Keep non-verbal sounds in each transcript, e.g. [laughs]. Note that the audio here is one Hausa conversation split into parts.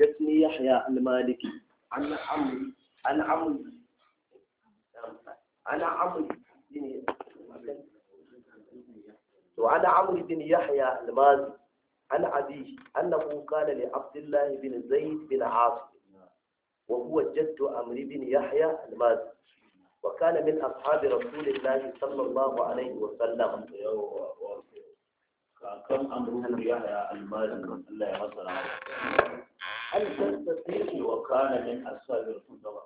ابن يحيى المالكي عن عمرو عن عمرو عن عمرو بن وعن عمرو بن يحيى المازي عن أبيه أنه قال لعبد الله بن زيد بن عاصم وهو جد عمرو بن يحيى المازي وكان من أصحاب رسول الله صلى الله عليه وسلم كم أمر يحيى المازي الله يغفر hal tasbihi wa kana min ashabil khudwa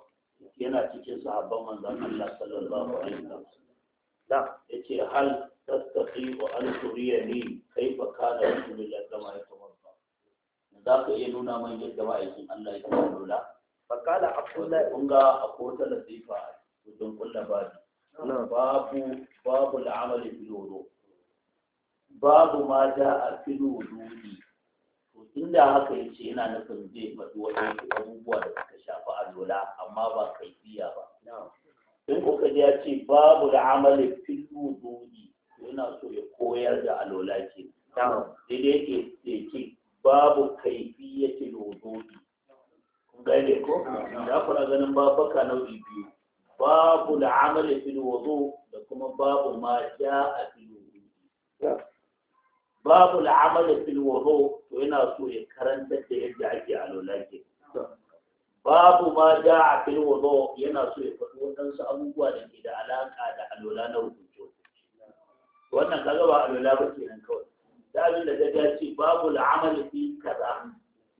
yana cikin sahabban manzon Allah sallallahu alaihi wasallam da yace hal tasbihi wa an turiya ni kaifa kana rasulullahi sallallahu alaihi wasallam za ka iya nuna man yadda aikin Allah yake lula fakala abdullahi kun ga akwai wata lasifa wajen kulla babi babu babu al'amali fil wudu babu ma ja'a fil wudu da haka ya ce yana nufin zai faɗi su abubuwa da suka shafi alola amma ba kaifiya ba Sun kuka ji ya ce babu da amalin filu duni yana so ya koyar da alola ke daidai ke ce ce babu kaifiya ke lodoni kun gane ko Ya fara ganin babaka nau'i biyu babu da amalin filu wazo da kuma babu ma ya a filu duni babu al'amal fil wudu to ina so ya karanta da yadda ake alola ke babu ma da'a fil wudu yana so ya faɗi su abubuwa da ke da alaka da alola na to wannan kaga ba alola ba kenan kawai da abin da daga ce babu al'amal fi kaza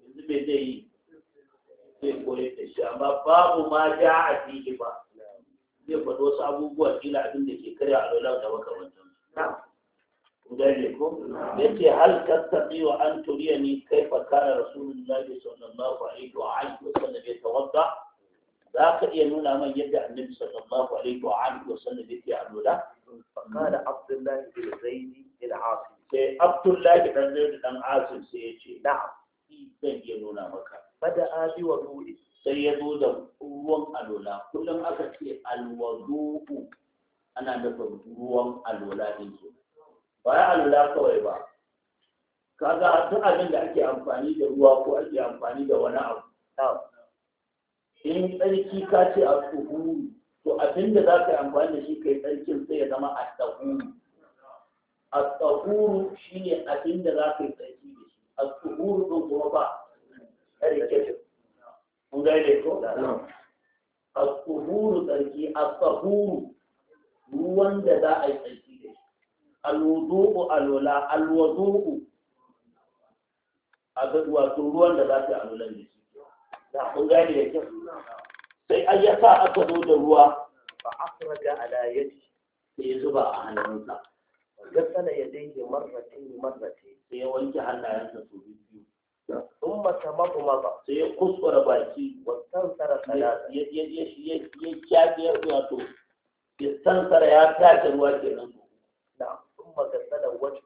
yanzu me zai yi zai koyar da shi amma babu ma ja'a fi ba zai faɗi wasu abubuwa kila abin da ke karya alola da makamantan gane ko yace hal tattabi wa an turiyani kaifa kana rasulullahi sallallahu alaihi wa alihi wa sallam yatawadda za ka iya nuna man yadda annabi sallallahu alaihi wa alihi wa sallam yake alwala fakala abdullahi bin zaidi bin asim sai abdullahi dan zaidi dan asim sai yace na'am zan iya nuna maka bada abi wa ruhi sai ya zo da ruwan alola kullum aka ce alwadu'u ana da ruwan alola din su. ba ya alula kawai ba kaga duk abin da ake amfani da ruwa ko ake amfani da wani abu in tsarki ka ce a tsuhuru to abin da za ka yi amfani da shi kai tsarkin sai ya zama a tsahuru a tsahuru shi ne abin da za ka yi tsarki da shi a tsuhuru ɗin kuma ba tsarki kun gaide ko a tsuhuru tsarki a tsahuru ruwan da za a yi tsarki alwudu'u alwala alwudu'u a ga wato ruwan da za ta alwala ne da kun gani da kyau sai an yasa aka zo da ruwa fa afraja ala yadi sai ya zuba a hannunsa gasala ya daidai marrati marrati sai ya wanke hannayensa su biyu sun mata mafi ba. sai ya kuskura baki wasan tsara salata ya shafi ya wato ya san tsara ya tace ruwa ke nan. thumma ghasala wajhu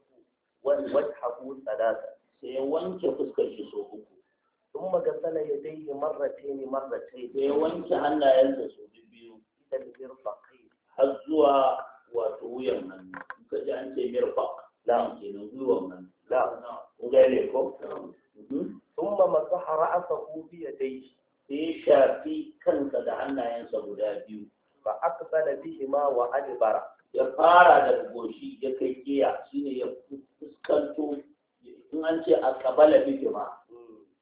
wal wajhahu thalatha sai ya wanke fuskar shi so uku dai ghasala yadayhi marratayn marratayn sai ya wanke hannayensa so biyu idan mirfaqi har zuwa wato wuyan hannu ka ji an ce mirfaq la kenan gwiwan hannu la kun gane ko mhm. thumma masaha ra'sahu bi yadayhi sai ya shafi kansa da hannayensa guda biyu Ba fa aqbala bihima wa adbara ya fara da goshi ya kai giya shine ya fuskanto in an ce a kabala bikima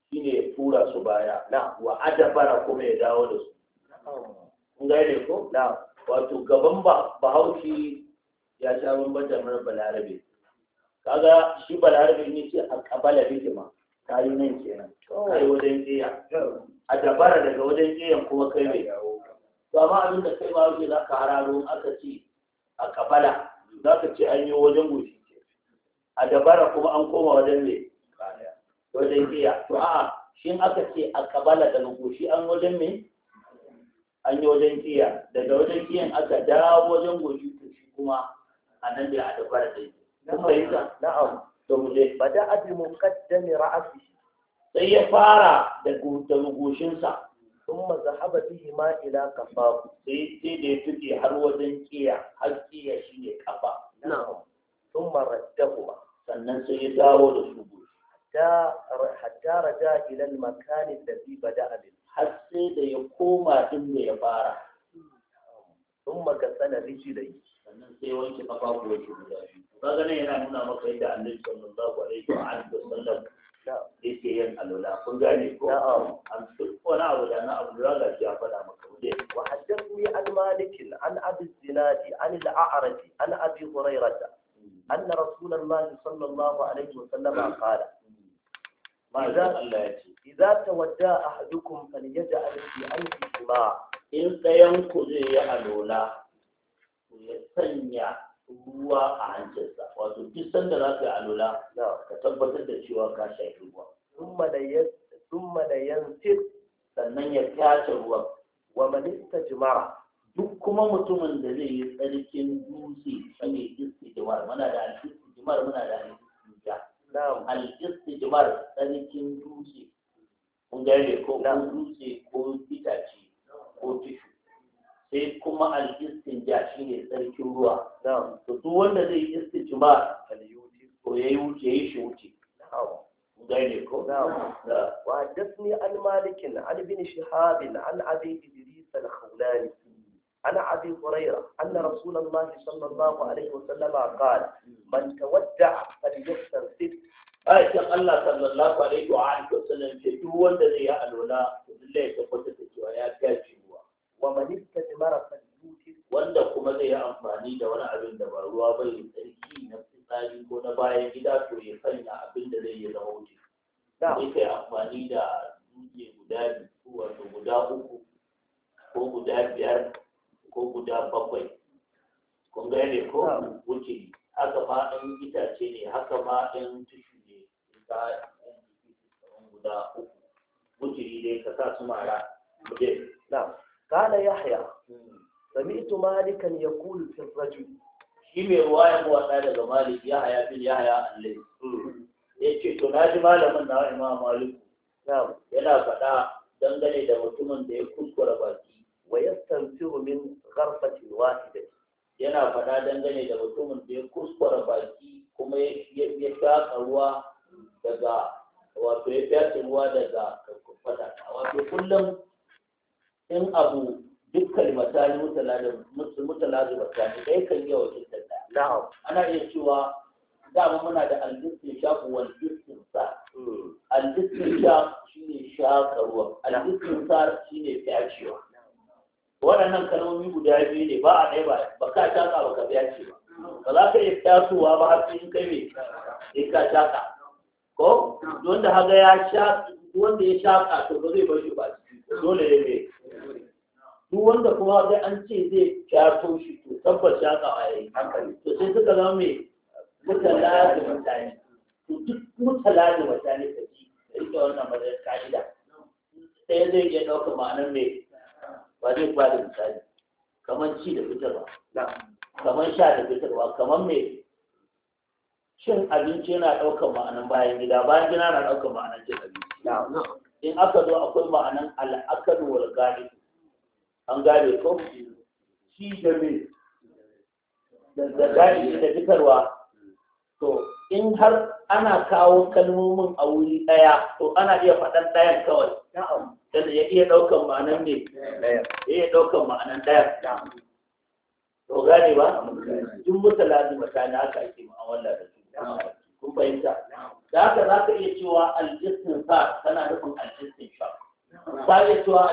shine ya tura su baya na wa adabara kuma ya dawo da su kun gane ko na wato gaban ba bahaushi ya sha bamban da balarabe kaga shi balarabe ne ce a kabala bikima ta yi nan kenan Kai yi wajen giya a dabara daga wajen giyan kuma kai mai to amma abinda kai ba wuce za ka hararo aka ce a kabala za ka ce an yi wajen ce. a dabara kuma an koma wajen ne wajen giya to a'a shin aka ce a kabala daga gushi an wajen me an yi wajen giya daga wajen giyan aka dawo wajen gushi to shi kuma a nan da a dabara da kun na'am to mu je bada abi kaddami ra'asi sai ya fara daga goshinsa thumma haɓa bihi ma ila kafa sai sai da ya tuke har wajen kiya har kiya shine kafa na'am thumma raddahuma sannan sai ya dawo da su hatta hatta raja ila al-makan alladhi bada'a min har sai da ya koma din da ya fara thumma kasala rijlai sannan sai wanke kafa ko shi guda biyu kaga ne yana nuna maka yadda annabi sallallahu alaihi wa alihi wasallam yake yin alula kun gane ko an duk wani abu da na abu da ya faɗa maka wanda wa haddathni an malikin an abi zinadi an al-a'raji an abi hurairata mm. anna rasulullahi sallallahu alaihi wa sallam mm. qala ماذا إذا تودى أحدكم فليجعل في أنف ku إن ينقض يا ألولا ويسنى ruwa a hancinsa wato duk sanda za ka yi alula ka tabbatar da cewa ka shafi ruwa summa da yansir sannan ya kyace ruwan wa manista jimara duk kuma mutumin da zai yi tsarkin dutse shine jimar muna da al jimar muna da al ja. na'am al-istijmar tsarkin dutse kun gane ko dutse ko itace ko tishu sai kuma al-istinja shine sarkin ruwa to duk wanda zai yi istijma ko yayi wuce yayi shi wuce gane ko wa dasni an malikin an bin shihab an abi idris al-khawlani عن أبي هريرة أن رسول الله صلى الله عليه وسلم قال من تودع فليحسن ست أي الله صلى الله عليه وآله وسلم يقول الذي ta لله ta تتجوى ya gaji. wa man istajmara falyuti wanda kuma zai yi amfani da wani abin da ba ruwa ba ya tsarki na fitsari ko na bayan gida to ya sanya abin da zai yi zama wuce sai kai amfani da dutse guda biyu wato guda uku ko guda biyar ko guda bakwai kun gane ko wuce haka ma in itace ne haka ma in tushe ne ka guda uku wuce dai ka sa su mara قال يحيى سمعت مالكا يقول في الرجل shine ruwayan muwaɗa daga malik ya haya bin ya allai hmm. ya ce to na ji malamin na imam maliku yana faɗa dangane da mutumin da ya kuskura baki wa yastanfiru min gharfatin wahida yana faɗa dangane da mutumin da ya kuskura baki kuma ya shaƙa ruwa daga wato ya fyace ruwa daga kwakwata wato kullum in abu duk kalmatani mutalazi batani ɗaya kan yi wa cikin da ana iya cewa dama muna da aljistin shafu wal istin sa hmm. aljistin shaf shine shaƙa ruwa aljistin sa ne fyacewa waɗannan kalmomi guda biyu ne ba a ɗaya ba ba ka shaka ba ka fyace ba ba za ka iya fyasowa ba har sai in kai me sai ka shaƙa ko wanda haga ya sha wanda ya shaƙa to ba zai bar shi ba dole ne duk wanda kuma da an ce zai kyato shi to tabbas ya ga ayi hankali to sai suka zama mai mutala da mutane to duk mutala da mutane ka ji da ita wannan madar ka'ida Sai zai iya ɗauka ma'anar mai ba zai ba da misali kamar ci da fitarwa kamar sha da fitarwa kamar mai shin abinci yana ɗaukar ma'anar bayan gida bayan gida na ɗaukar ma'anar cin abinci in aka zo akwai ma'anar al'akar wal galibu an gane ko shi da me da zakari da fitarwa to in har ana kawo kalmomin a wuri ɗaya to ana iya faɗan ɗayan kawai dan ya iya ɗaukan ma'anan ne ya iya ɗaukan ma'anan ɗayan to gane ba duk mutalazi mutane haka ake mu'amala da su kun fahimta da haka za ka iya cewa aljistin sa tana nufin aljistin shaf ba ya cewa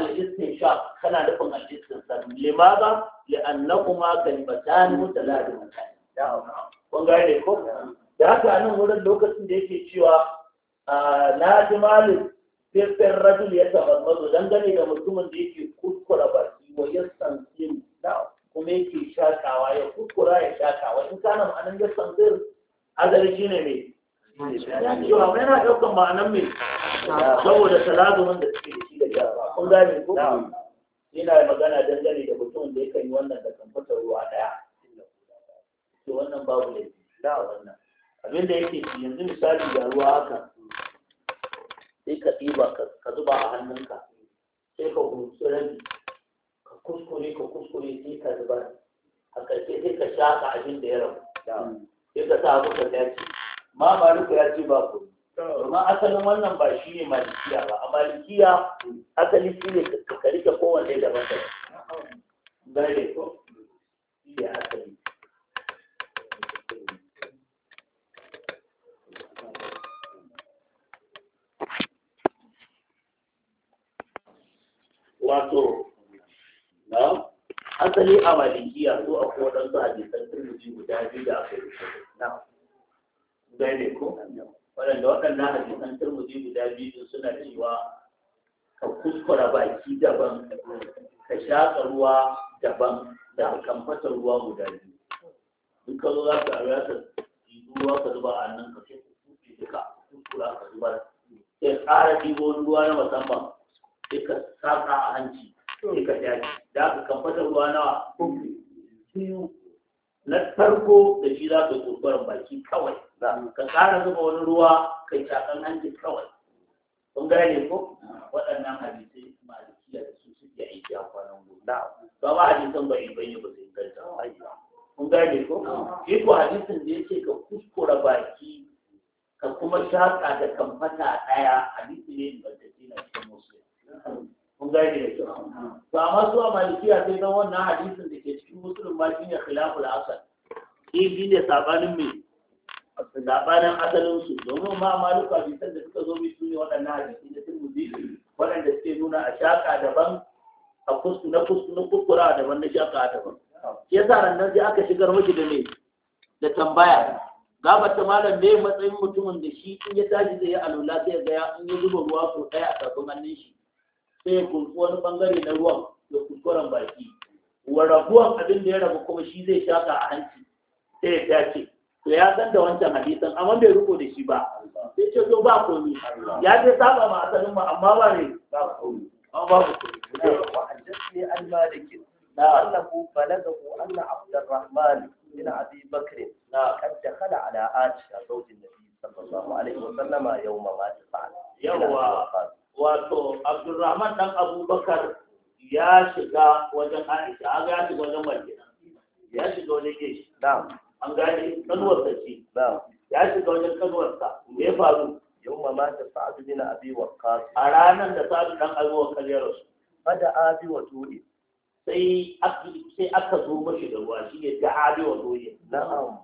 sha kana nufin al'istin sa limaza li'annakuma kalimatan mutaladimatan kun gane ko da haka nan wurin lokacin da yake cewa na ji malin firfin rajul ya mazo dangane da mutumin da yake kuskura baki wa ya sansin kuma yake shakawa ya kuskura ya shakawa in kana ma'anan ya sansin azali shi ne mai cewa na ɗaukan ma'anan mai saboda talazumin da suke gane ko ina magana dangane da mutum da yakan yi wannan da kamfatar ruwa daya to wannan babu ne da wannan abin da yake yanzu misali da ruwa haka sai ka ɗiba ka zuba a hannunka sai ka hunsu rabi ka kuskure ka kuskure sai ka zuba a ƙarshe sai ka shaƙa abin da ya rabu sai ka sa abu ka dace ma ba ya ce ba ku amma asalin wannan ba shi ne malikiya ba a malikiya asali shi ne ka rike kowanne daban da gane ko shi ne asali wato na asali a malikiya so a kowadansu hadisan turmuji guda biyu da aka yi na gane ko waɗanda waɗannan hadisan turmuzi guda biyu suna cewa ka kuskura baki daban ka shaƙa ruwa daban da kamfata ruwa guda biyu duk ka zo za ka ara ka ruwa ka zuba a nan ka sai ka duka kuskura ka zuba sai ƙara ɗigo ruwa na musamman sai ka saƙa a hanci sai ka dace da ka kamfata ruwa nawa biyu na farko da shi za ka kuskura baki kawai ka tsara zuba wani ruwa kai shakan hanci kawai kun gane ko waɗannan hadisai malikiya da su suke aiki a kwanan gobe ba ba hadisan ba in bayyana ba kai inganta ba kun gane ko shi ko hadisin da yake ka kuskura baki ka kuma shaƙa da kamfata ɗaya hadisi ne ingantacce na cikin musu. kun gane da kyau ba amma su a malikiya sai don wannan hadisin da ke cikin musulun ma shine khilaful asal shi ne sabanin mai labarin asalinsu domin ma bi san da suka zo bi su ne waɗannan hadisi da turmuzi waɗanda suke nuna a shaka daban a kusku na kusku na kukura daban na shaka daban shi yasa nan sai aka shigar miki da me da tambaya gabar ta malam me matsayin mutumin da shi in ya tashi zai yi alula sai ga ya in ya zuba ruwa ko ɗaya a tafin hannun shi sai ya kurku wani bangare na ruwan da kuskuren baki wa rabuwan abin da ya rabu kuma shi zai shaka a hanci sai ya tace to ya san da wancan hadisan amma bai ruko da shi ba sai ce to ba komi ya ce saba ma asalin mu amma ba ne ba komi amma ba komi wa hadisi an malik annahu balagahu anna rahman bin abi bakr qad dakhala ala aisha zawjin nabi sallallahu alaihi wa sallama yawm ma tafa'al yawa wato abdurrahman dan abubakar ya shiga wajen aisha ya shiga wajen madina ya shiga wajen geshi na'am an gane kanuwarsa ce ya shiga wajen kanuwarsa me ya faru yawma mata sa'ad bin abi a ranar da sa'ad dan abi waqqas ya rasu fada abi wa tudi sai sai aka zo mashi da ruwa shi ne da abi wa tudi na'am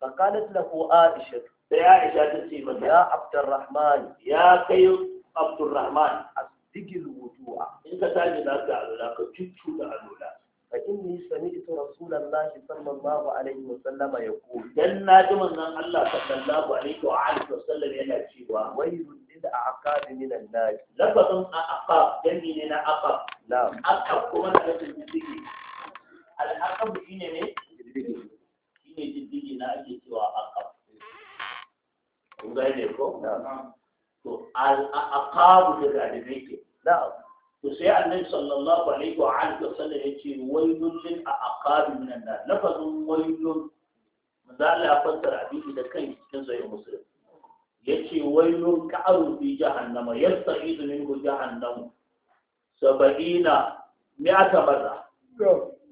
fa qalat lahu aisha sai aisha ta ce masa ya abdurrahman ya kai abdurrahman asdigil wudu'a in ka tashi zaka alula ka da alula fa inni sami'tu rasulallahi sallallahu alaihi wa sallama yaqul dan na ji manzon Allah sallallahu alaihi wa sallam yana cewa wailul lil aqab min an-nar lafazin aqab dani ne na aqab na'am kuma da nufin diddigi al shine ne diddigi shine na ake to to sai annabi sallallahu alaihi wa alihi wasallam yace waylun lil aqabi minan nar lafazun waylun manzo ya fassara abin da kai, cikin sahih muslim yace waylun ka'aru fi jahannama yasta'idu minhu jahannam sab'ina mi'ata marra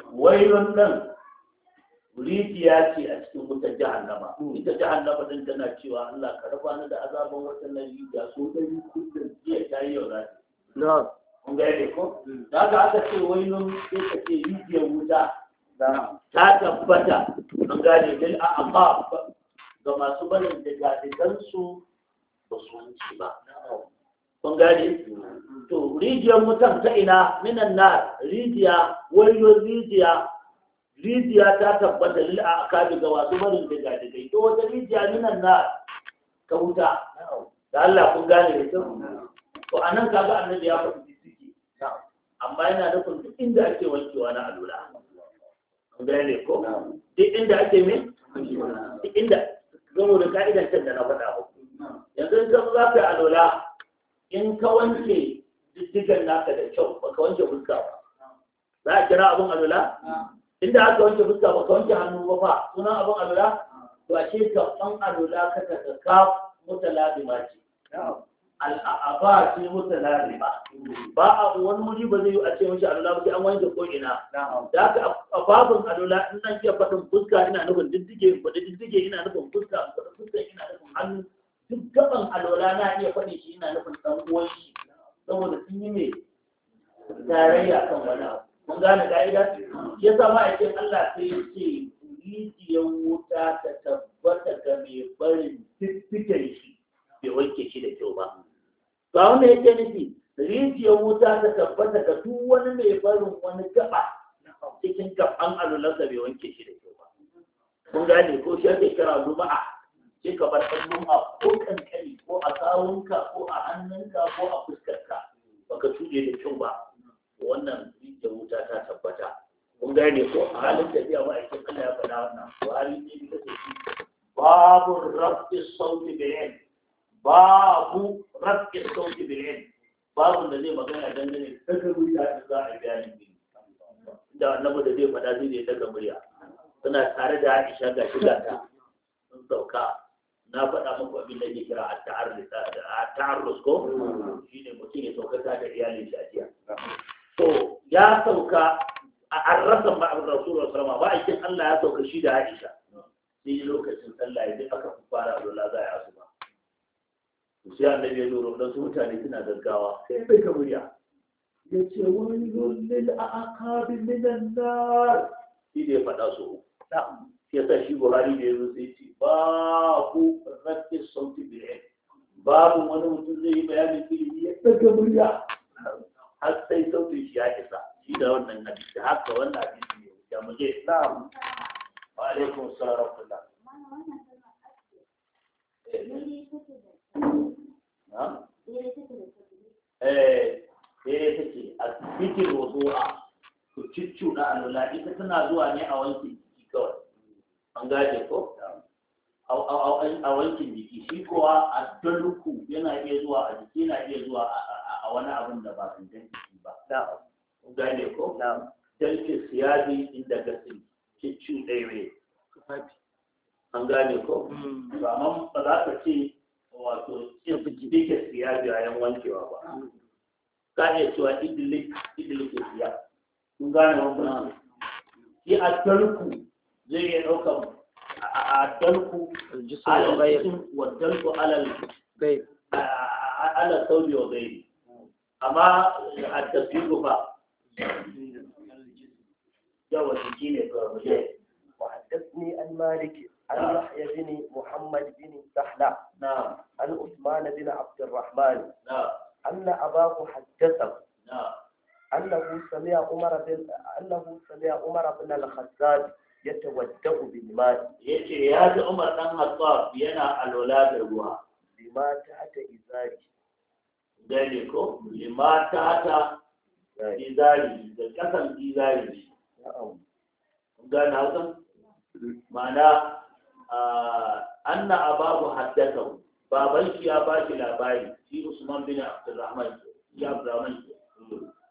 waylun nan rijiya ce a cikin wutar jahannama hmm. ita jahannama din tana cewa Allah ka raba ni da azabin wata nan rijiya so dai kullum jiya ta yi yau za ta kun ko da ga aka ce wailun sai ka ce rijiyar wuta ta tabbata an gane a amma ga masu barin da gadigan su ba su wuce ba kun to rijiyar mutan ta ina minan na rijiya wayo rijiya rijiya ta tabbata lil a'qab ga wasu barin da gadigai to wata rijiya minan na ka wuta da Allah kun gane da kyau to anan kaga annabi ya faɗi amma yana nufin duk inda ake wankewa na alula an gane ko duk inda ake me duk inda gano da ka'idar can da na faɗa ba yanzu in za ka alula in ka wanke diddigan naka da kyau ba ka wanke fuska ba za a kira abin alula inda aka wanke fuska ba ka wanke hannu ba fa sunan abin alula to a ce ka alula ka ka ka mutala bi ma ce al'aba ce mutu lariba ba a wani wuri ba zai yi a ce mashi alula ba sai an wani da ko'ina da haka a babin alula in nan iya faɗin fuska ina nufin diddige faɗin diddige ina nufin fuska faɗin fuska ina nufin hannu duk gaban alula na iya faɗin shi ina nufin ɗan uwan shi saboda sun yi mai tarayya kan wani abu mun gane ka'ida ma yasa ce Allah sai ya ce rijiyar wuta ta tabbata ga mai barin diddigen shi bai wanke shi da kyau ba ba wanda yake nufi rijiyar wuta ta tabbata ga duk wani mai barin wani gaba cikin gaban da bai wanke shi da kyau ba kun gane ko shi ake kira juma'a sai ka bar ɗan a ko kankani ko a tsawonka ko a hannunka ko a fuskarka baka tuje da kyau ba wannan rijiyar wuta ta tabbata kun gane ko a halin tafiya ba a cikin ya faɗa wannan ko halin ne da kake babu rafi sauti yanzu. babu rafi sauki bil ilm babu da zai magana dangane da daga murya da za a bayani ne da annabi da zai faɗa zai ne daga murya suna tare da Aisha ga shiga ta sun sauka na faɗa muku abin da ke kira a ta'arrus ko ne mutum ya sauka ta da iyalin shi a jiya to ya sauka a arrasan ba abin rasulullah sallama ba a Allah ya sauka shi da Aisha sai lokacin sallah ya aka fara da za a yi asuba. sai annabi ya lura da su mutane suna gaggawa sai bai ka murya ya ce wani lil aqabi minan nar shi da ya faɗa su na'am ya sa shi Buhari da ya zo sai ce ba ku sauti bi'in babu wani mutum zai yi bayanin ilimi ya daga murya har sai sautin shi ya isa shi da wannan hadisi haka wannan hadisi ne ya muje na'am wa alaikum salam eh eh take a cikin rozo'a ku na alwala ita tana zuwa ne a wankin jiki kawai an gaje ko a wankin jiki shi kowa a daluku yana iya zuwa a jiki yana iya zuwa a wani abin da ba gangan jiki ba an gaje ko dalke siyabi inda gasin ɗaya ɗaiɗai an gane ko hmm. ba za ka ce wato bike siya bayan wankewa ba ka iya cewa idili idili siya kun gane shi a tarku zai iya ɗaukar a tarku alal wa tarku alal sauri wa amma a ba yawa jiki ne wa haddasni maliki عن يحيى بن محمد بن سحلة نعم عن عثمان بن عبد الرحمن نعم أن أباه حدثه نعم أنه سمع عمر بن أنه سمع عمر بن الخزاج يتودع بالماء يجي يا عمر بن الخطاب ينا الولاد الروح لما تحت إزاري gane ko lima ta hata izari da kasan izari gana hausa ma'ana anna ababu haddathahu baban shi ya ba shi labari shi Usman bin Abdurrahman shi Abdurrahman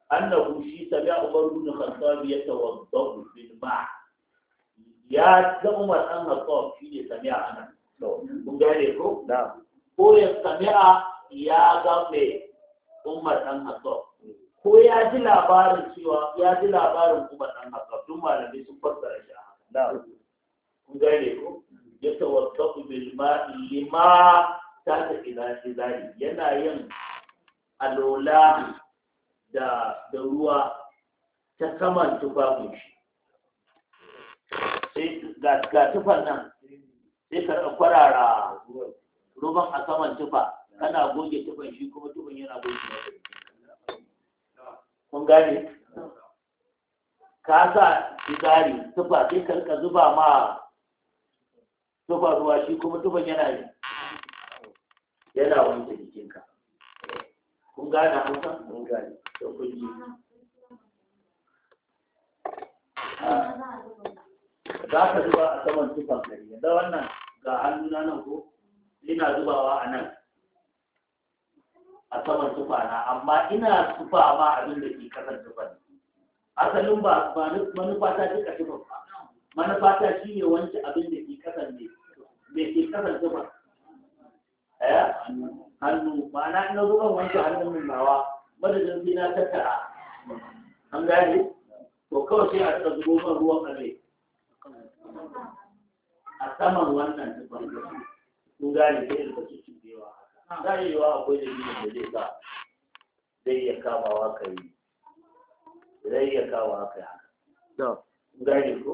annahu shi sami Umar bin Khattab ya tawaddu bil ba, ya ga Umar an Khattab shi ne sami ana to mun gane ko da ko ya sami ya ga me Umar an Khattab ko ya ji labarin cewa ya ji labarin Umar an Khattab duk malamai sun fassara shi haka kun gane ko yatawaddau bil ma'i lima ta ila zari yana yin alola da da ruwa ta saman tufafin shi sai ga ga tufan nan sai ka kwarara ruban a saman tufa kana goge tufan shi kuma tufan yana goge kun gane ka sa tufa sai ka zuba ma zuba ruwa shi kuma tufan yana ne yana wanke jikinka kun gane hausa mun gane da kun ji za ka zuba a saman tufan gari yanzu wannan ga hannuna nan ko ina zubawa a nan a saman tufana amma ina tufa ma abin da ke kasan tufan asalin ba manufa ta duka tufan ba manufa ta shi ne wancan abin da ke kasan ne me ke kasar zuba eh? ɗaya hannu ma'ana ina zuban wancan hannun min nawa madadin sai na tattara an gane to kawai sai a tsaka zubo man ruwan kare a saman wannan zuban kun gane sai da su cibewa za a yi wa akwai dalilin da zai sa zai iya kamawa kai zai iya kawo haka kun gane ko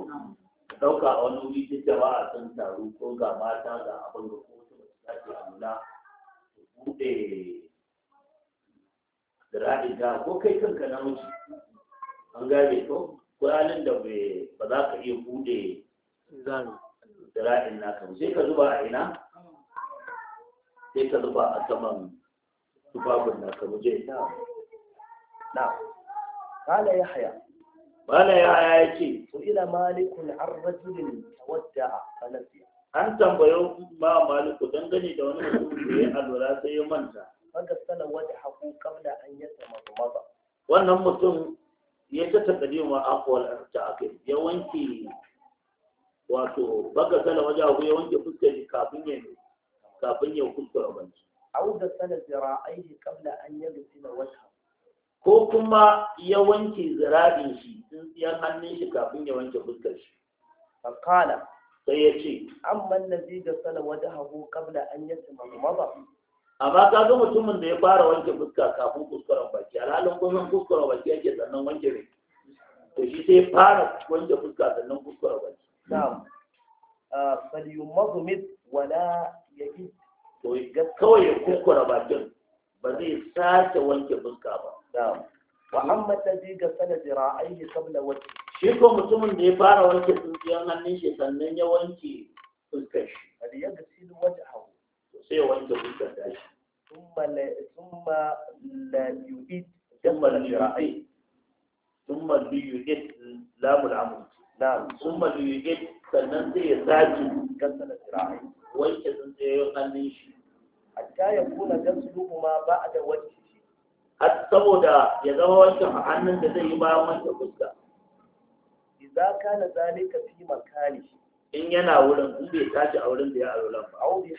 ɗauka a wani wuri duk a san taru ko ga mata ga abin da ko su ta su a nuna su buɗe zira'ida ko kai kanka namiji an gane ko ranar da ba za ka iya buɗe zira'in naka sai ka zuba a ina sai ka zuba a saman tufafin naka muje na قال يحيى bala ya ya yake to ila malikul an rajulin tawadda falafi an tambayo ba maliku dangane da wani mutum ya alwala sai ya manta wanda sana wata haku kamla an yi maza. wannan mutum ya ta taɓa ma akwal arja'afin ya wanke wato baka sana waje haku ya wanke fuskar shi kafin ya kafin ya kuskura banci au da sana zira'aihi kamla an yi rufi na wata ko kuma ya wanke zirabin shi tsintsiyar hannun shi kafin ya wanke fuskar shi fakala sai ya ce amma nazi da sana wata hagu kabla an yi mamaba amma ka ga mutumin da ya fara wanke fuska kafin kuskuren baki alhalin kusan kuskuren baki yake sannan wanke ne to shi sai fara wanke fuska sannan kuskuren baki na'am ah, falyumazumit wala ya yi kawai ya kuskura bakin ba zai sace wanke fuska ba na'am wa amma alladhi ghasala dira'aihi qabla wajhi shi ko mutumin da ya fara wanke tsintsiyar hannun shi sannan ya wanke fuskar shi hal yaghsilu wajhahu sai ya wanke fuskar da shi thumma la thumma la yu'id thumma la dira'aihi thumma la yu'id lamul amr na'am thumma la yu'id sannan sai ya sake ghasala dira'aihi wanke tsintsiyar hannun shi hatta ba a da wajhi saboda ya zama wancan a hannun da zai yi bayan wancan fuska na zane ka fi makani in yana wurin in bai tashi a wurin da ya alolan ba au bi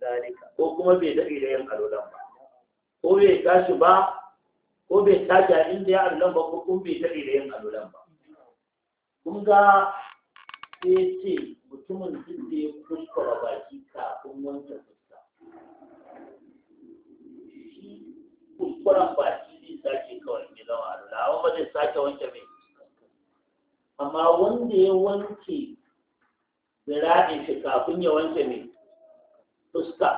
zane ka, ko kuma bai daɗe da yin alolan ba ko bai tashi ba ko bai tashi a inda ya alolan ba ko kuma bai daɗe da yin alolan ba kun ga sai ce mutumin duk da ya kuskura baki kafin wancan fuska kuskuren baki zai sake kawai mai zama a lura ba zai sake wanke mai amma wanda ya wanke ziraɗin shi kafin ya wanke mai fuska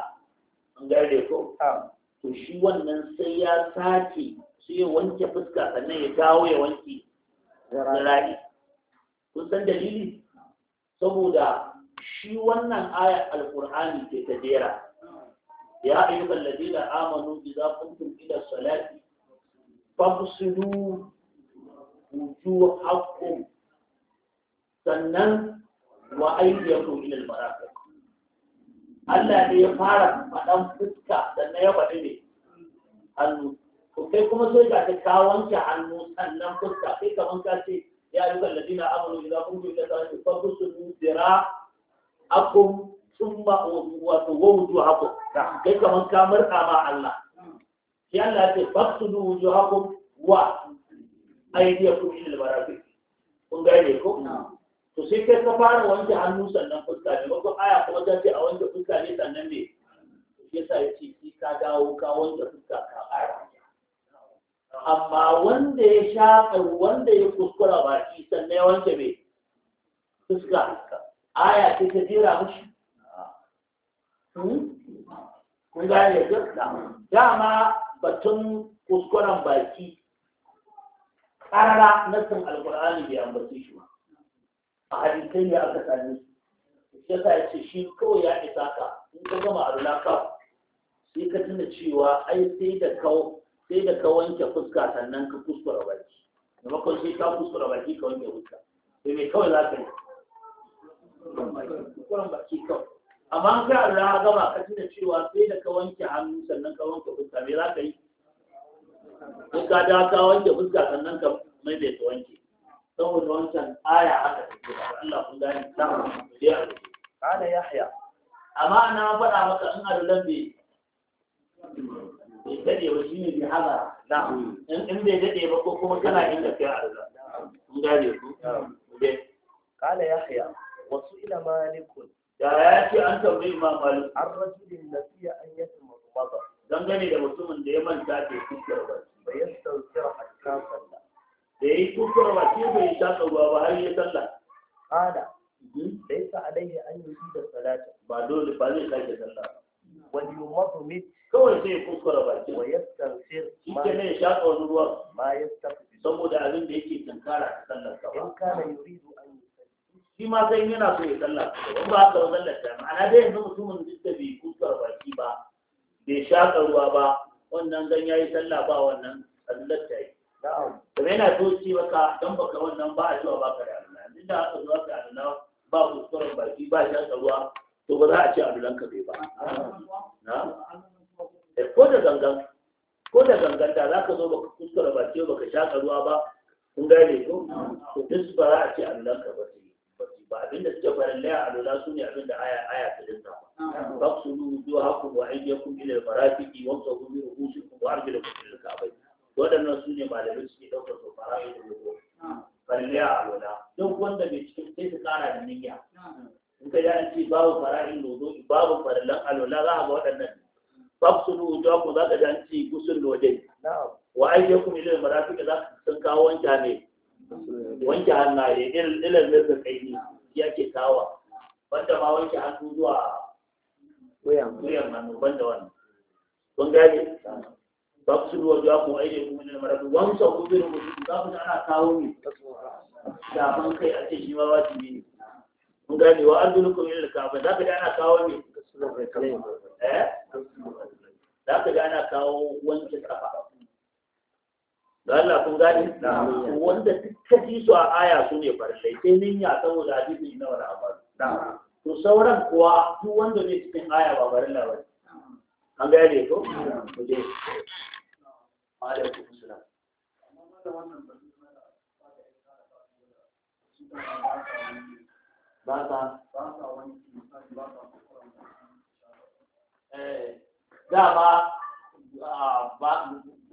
an gare ko to shi wannan sai ya sake su ya wanke fuska sannan ya dawo ya wanke ziraɗi kun san dalili saboda shi wannan ayar alkur'ani ke ta jera يا أيها الذين آمنوا إذا قمتم إلى الصلاة فاغسلوا وجوهكم sannan wa ayyukum ila al Allah ne ya fara faɗan fuska sannan ya faɗi ne hannu ko kai kuma sai ga ta kawon ka hannu sannan fuska sai kaman ka ce ya ayyuka sun ba wato wawuju haku kai kamar ka murɗa ma Allah sai Allah ce faksu wuju haku wa ku shi barafi kun gane ko to sai kai ka fara wanke hannu sannan fuska ne wato aya kuma wata ce a wanke fuska ne sannan me yasa ya ce ki ka dawo ka wanke fuska ka ƙara amma wanda ya shaƙa wanda ya kuskura baki sannan ya wanke me fuska aya ce ta jera mushi Hmm? kun gane duk dama batun kuskuren baki sun alkur'ani da yan ambace shi ba a hadisai ne aka same ya sa ya ce shi kawai ya isa ka in ka gama a ka sai ka tuna cewa ai sai da ka sai da ka wanke fuska sannan ka kuskura baki maimakon sai ka kuskura baki ka wanke fuska sai mai kawai za ka yi kuskuren baki kawai amma an kai Allah gaba ka tuna cewa sai da ka wanke hannu sannan ka wanke fuska me za ka yi in ka da ka wanke fuska sannan ka mai bai ka wanke saboda wancan aya haka take Allah kun gani ta ya kana yahya amma na faɗa maka in Allah bai bai dade ba shine bai haza in bai dade ba ko kuma kana inda kai Allah kun gane ku kala yahya wasu ila malikun da ya ce an tambayi ma malu. an rajulin fiye an yi mutubaba dangane da mutumin da ya manta da ya kuskura ba bai ya a cikin sanda. da ya yi kuskura ba shi bai shaka ruwa ba har ya sallah kada hmm? ya sa alaihi an yi da salata ba dole ba zai sake sallah wani yumatu mit kawai sai kuskura ba ki wa yastansir shi ke ne ya shaƙa wani ruwa ba ya yastansir saboda abin da yake tunkara ta sallar ka ba in kana yuridu an yi shi ma sai yana so ya sallah in ba haka sallar ta ma'ana dai yanzu mutumin duk da bai kuskar baki ba bai shaƙa ruwa ba wannan gan yayi sallah ba wannan sallar yi kamar yana so shi baka dan baka wannan ba a cewa ba ka da Allah inda da haka zuwa ka Allah ba kuskuren baki ba shaƙa ruwa to ba za a ce adulan ka bai ba na eh, ko da gangan ko da gangan da zaka zo baka kuskura baki baka shaƙa ruwa ba kun gane ko to duk ba za a ce adulan ka ba ba abinda suke farallaya a lola su ne abinda aya aya ta dinta ba ba su nuna zuwa haku wa ayyakum ila al-marafiqi wa tawbi ruhusikum wa arjulukum ila al-ka'bayn wadannan su ne malamai suke ɗaukar su fara'i da wudu farallaya a lola duk wanda bai cikin sai su kara da niyya in ka ji an ce babu farafin lodo babu farallan alola za a ga waɗannan babu su nuna ku za ka ji an ce gusul lodai wa ayyakum ila al-marafiqi za ka san kawo wanka ne wanke hannaye ilal nasa kai ne ya ke kawa banda ma wanke hannu zuwa wuyan hannu banda wani kun gane ba ku sulu wajen ko aije ku mun mara wani sau ku biyu mutum za ku ana kawo ne shafan kai a ce shi ma wajibi ne kun gane wa an dulu yin kafa za ka ji ana kawo ne eh za ka ji ana kawo wanke kafa Allah kun na wanda duk ji su a aya su ne farshai sai nin ya saboda hadisi na wani abu to sauran kuwa duk wanda ne cikin aya ba barin labari an ne ko mu alaikum salam ba ba ba wani ba ba eh dama ah, ba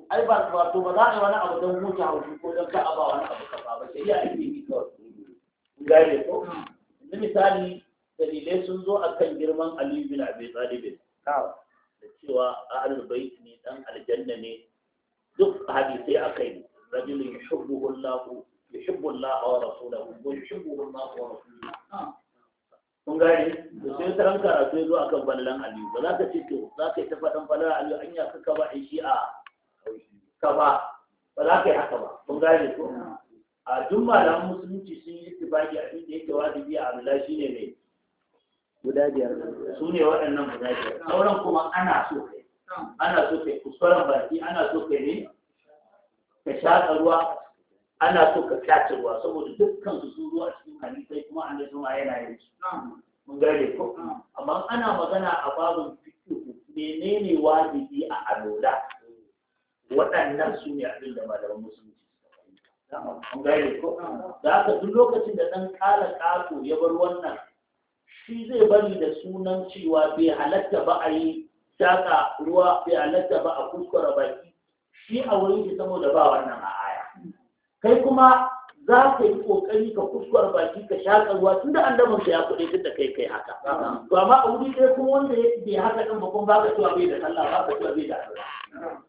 ai ba wato ba za a yi wani abu don huta haushi ko don ka ba wani abu kafa ba shari'a ake yi kawai gane ko na misali dalilai sun zo a kan girman aliyu bin abi talibin da cewa a bait ne dan aljanna ne duk hadisai a kai, rajulun yuhibbuhu Allah yuhibbu Allah wa rasulahu wa yuhibbuhu Allah wa rasuluhu kun gane da sai ta ranka a zo akan ballan aliyu ba za ka ce to za ka yi ta faɗan ballan aliyu an ya kaka ba shi a ka ba za ka yi haka ba kun gane ko a duk malaman musulunci sun yi tibaki a duk da yake wajibi a Allah shine mai guda biyar su ne waɗannan guda biyar sauran kuma ana so kai ana so kai kuskuren baki ana so kai ne ka shaƙa ruwa ana so ka kyace ruwa saboda dukkan su sun zuwa cikin hadisai kuma an da suna yana yin su mun gane ko amma ana magana a babin fiqh menene wajibi a alola waɗannan su ne abin da malaman musulunci an da aka duk lokacin da ɗan ƙara ƙato ya bar wannan shi zai bari da sunan cewa bai halatta ba a yi shaƙa ruwa bai halatta ba a kuskura baki shi a wurin shi saboda ba wannan a aya kai kuma za ka yi ƙoƙari ka kuskura baki ka shaƙa ruwa tun da an damar ya kuɗe tun da kai kai haka to amma a wuri ɗaya kuma wanda ya haka ɗin ba kuma ba ka cewa bai da sallah ba ka cewa bai da sallah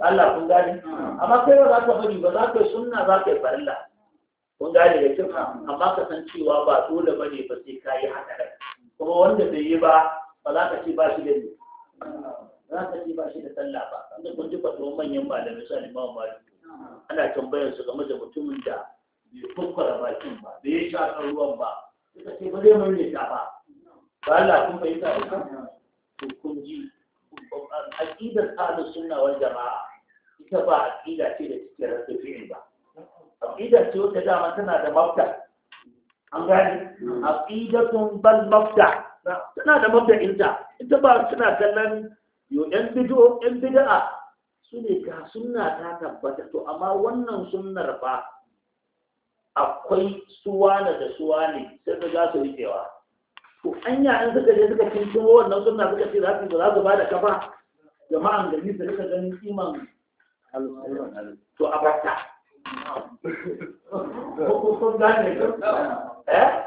Allah kun gane amma kai ba za ka bari ba za ka yi sunna za ka yi farilla kun gane da kyau amma ka san cewa ba dole ba ne ba sai ka yi haka kuma wanda bai yi ba ba za ka ce ba shi da ni za ka ci ba shi da sallah ba wanda kun ji faɗuwar manyan malamai su alimawa malu ana tambayar su game da mutumin da bai kukkura bakin ba bai yi shakar ruwan ba suka ce ba zai mun ne ta ba ba Allah kun bai ta kan kun ji aqidar ahlus sunna wal jama'a ita ba ƙida ce da take rasa fi'il ba aƙida ce wata dama tana da mafta an gane hmm. aqidatun bal mafta tana da mafta inta ita ba suna kallon yau yan bid'o yan bid'a su ne ga suna ta tabbata to amma wannan sunnar ba akwai suwana da suwane sai ka za su riƙewa to anya an suka je suka cincin wannan suna suka ce za su ba da kafa jama'an gari su rika ganin iman to a barta ko kun gane eh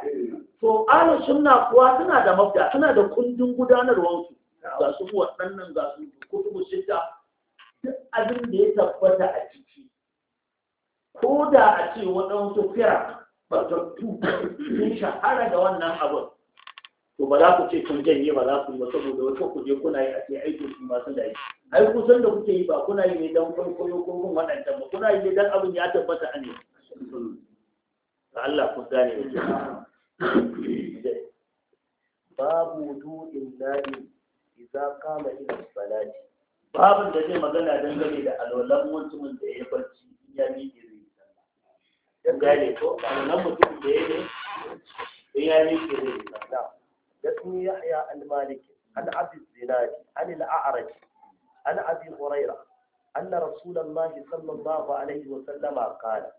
to ahlus sunna kuwa suna da mabda suna da kundin gudanarwar su ga su waɗannan ga su kutubu shidda duk abin da ya tabbata a ciki ko da a ce waɗansu fira batattu sun shahara da wannan abin to ba za ku ce kun janye ba za ku yi ba saboda wata ku je kuna yi a ce aikin su masu da yi ai kusan da kuke yi ba kuna yi ne don kwaikwayo ko kun waɗancan ba kuna yi ne don abin ya tabbata a ne ga Allah ku gane da ke babu wudu'in nari idza kama ila salati Babu da zai magana dangane da alwalan mutumin da ya barci ya miƙe zai yi sallah dan gane ko alwalan mutumin da ya ne ya miƙe zai yi sallah da sun yahya al-malik an abd zinadi an al-a'raj عن أبي هريرة أن رسول الله صلى الله عليه وسلم قال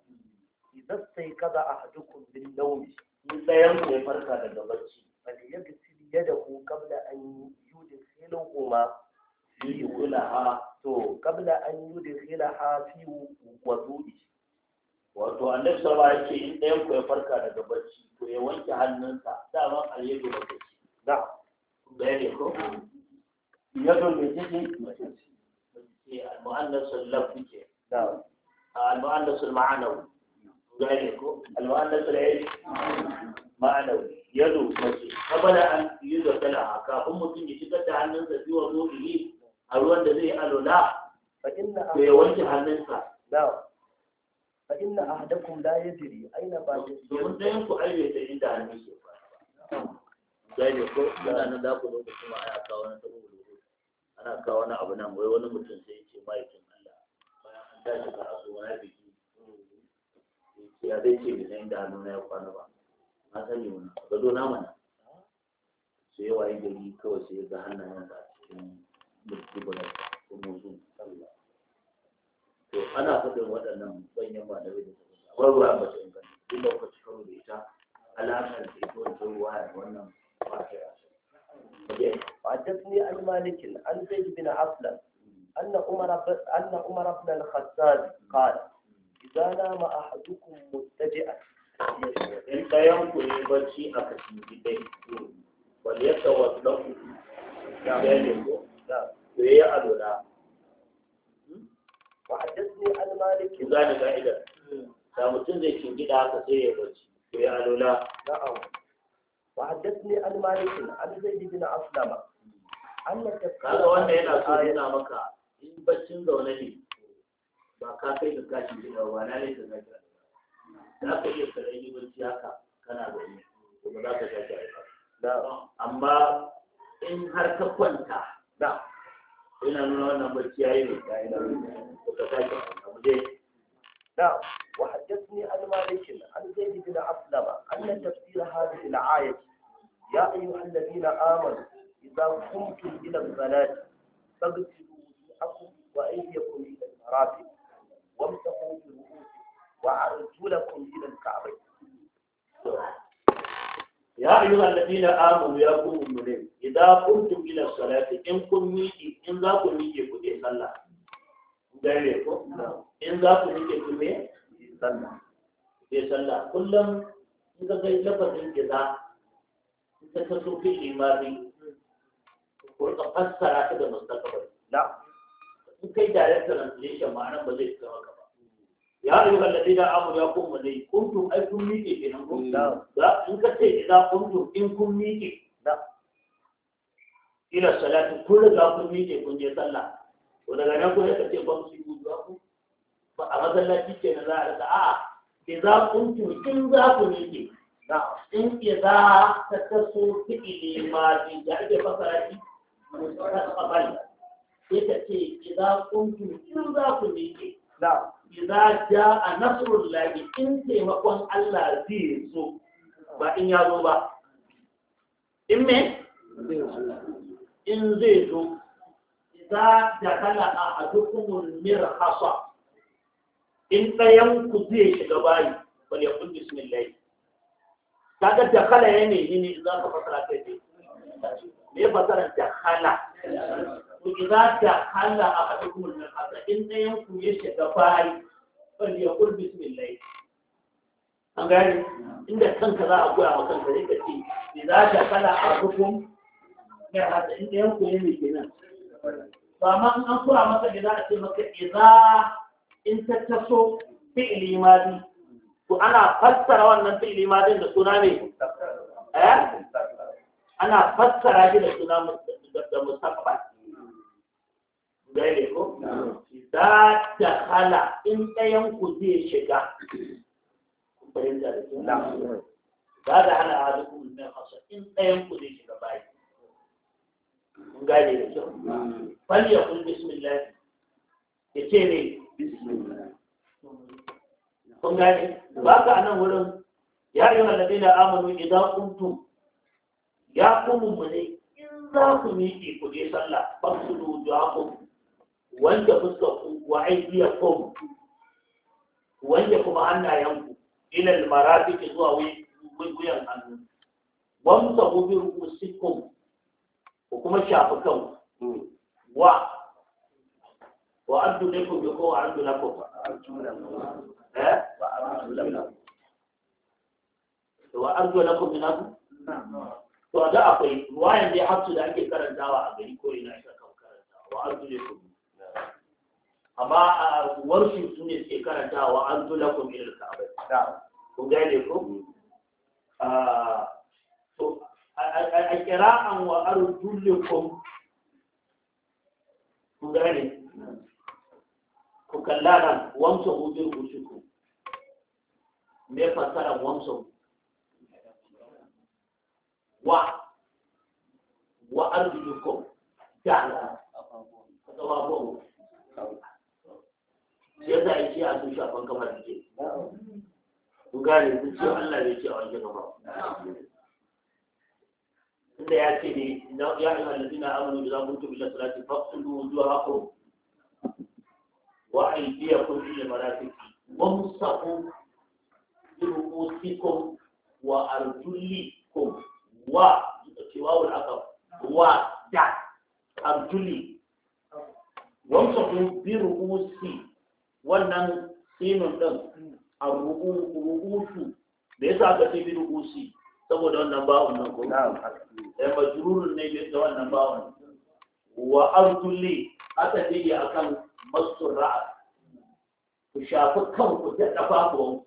إذا استيقظ أحدكم من نومه يسيم فرقة النبتي فليغسل يده قبل أن يدخلهما في ولها تو قبل أن يدخلها في وضوئه wato annabi sallallahu alaihi wasallam in ɗayan ku ya farka daga barci to ya wanke hannunsa dama alyedo lokaci da bayani ko يد ميتيتي المؤنث اللفظي نعم المؤنث المعنوي ذلك المؤنث العلمي معنوي يد ميتي قبل ان يدرك لها كافin mutum ya shigar da hannunsa zuwa zo'ihi a ruwan da zai alula da ya wanke hannunsa fa inna ahadakum la yadri aina ba domin dayan ku ayyuka inda hannun ke ba zai ne ko yana nan da ku lokacin ma aya kawo na tabo ana kawo wani abu nan wai wani mutum sai ce ma'aikin Allah bayan an tashi karatu na biki ya zai ce bisa inda hannuna ya kwana ba na sani wani gado na mana sai waye gari kawai sai ga hannayen a cikin mutubar ko mutu to ana faɗin waɗannan manyan ba da wani sa ba ruwa ba ta inganta duk lokaci karo da ita alaƙar da ita wancan ruwa wannan ba وحدثني عن مالك عن زيد بن عفلة أن عمر أن عمر بن الخطاب قال إذا نام أحدكم متجئا إن ينكو يبكي أكسي بيت وليتوضأ نعم ويا ألولا وحدثني عن مالك إذا نام إذا لا متنزل شنجد أكسي بيت ويا ألولا نعم وحدثني عن مالك عن زيد بن أسلم أن تفكير هذا وانا yana سؤالنا مكة إن بچن زونني ba ka kai ga kashin gida ba na ne ka gaji za ka iya karai yi barci haka kana da ni kuma za ka gaji a amma in har ka kwanta da ina nuna wannan barci ya yi ne ka yi da wani ka gaji a نعم وحدثني عن مالك عن زيد بن أسلم أن تفسير هذه الآية يا أيها الذين آمنوا إذا قمتم إلى الصلاة فاغسلوا وجوهكم وأيديكم إلى المرافق وامسحوا برؤوسكم وأرجلكم إلى الكعبين يا أيها الذين آمنوا يا قوم إذا قمتم إلى الصلاة إن كن ميتي إن لا كن ميتي كنت صلى gane ko in za ku rike ku me sallah ke sallah kullum in ka kai lafazin kiza ita ka so ke imani ko ka fassara ta da mustaqbal la in kai direct translation ma'anar ba zai fita ka ba ya ayu da amanu ya kum malai kuntum ay kun miƙe kenan ko da in ka ce idza kuntum in kun miƙe ila salati kullu da kun miƙe kun je sallah to daga nan kuma ka ce ba mu su yi ku ba a masallaci ke na za a rika a, ke za kuntum in za ku miƙe na in ke za ta kaso fi'ili maji da ake fasara shi mustaqbal sai ta ce ke za kuntum in za ku miƙe na idza jaa nasrullahi in taimakon Allah zai zo ba in ya zo ba in me in zai zo za da kala a mirar haswa in ɗayan ku zai shiga bayi bal ya kun bismillah kaga da kala ya ne ne za ka fasara ta ce me fasara da kala ku za da kala a mirar haswa in ɗayan ku ya shiga bayi wani ya kun bismillah an gani, inda kanka za a koya wa kanka ne ka ce za ta kala a hukum mirar haswa in ɗayan ku ne ne kenan to amma an kura masa da za a ce maka idza in ta taso fi'li madi to ana fassara wannan fi'li madin da suna ne eh ana fassara shi da suna da mustaqbal gane ko ta hala in ɗayan ku zai shiga kun fahimta da ke da da hana hadu kun min hasa in ɗayan ku zai shiga bayi mun gane da kyau fal ya kun bismillah ya ce ne bismillah kun gane ba ka nan wurin ya yi wallafi da amonu idan kuntum ya kuma mu ne in za ku miƙe ku je sallah ba su rujuwa ku wanda fuska ku wa aibiya kuma wanda kuma hannayenku ilal ke zuwa wuyan hannu Wanda ku bi sikon ku kuma shafi kan hmm. wa wa abdu ne ku ko wa abdu na ku eh wa abdu na ku na ku to da akwai ruwayan da ya hafsu da ake karantawa a gari ko ina ita kan karantawa wa abdu ne ku amma a uh, warshi su ne suke karantawa an zula ku ilil ka'aba ku gane ku a kira'an wa arjulikum ku gane ku kalla nan wamsa hujjar ku me fasara wamsa wa wa arjulikum da ƙafafuwan ya za a ce a sun shafan kafa da ke ku gane ku ce Allah ya ce a wajen kafa tunda ya ce ne ya yi hallazi na amuru da zamun tubi da salati faksulu zuwa haku wa aidiya kun da wa wa wa cewa wani aka wa da arjuli wa musaku birukusi wannan sinin din a rubutu da ya sa aka ce saboda wannan bawon nan ko eh majrurun ne da wannan bawon wa abdulli aka dai akan masur ra'ar, ku shafi kanku da kafafuwan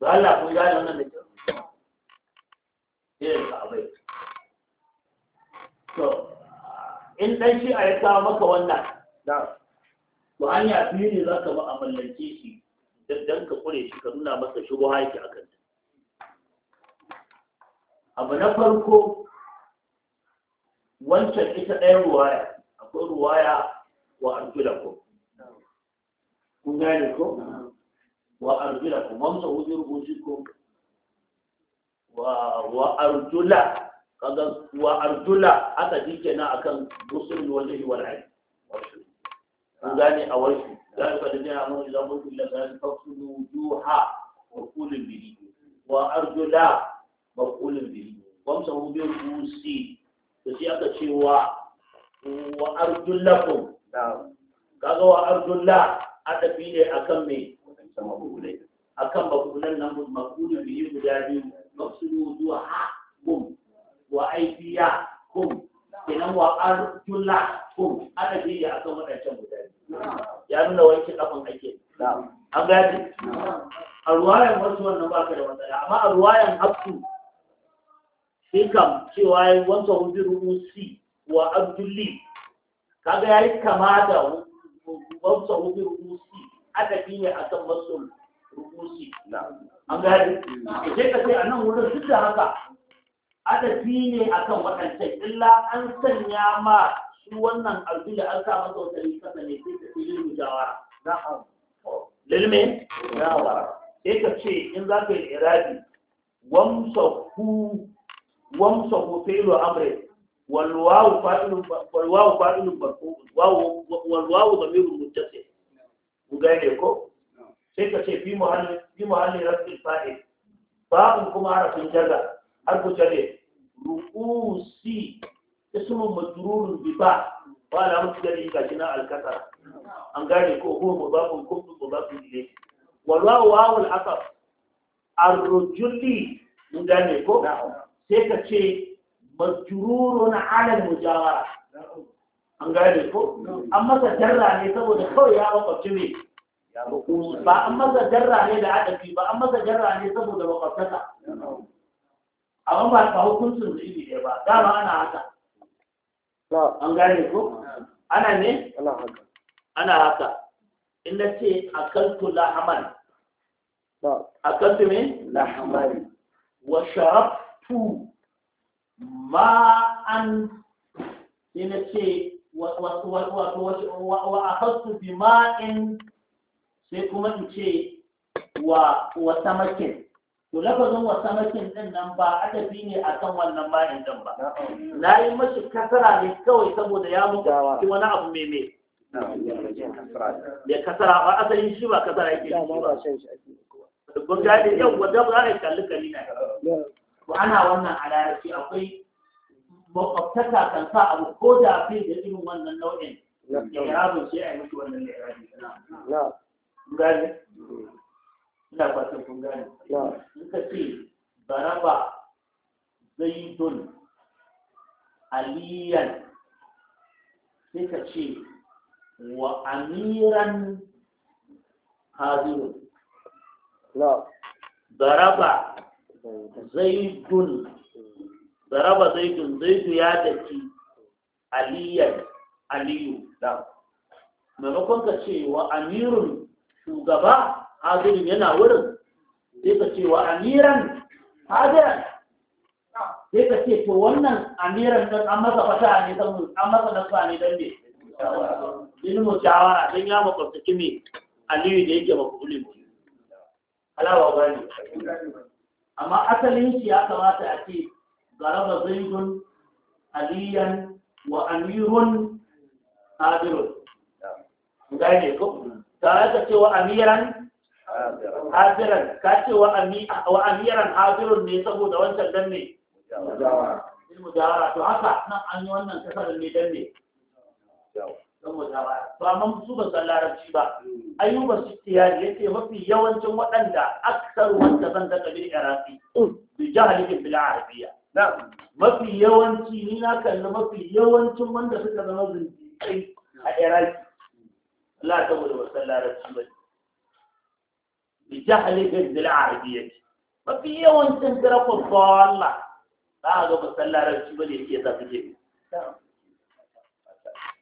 ba Allah ku gane wannan da kyau eh ka bai to in ɗan shi a ya maka wannan to hanya ya ne za ka ba a mallake shi dan ka kure shi ka nuna masa shugo haiki kan abu na farko wancan ita ɗaya ruwaya akwai ruwaya wa arjulakum kun gane ko wa arjulakum mamsa wuzi rubuci wa wa arjula kaga wa arjula aka ji na akan musulun wanda yi wani ayi kun gane a wasu ذلك الذين آمنوا إذا قلتم إلى الناس فاغسلوا وجوها وقولوا wa وأرجلا maqulun bihi wamsa hu bi rusi to sai aka ce wa wa arjulakum kaga wa arjulla a tafi ne akan kan mai a akan maqulan nan maqulun bihi guda biyu maqsulu zuwa ha kun wa aifiya kun kenan wa arjula kun a tafi ne akan wadancan guda biyu ya nuna wanke kafan ake an gaji a ruwayan wasu wannan baka da matsala amma a ruwayan hafsu sai kam cewa ya wanta wuzi rubusi wa abdulli kaga ya yi kama da wanta wuzi rubusi adabi ne a kan masul rubusi an gari sai ka ce a nan wurin duk da haka adabi ne a kan waɗancan illa an sanya ma su wannan abdulli an sa masa wata yi kasa ne sai ta fi lilmi jawara lilmi jawara sai ka ce in za ka yi irabi wamsa ku wamsa hufailu amre والواو فاعل والواو فاعل مرفوع واو والواو ضمير ko sai ka ce fi muhalli fi fa'il ba'un kuma harafin jaza harfu jale ru'usi ismu majrurun bi ba wa la mutjali ga jina al an gane ko huwa mudafun kuntu mudafun ilayhi wal wawu wawu asaf ar-rujuli mun gane ko sai ka ce majururun alal mujawara an gane ko an masa jarra ne saboda kawai ya kwace ne ba an masa jarra ne da adabi ba an masa jarra ne saboda ka amma ba ta hukuncin da iri ne ba dama ana haka an gane ko ana ne ana haka in na ce akaltu lahaman akaltu La lahaman wa sharaf? su ma an sai ce wa a hasu bi ma'in sai kuma in ce wa wa samakin to lafazin wa samakin din nan ba fi ne a kan wannan ma'in din ba na yi mashi kasara ne kawai saboda ya mutu wani abu mai mai ya kasara ba asalin shi ba kasara yake shi ba. Bukari yau wadda ba za a yi kalli kalli na. to ana wannan a larabci akwai makwabtaka kan sa abu ko da fi da irin wannan nau'in da irabin sai a yi mutu wannan da irabi na gani mm. ina fatan kun gane in ka ce baraba zaidun aliyan sai ka ce wa amiran hadirun baraba zaidun zaraba zaidun zaidu ya daki aliyan aliyu da maimakon ka ce wa amirun shugaba hadirin yana wurin sai ka ce wa amiran hadiran sai ka ce to wannan amiran don an masa fata ne don an masa nasa ne don ne ilmu shawara don ya makwabtaki kimi aliyu da yake mafi ulimu alawa gani amma asalin shi ya kamata a ce garaba zaidun aliyan wa amirun adirun gane ko tare da cewa amiran hadiran ka ce wa amiran hadirun ne saboda wancan dan ne mujawara to haka nan an yi wannan kasar ne dan ne Ba ba ba man su ba san larabci ba ayyuba sittiyari mafi yawancin waɗanda aksar wanda zan daga bil iraqi bi jahlihi bil arabiyya mafi yawanci ni na kalli mafi yawancin wanda suka zama zindiƙai a iraki Allah ta gudu wasan larabci ba bi jahlihi bil arabiyya mafi yawancin garafin bawa Allah ba a ga ba san larabci ba ne yake sa suke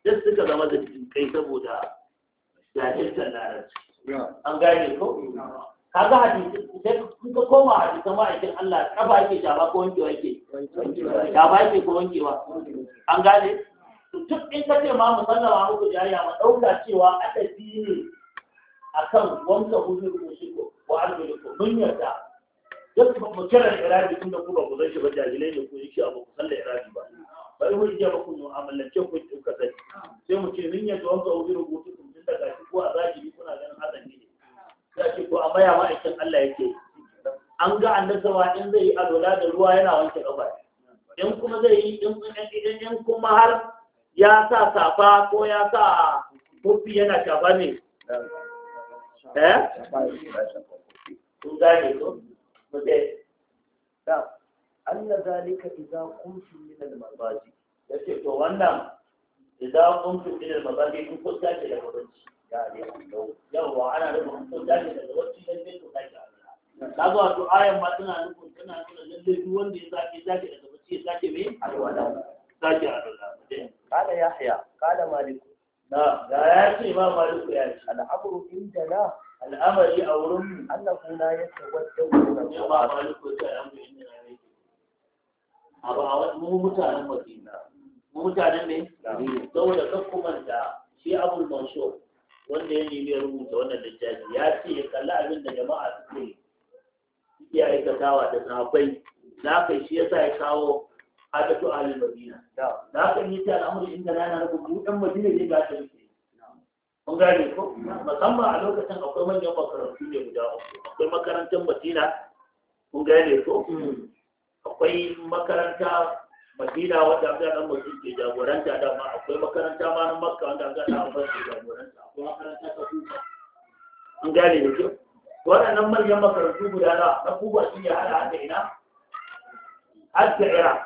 duk suka zama da jikin kai saboda jahiltar larabci an gane ko kaga hadisi sai kuka koma ma'aikin Allah kafa yake shafa ko wankewa yake shafa yake ko an gane duk in ka ce ma musallama muku jariya ma ɗauka cewa adabi ne kan wanka hujjar mushiko wa arzuliko mun yarda duk mu kira irabi tun da kuma ku zai shi jahilai ne ku yi shi abu musalla irabi ba bari mu iya muku kunu amalance ku duka sai sai mu ce min yanzu an zo wuri rubutu kun tun daga shi kuna ganin hakan ne za ce ko amma ya ma'aikin Allah yake an ga annabawa in zai yi alola da ruwa yana wanke kafa in kuma zai yi in in in kuma har ya sa safa ko ya sa kofi yana shafa ne eh kun gane ko mu dai anna zalika idza kuntum min al-mazaji yace to wannan idza kuntum min al-mazaji kun ko tace daga bacci ya ne Allah yawa ana da kun ko tace daga bacci dan sai to tace ka zo to ayan ma tana nufin tana nuna lalle duk wanda ya zaki zaki daga bacci ya tace me alwala zaki alwala kada yahya kada malik na ga ya ce ma malik ya ce al-amru indana al-amri awrun annahu la Ya ba malik ko ta amru indana a ba mu mutanen madina mu mutanen ne saboda kan kuma da shi abul mansur wanda ya nemi ya rubuta wannan littafi ya ce ya kalla abin da jama'a suke ya aikatawa da sahabbai na kai shi yasa ya kawo adatu ahlul madina na kan yi ta al'amuri inda na yana nufin mu dan madina ne ga ta yake kun gane ko musamman a lokacin akwai manyan makarantu ne guda uku akwai makarantar madina kun gane ko hmm. akwai makaranta madina wanda ga nan mutum ke jagoranta da ma akwai makaranta ma na makka wanda ga nan mutum ke jagoranta akwai makaranta ta kuka an gane da kyau waɗannan manyan makarantu guda na na kuba shi ya hada da ina har ta ira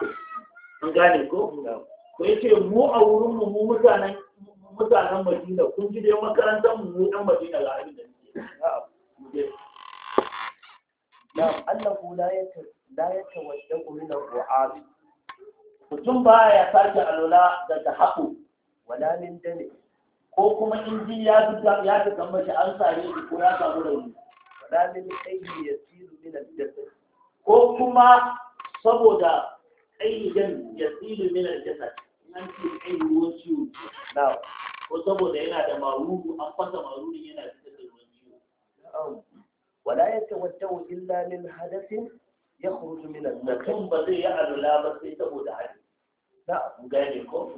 an gane ko ko yace mu a wurin mu mutanen mutanen madina kun ji dai makarantar mu mu dan madina ga abin da muke na'am na'am Allah la yakar la ya tawadda umina ru'abi mutum baya sake alola daga haƙo wala min dane ko kuma in ji ya fita ya fita mashi an sare shi ko ya samu rauni wala min ayyi yasiru min al-jasad ko kuma saboda ayyan yasiru min al-jasad nan ce ayyi ruwan ciwo na ko saboda yana da maruru an fasa marurin yana da illa min hadathin ya kurutu mina kan ba zai yi alula ba sai saboda hali za a kun gane ko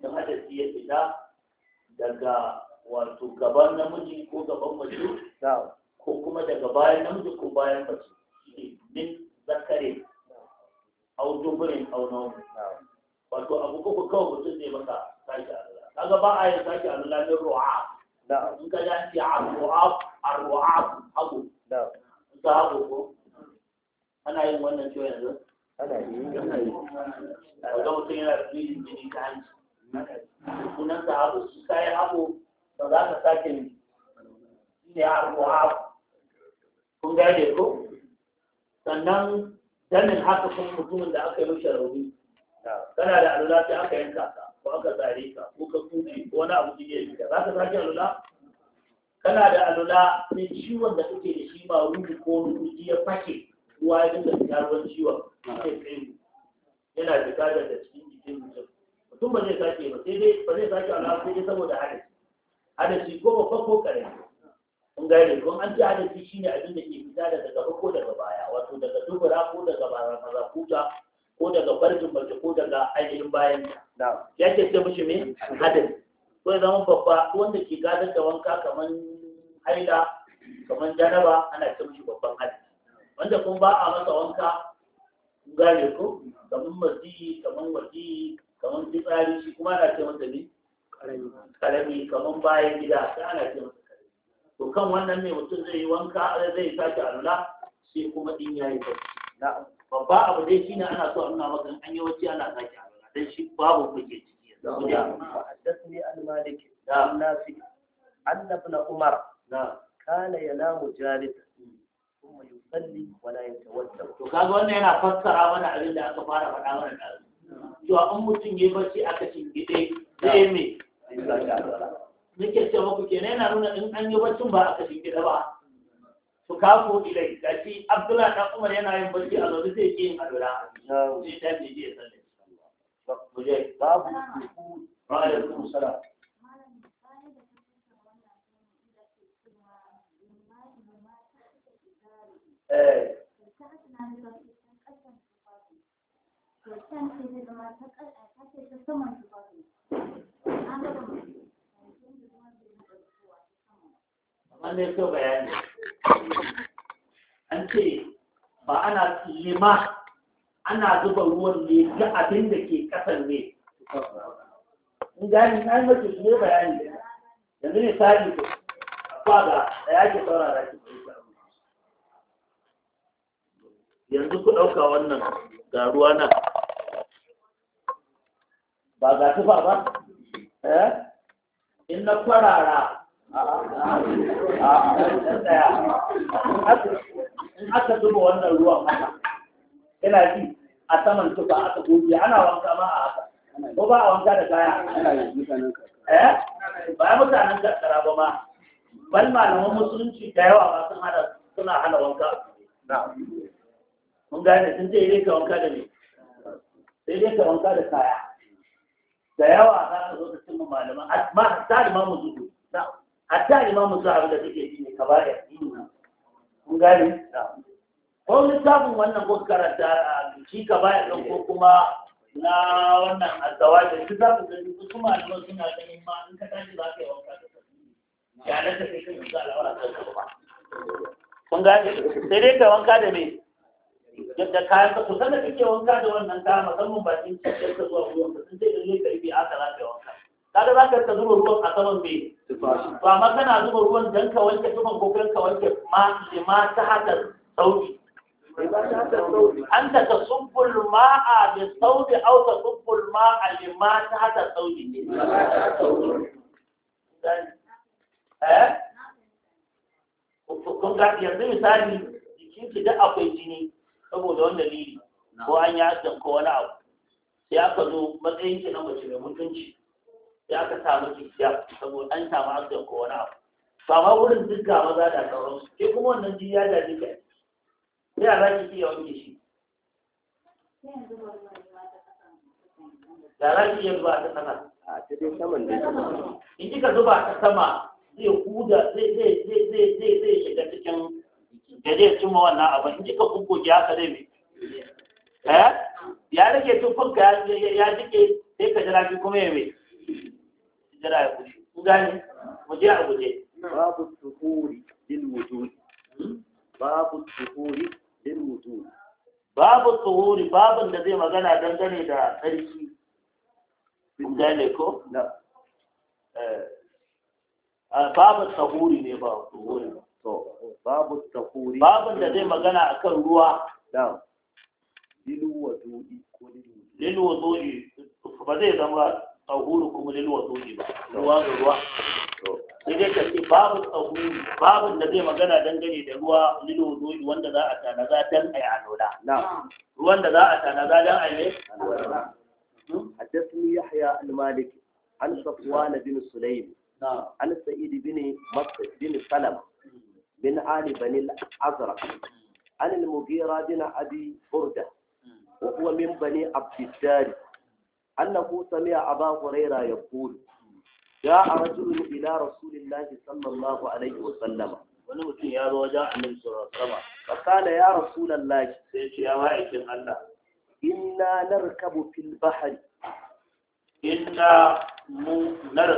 don hadasi ya fita daga wato gaban namiji ko gaban mace ko kuma daga bayan namiji ko bayan mace min zakare au dubirin au nauyi wato abu ko kawai mutum zai maka sake alula kaga ba a yin sake alula min ru'a in ka ji ce a ruwa a ru'a abu ta abu ko ana yin wannan ciwo yanzu ana yi ana yi ga mutum yana da jini jini ta hanci sunan sa abu su kayan abu ba za ka sake yi ne abu abu kun gane ko sannan danin haka kun mutumin da aka yi mishi rauni kana da alula sai aka yanka ka ko aka tsare ka ko ka kuje ko wani abu jiye ka za ka sake alula kana da alula sai ciwon da kake da shi ba rubu ko rubu ya fake kowa ya dinga fita ruwan ciwon sai kai yana fita daga cikin jikin mutum mutum ba zai sake ba sai dai ba zai sake alama sai dai saboda hadasi hadasi ko babba ko karami kun gane ko an ce hadasi shine abin da ke fita daga gaba ko daga baya wato daga dubura ko daga kuta ko daga barjin mace ko daga ainihin bayan ta ya ce ce mishi me hadasi ko ya zama babba wanda ke gadar da wanka kamar haila kamar janaba ana ce mishi babban hadasi wanda kun ba a masa wanka gane ko kamar mazi kamar wasi kamar fitsari shi kuma ana ce masa ne karami kamar bayan gida sai ana ce masa karami to kan wannan ne mutum zai yi wanka zai sake alula sai kuma din yayi barci babba abu dai ne ana so a nuna maka an yi wacce ana sake alula dan shi babu kuke ciki yanzu da a al-malik da nasi annabna umar na kana namu jalisan ثم يصلي ولا يتوضا to kaga wannan yana fassara mana abin da aka fara faɗa mana da cewa an mutum yayi bacci aka shingide zai me nake ce muku kenan yana nuna in an yi baccin ba aka shingide ba to kafu ilai gashi abdullahi dan umar yana yin bacci a zaune zai ke yin adura zai tafi je ya sallaci babu ba da kuma sallah wannan eh. so bayani an ce ba ana lima ana zuba ruwan ne ga abin da ke kasar ne in gani an mace shi ne bayani yanzu ne sari ko ba ga da yake saurara ki yanzu ku ɗauka wannan garuwa ruwa ba za tufa ba eh in na kwarara in aka zuba wannan ruwan haka ina ji a saman tufa aka goge ana wanka ma a haka ko ba a wanka da kaya eh ba mutanen karkara ba ma bal malaman musulunci da yawa ba sun hada suna hana wanka mun gane sun ce ka wanka da me sai dai ka wanka da kaya da yawa za ka zo cin cimma malaman ma hatta imamu A hatta imamu zuhu abin da suke ji ne kabari mun gane ko littafin wannan ko karanta a ka ba da ko kuma na wannan da su za ku gani su kuma malaman suna ganin ma in ka tashi za ka yi wanka da ya nan ka kan yanzu alawar a kan ba Kun gane sai dai ka wanka da me yadda kayan ka kusan da kake wanka da wannan kaya musamman bakin cikin ka zuwa ruwan ka sun ce in ka yi aka za ka wanka kaga za ka zuba ruwan a saman mai ba ma kana zuba ruwan dan ka wanke zuban ko kan ka wanke ma ma ta haka sauki an ta tasubbul ma'a bi saudi aw tasubbul ma'a li ma ta haka sauki eh kun ga yanzu misali jikinki da akwai jini saboda wanda ni ko an yi hasan ko wani abu sai aka zo matsayin ki na mace mai mutunci sai aka samu kiciya saboda an samu hasan ko wani abu ba ma wurin duka maza da sauransu ke kuma wannan ji ya da duka sai a za ki iya wanke shi da za ki iya zuba ta sama a cikin saman da in kika zuba ta sama zai huda zai zai zai zai zai shiga cikin da zai cimma wannan abin in kuku bubbuge haka zai mai eh? ya ya rage tufunka ya jike sai ka jira shi kuma ya mai jira ya kudi kun gani mu je a guje babu tuhuri lil wujud babu tuhuri lil wujud babu tuhuri babin da zai magana dangane da tsarki kun gane ko eh. Eh, babu tuhuri ne ba tuhuri babu tahuri babun da zai magana akan ruwa na'am lilu wudu'i ko lilu wudu'i ba zai zama tahuru kuma lilu wudu'i ba ruwa da ruwa sai ka ce babu tahuri babun da zai magana dangane da ruwa lilu wudu'i wanda za a za dan ai alola na'am ruwan da za a tanaza dan ai alola حدثني يحيى المالك عن صفوان بن سليم عن سعيد بن بن سلمه bin Ali Bani Azraq an al-Mughira bin Abi Burda wa huwa min Bani Abd Dar annahu sami'a Aba Hurairah yaqul جاء رجل إلى رسول الله صلى الله عليه وسلم wani mutum ya zo wajen annabi sallallahu alaihi wasallam ya rasulullahi sai ce ya ma'aikin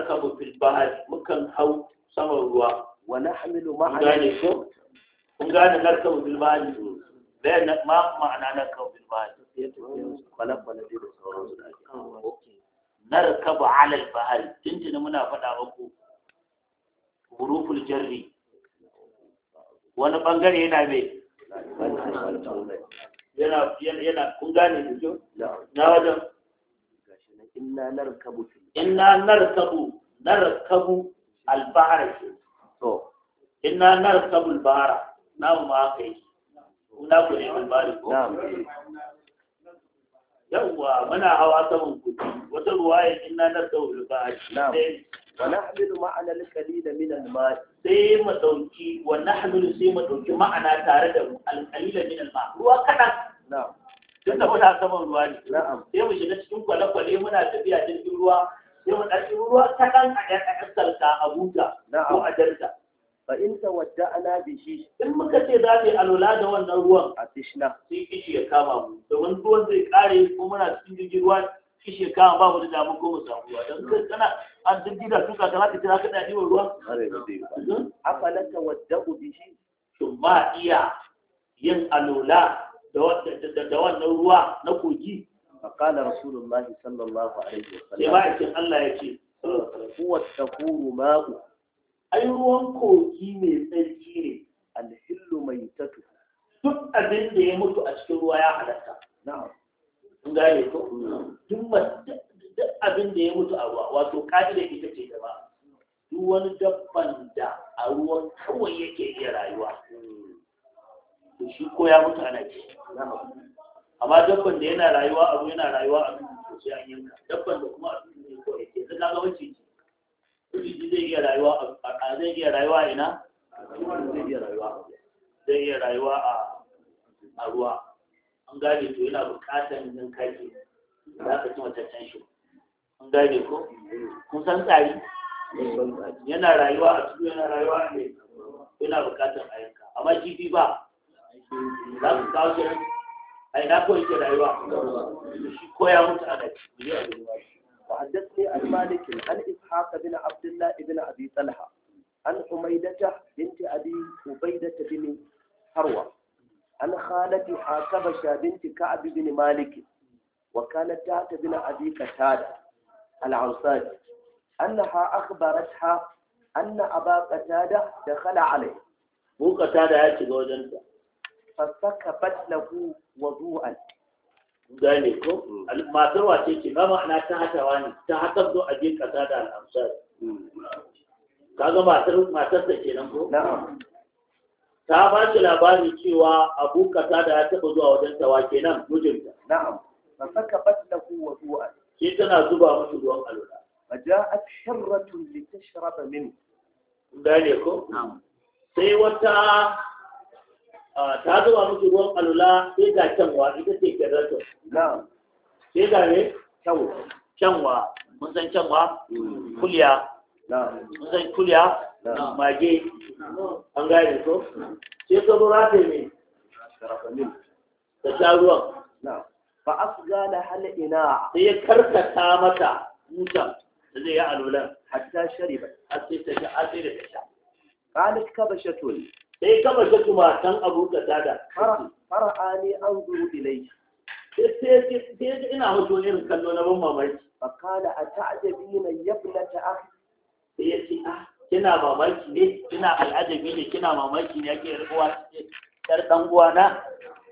Allah mukan hau saman ruwa wa nahmilu ma'a gane ko kun gane na da sauran su ba alal bahari tuntuni muna faɗa muku huruful jarri wani bangare yana mai yana yana kun na wajen inna narkabu inna to inna narkabul bara na mu aka yi na ku ne bari ko yawwa muna hawa saman kudi wata waye inna narkabul ma'ana ونحمل qalila min al-ma sai mu dauki wa nahmilu sai mu dauki ma'ana tare da al al-qalila min al-ma ruwa kadan na'am tunda muna saman ruwa ne na'am sai mu shiga cikin kwale-kwale muna tafiya cikin ruwa yawan ɗan ruwa ta ɗan a ɗan a ƙasarta ko a jarta. in ta wadda ana bishi. In muka ce za mu yi alola da wannan ruwan. A tishna. yi kishi ya kama mu. Domin ruwan zai kare ko muna cikin jirgin ruwa kishi ya kama ba mu da damu ko mu samu ruwa. Don kai kana an jirgi da tuka kamar ka ce za ka ɗaɗi wa ruwa. Hmm? Afalan ta wadda ku bishi. Shin ba iya yin alola da wannan ruwa na kogi. فقال رسول الله صلى الله عليه وسلم يبعث الله يجي هو التفور ماء أي روان كوكي mai tsarki ne alhillu mai tatu duk abin da ya mutu a cikin ruwa ya halatta na'am gane ko duk duk abin da ya mutu a ruwa wato ka'ida ita ce da ba duk wani dabban da a ruwa kawai yake iya rayuwa hmm. shi ko ya mutu ana ce amma dabban da yana rayuwa abu yana rayuwa a duk sosai an yanka dabban da kuma abu ne ko yake zan ga wacce kuliji zai iya rayuwa a zai iya rayuwa ina zai iya rayuwa zai iya rayuwa a a ruwa an gane to yana buƙatar nan kake za ka ci mataccen shi an gane ko kun san tsari yana rayuwa a cikin yana rayuwa ne yana buƙatar a yanka amma kifi ba za ka kawo shi a ina kawai ke rayuwa shi koya mutu a nan وحدثني عن مالك عن اسحاق بن عبد الله بن ابي طلحه عن حميدة بنت ابي عبيدة بن حروة عن خالة حاكبشة بنت كعب بن مالك وكانت تحت بن ابي قتادة العنصاري انها اخبرتها ان ابا قتادة دخل عليه هو قتادة يا فسكبت له wadu'an gane ko matar wace ce ba ma'ana ta hatawa ne ta hatar zo a jin kasa da al'amsar kaga matar matar ta kenan ko ta ba shi labari cewa abu kasa da ya taba zuwa wajen tawa kenan mijinta na'am fa saka da wa du'a shi tana zuba musu ruwan alula da شرة لتشرب منه ذلك ko sai wata ta zuba musu ruwan alula sai ga canwa ita ce kirrato sai ga ne canwa mun san canwa mm. kuliya mun san kuliya mage an gane ko sai ka zo rataye ne da sha ruwan ba a asga da hali ina sai ya karkata mata mutan da zai yi alulan hatta shariba har sai ta sha har sai da ta sha qalat kabashatul sai kama shatu matan abu ka tada fara'ani an zuru ilai sai ina hoto irin kallo na ban mamaki fakala a ta'ajabi na yabna ta ah sai ya ce ah kina mamaki ne kina al'ajabi ne kina mamaki ne yake rikuwa yar dan uwana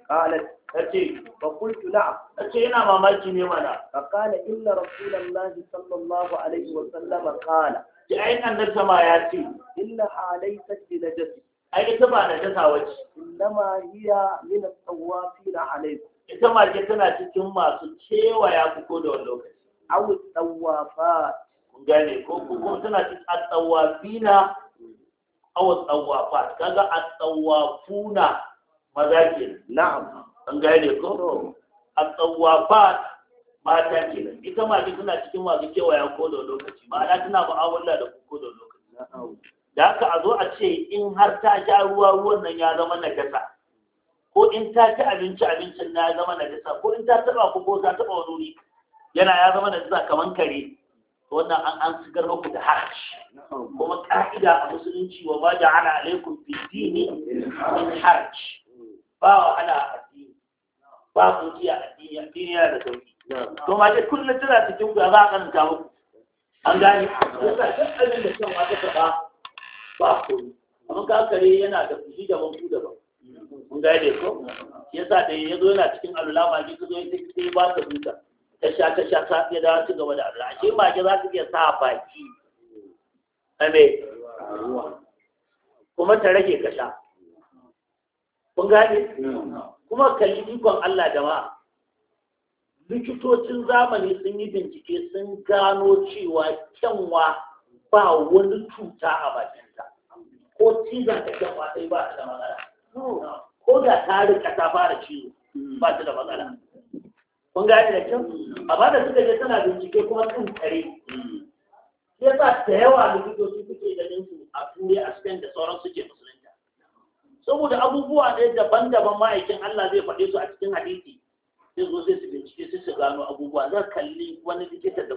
قالت أتي فقلت نعم أتي أنا ما ماجي ميمانا فقال إن رسول الله صلى الله عليه وسلم قال جعين أن نسمع ياتي إنها ليست بنجس ai ita ba na jasa wace innama hiya min at-tawafina alaykum ita ma ke tana cikin masu kewaya ku ko da wani lokaci aw tawafa kun gane ko kuma tana cikin at-tawafina aw tawafat kaga at-tawafuna maza ke na'am kun gane ko at-tawafat mata ke ita ma ke tana cikin masu kewaya ko da wani lokaci ma'ana tana mu'amala da ku ko da wani lokaci da haka a zo a ce in har ta ja ruwa ruwan nan ya zama na gasa ko in ta ci abinci abincin na ya zama na gasa ko in ta taba ku ko ta taba wani wuri yana ya zama na gasa kaman kare wannan an an sigar muku da haraji kuma ka'ida a musulunci wa ma ja'ala alaikum fi dini min haraj ba wa ala addini ba ku ji addini addini yana da sauki to ma dai kullum tana cikin ku ba a karanta muku an gane yasa duk abin da kan wata ba. ba ku amma ka kare yana da fushi daban ku daban kun ga yadda ko ya yasa da ya zo yana cikin alula mage ka zo sai ba ka duka ta sha ta sha ta ya dawo ci gaba da alula shi mage za ta iya sa baki ame kuma ta rage ka sha kun gane kuma kalli ikon Allah jama'a likitocin zamani sun yi bincike sun gano cewa kyanwa ba wani cuta a bakinta ko cizon da gaba fata ba ta da magana, ko da tarin rika ta fara ciwo ba ta da matsala kun gani da kyau ba da suka je tana bincike kuma kan kare ya sa da yawa likitoci suke ganin su a turai a spain da sauran suke musulunta saboda abubuwa ɗaya daban-daban ma'aikin allah zai faɗe su a cikin hadisi sai zo sai su bincike sai su gano abubuwa za kalli wani likita da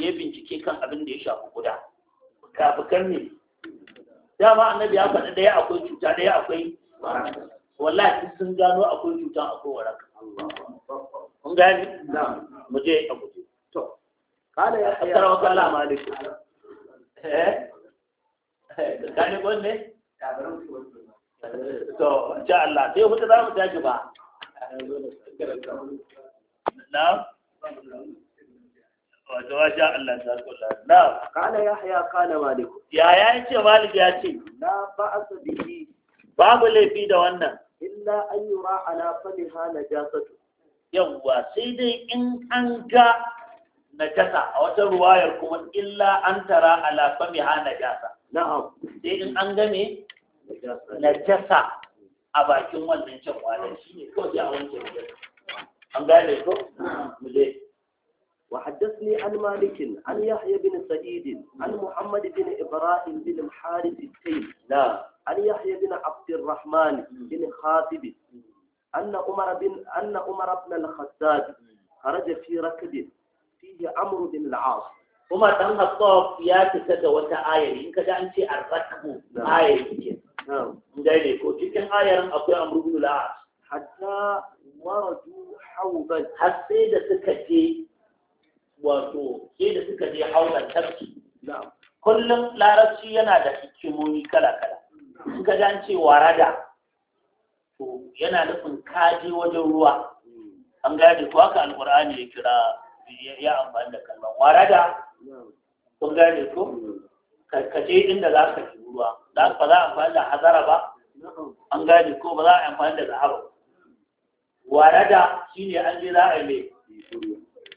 ya bincike kan abin da ya shafi guda kafukan ne dama annabi ya faɗi ɗaya akwai cuta ɗaya akwai wallahi sun gano akwai cutan akwai waraka kun gani mu je a guje to kada ya tsara wa kala malik eh gani gonne to insha Allah sai hutu za mu tashi ba na وتواجع الله تبارك وتعالى نعم قال يحيى قال مالك يا يا ce مالك ya ce Na ba ba'as bihi babu laifi da wannan illa an yi yura ala faliha najasatu yawwa sai dai in an ga na najasa a wata ruwayar kuma illa an tara ala famiha najasa na'am sai in an ga me najasa a bakin wannan can wala shine ko ya wanke an gane ko mu je وحدثني عن مالك عن يحيى بن سعيد عن محمد بن إبراهيم بن الحارث السيد لا عن يحيى بن عبد الرحمن بن خاطب أن عمر بن أن عمر بن الخطاب خرج في ركب فيه عمرو بن العاص وما تم الطوف يا تسد وتا آية إن كذا أنت الركب نعم. آية نعم دايلي كو cikin ayar akwai amru بن العاص حتى hatta حوبا hawban har wato sai da suka je haular tafki kullum larabci yana da hikimomi kala-kala suka ji an ce warada to yana nufin kaje wajen ruwa hmm. an gane ko haka alkur'ani ya kira ya amfani da kalmar warada kun gane ko hmm. karkace inda za ka ji ruwa za ba za a amfani da hazara ba an gane ko ba za a amfani da zahara warada shine an je za a yi mai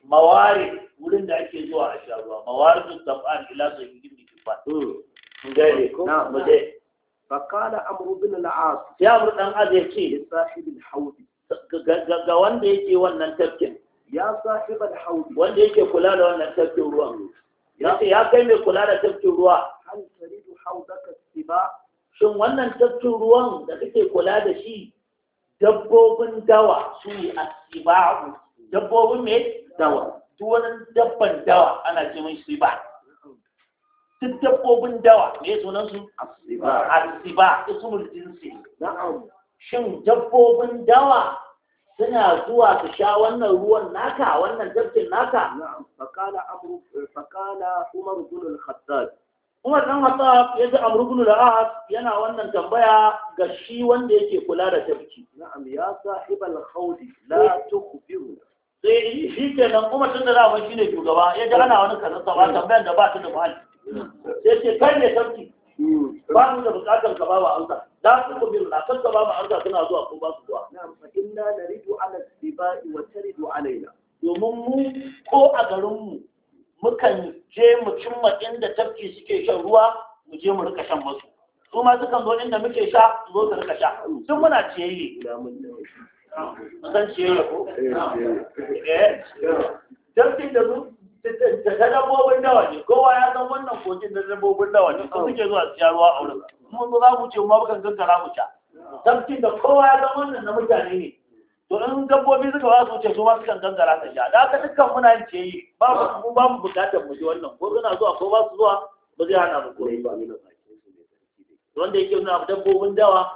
mawari wurin da ake zuwa a sha mawari sun tafa'an ila da yi gini kifa sun gane ko na je fakala amru bin al'as sai amru dan az ya ce li sahibil haudi ga wanda yake wannan tafkin ya sahibal haudi wanda yake kula da wannan tafkin ruwan ya ce ya kai mai kula da tafkin ruwa hal taridu haudaka tiba shin wannan tafkin ruwan da kake kula da shi dabbobin dawa su yi asiba'u dabbobin me dawa duk wani dabban dawa ana ce mai siba duk dabbobin dawa me sunan su asiba ismul jinsi na'am shin dabbobin dawa suna zuwa su sha wannan ruwan naka wannan dabbin naka na'am faqala amru faqala umar ibn al-khattab Umar ɗan Hattab ya ji Amru al-As yana wannan tambaya ga shi wanda yake kula da dabbi Na'am ya sahibal khawdi la eh. tukhbiru sai eh, shi ke nan kuma tun da za mu shi ne shugaba ya ji ana wani kanin sama tambayar da ba ta da muhalli sai ce kai ne sarki ba mu da bukatar ka ba wa amsa da su ku bin na kan ka ba mu amsa suna zuwa ko ba su zuwa inna naridu ala sibai wa taridu alaina domin mu ko a garin mu mukan je mu cimma inda tafki suke shan ruwa mu je mu rika shan masu su ma sukan zo inda muke sha zo su rika sha duk muna ciyayi san ciye ko eh, eh dabbi da su da dabbobin dawa ne kowa ya san wannan kogin da dabbobin dawa ne su suke zuwa su ruwa a wurin mun za mu ce ma bukan gaggara mu ca dabbi da kowa ya san wannan na mutane ne to in dabbobi suka ba su wuce su ma kan gangara ta sha da haka dukkan muna yin ciye ba mu ba mu bukatar mu ji wannan ko suna zuwa ko ba su zuwa ba zai hana mu koyi ba wanda yake nuna dabbobin dawa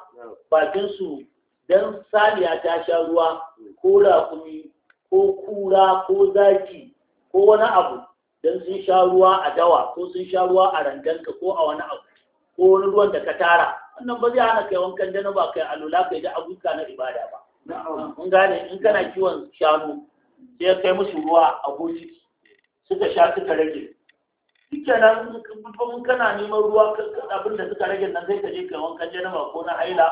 bakin su dan saniya ta sha ruwa ko raƙumi ko kura ko zaki ko wani abu dan sun sha ruwa a dawa ko sun sha ruwa a ranganka ko a wani abu ko wani ruwan da ka tara wannan ba zai hana kai wankan dana ba kai alula kai da abuka na ibada ba in gane in kana kiwon shanu sai kai musu ruwa a goji suka sha suka rage duka nan in kana neman ruwa abin da suka rage nan zai ka je kai wankan ba ko na haila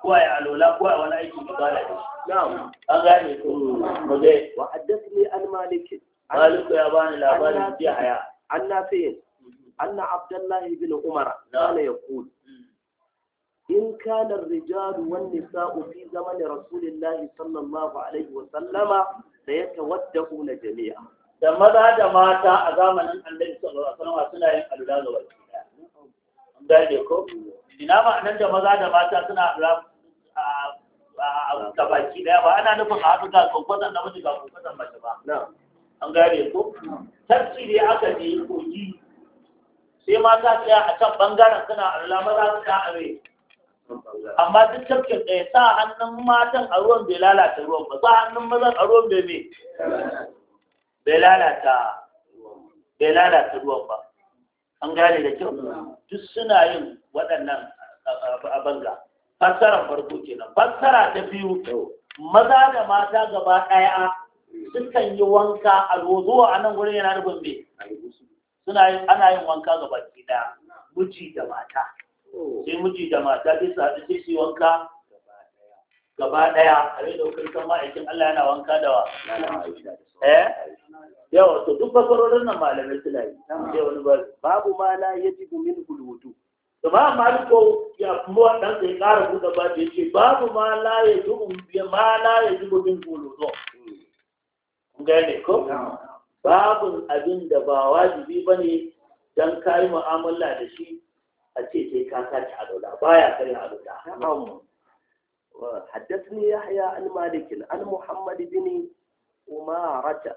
ko a alola ko wani aiki ibada da shi an gane ko mu dai wa haddathni an malik malik ya bani labarin ji haya an nafi anna abdullah ibn umar kana yaqul in kanar ar-rijal wan nisa'u fi zamani rasulillahi alaihi wa sallama jami'a da maza da mata a zamanin annabi sallallahu alaihi suna yin alula ga wani an gane ko ina nan da maza da mata suna ga baki daya ba ana nufin a haɗu ga kwakwazon namiji ga kwakwazon mace ba an gane ko dai aka je kogi sai mata tsaya a can bangaren suna alama za su ta are amma duk tafkin ɗaya sa hannun matan a ruwan bai lalata ruwan ba sa hannun mazan a ruwan bai mai bai lalata bai lalata ruwan ba an gane da kyau duk suna yin waɗannan a banga fassarar farko kenan fassara ta biyu maza da mata gaba ɗaya sukan yi wanka rozo a nan gurin yana da me suna yin ana yin wanka gaba ki da miji da mata sai miji da mata sai su haɗu sai su yi wanka gaba ɗaya a rai da kan ma'aikin Allah yana wanka da wa eh yawa to duk bakarorin nan malamai suna yi babu ma la yajibu min hulwudu Imam Malik ya kuma dan sai ƙara buɗe ba da yake babu ma la ya ya ma la ya jubu bin guluzo. Kun gane ko? Babu abin da ba wajibi bane dan kai mu'amala da shi a ce sai ka sace ba baya kai alula. حدثني يحيى عن مالك عن محمد بن أمارة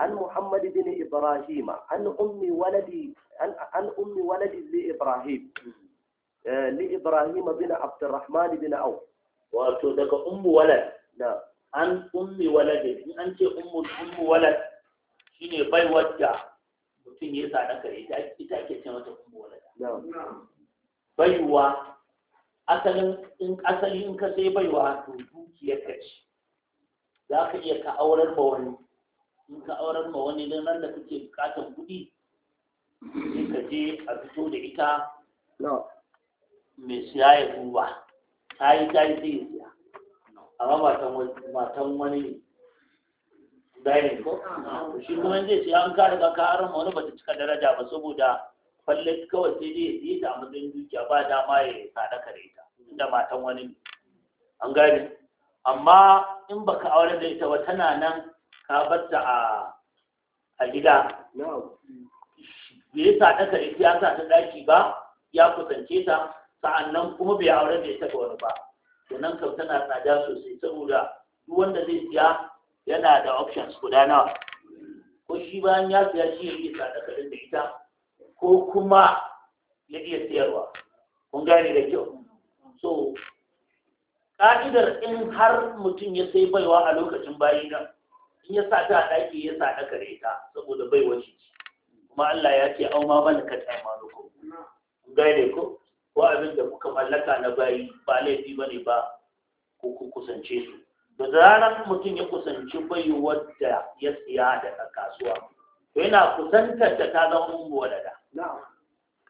عن محمد بن إبراهيم عن أم ولدي عن أم ولدي لإبراهيم li Ibrahim bin Abdurrahman bin Auf wato daga ummu walad na an ummi walad in an ce ummu ummu walad shine bai wadda mutum ya sa kare ita ita ake ce mata ummu walad baiwa asalin in asali ka sai baiwa to dukiya ka ci. za ka iya ka aurar ma wani in ka aurar ma wani don nan da kake bukatan kuɗi in ka je a fito da ita mai siya ya duba ta yi ta yi zai ya siya amma matan wani bayanin ko shi kuma zai siya an kare ka karar ma ba bata cika daraja ba saboda falle kawai sai dai ya ta matsayin dukiya ba dama ya sada kare ta, da matan wani ne an gane amma in baka aure da ita ba tana nan ka batta a a gida bai sadaka da ita ya sa ta daki ba ya kusance ta sa'annan kuma bai aure da ita ga wani ba to nan kam tana tsada sosai saboda duk wanda zai siya yana da options guda nawa ko shi bayan ya siya shi ya tsada kaɗan da ita ko kuma ya iya siyarwa kun gane da kyau so ka'idar in har mutum ya sai baiwa a lokacin bayi nan in ya sa ta ɗaki ya sa ɗaka da ita saboda baiwa shi kuma Allah ya ce auma mana ka ta malu ku kun ku. ko ko abin da kuka mallaka na bayi ba laifi ba ne ba ku kusance su da zarar mutum ya kusanci bayi wadda ya siya daga kasuwa to yana kusantar ta ta zama ummu walada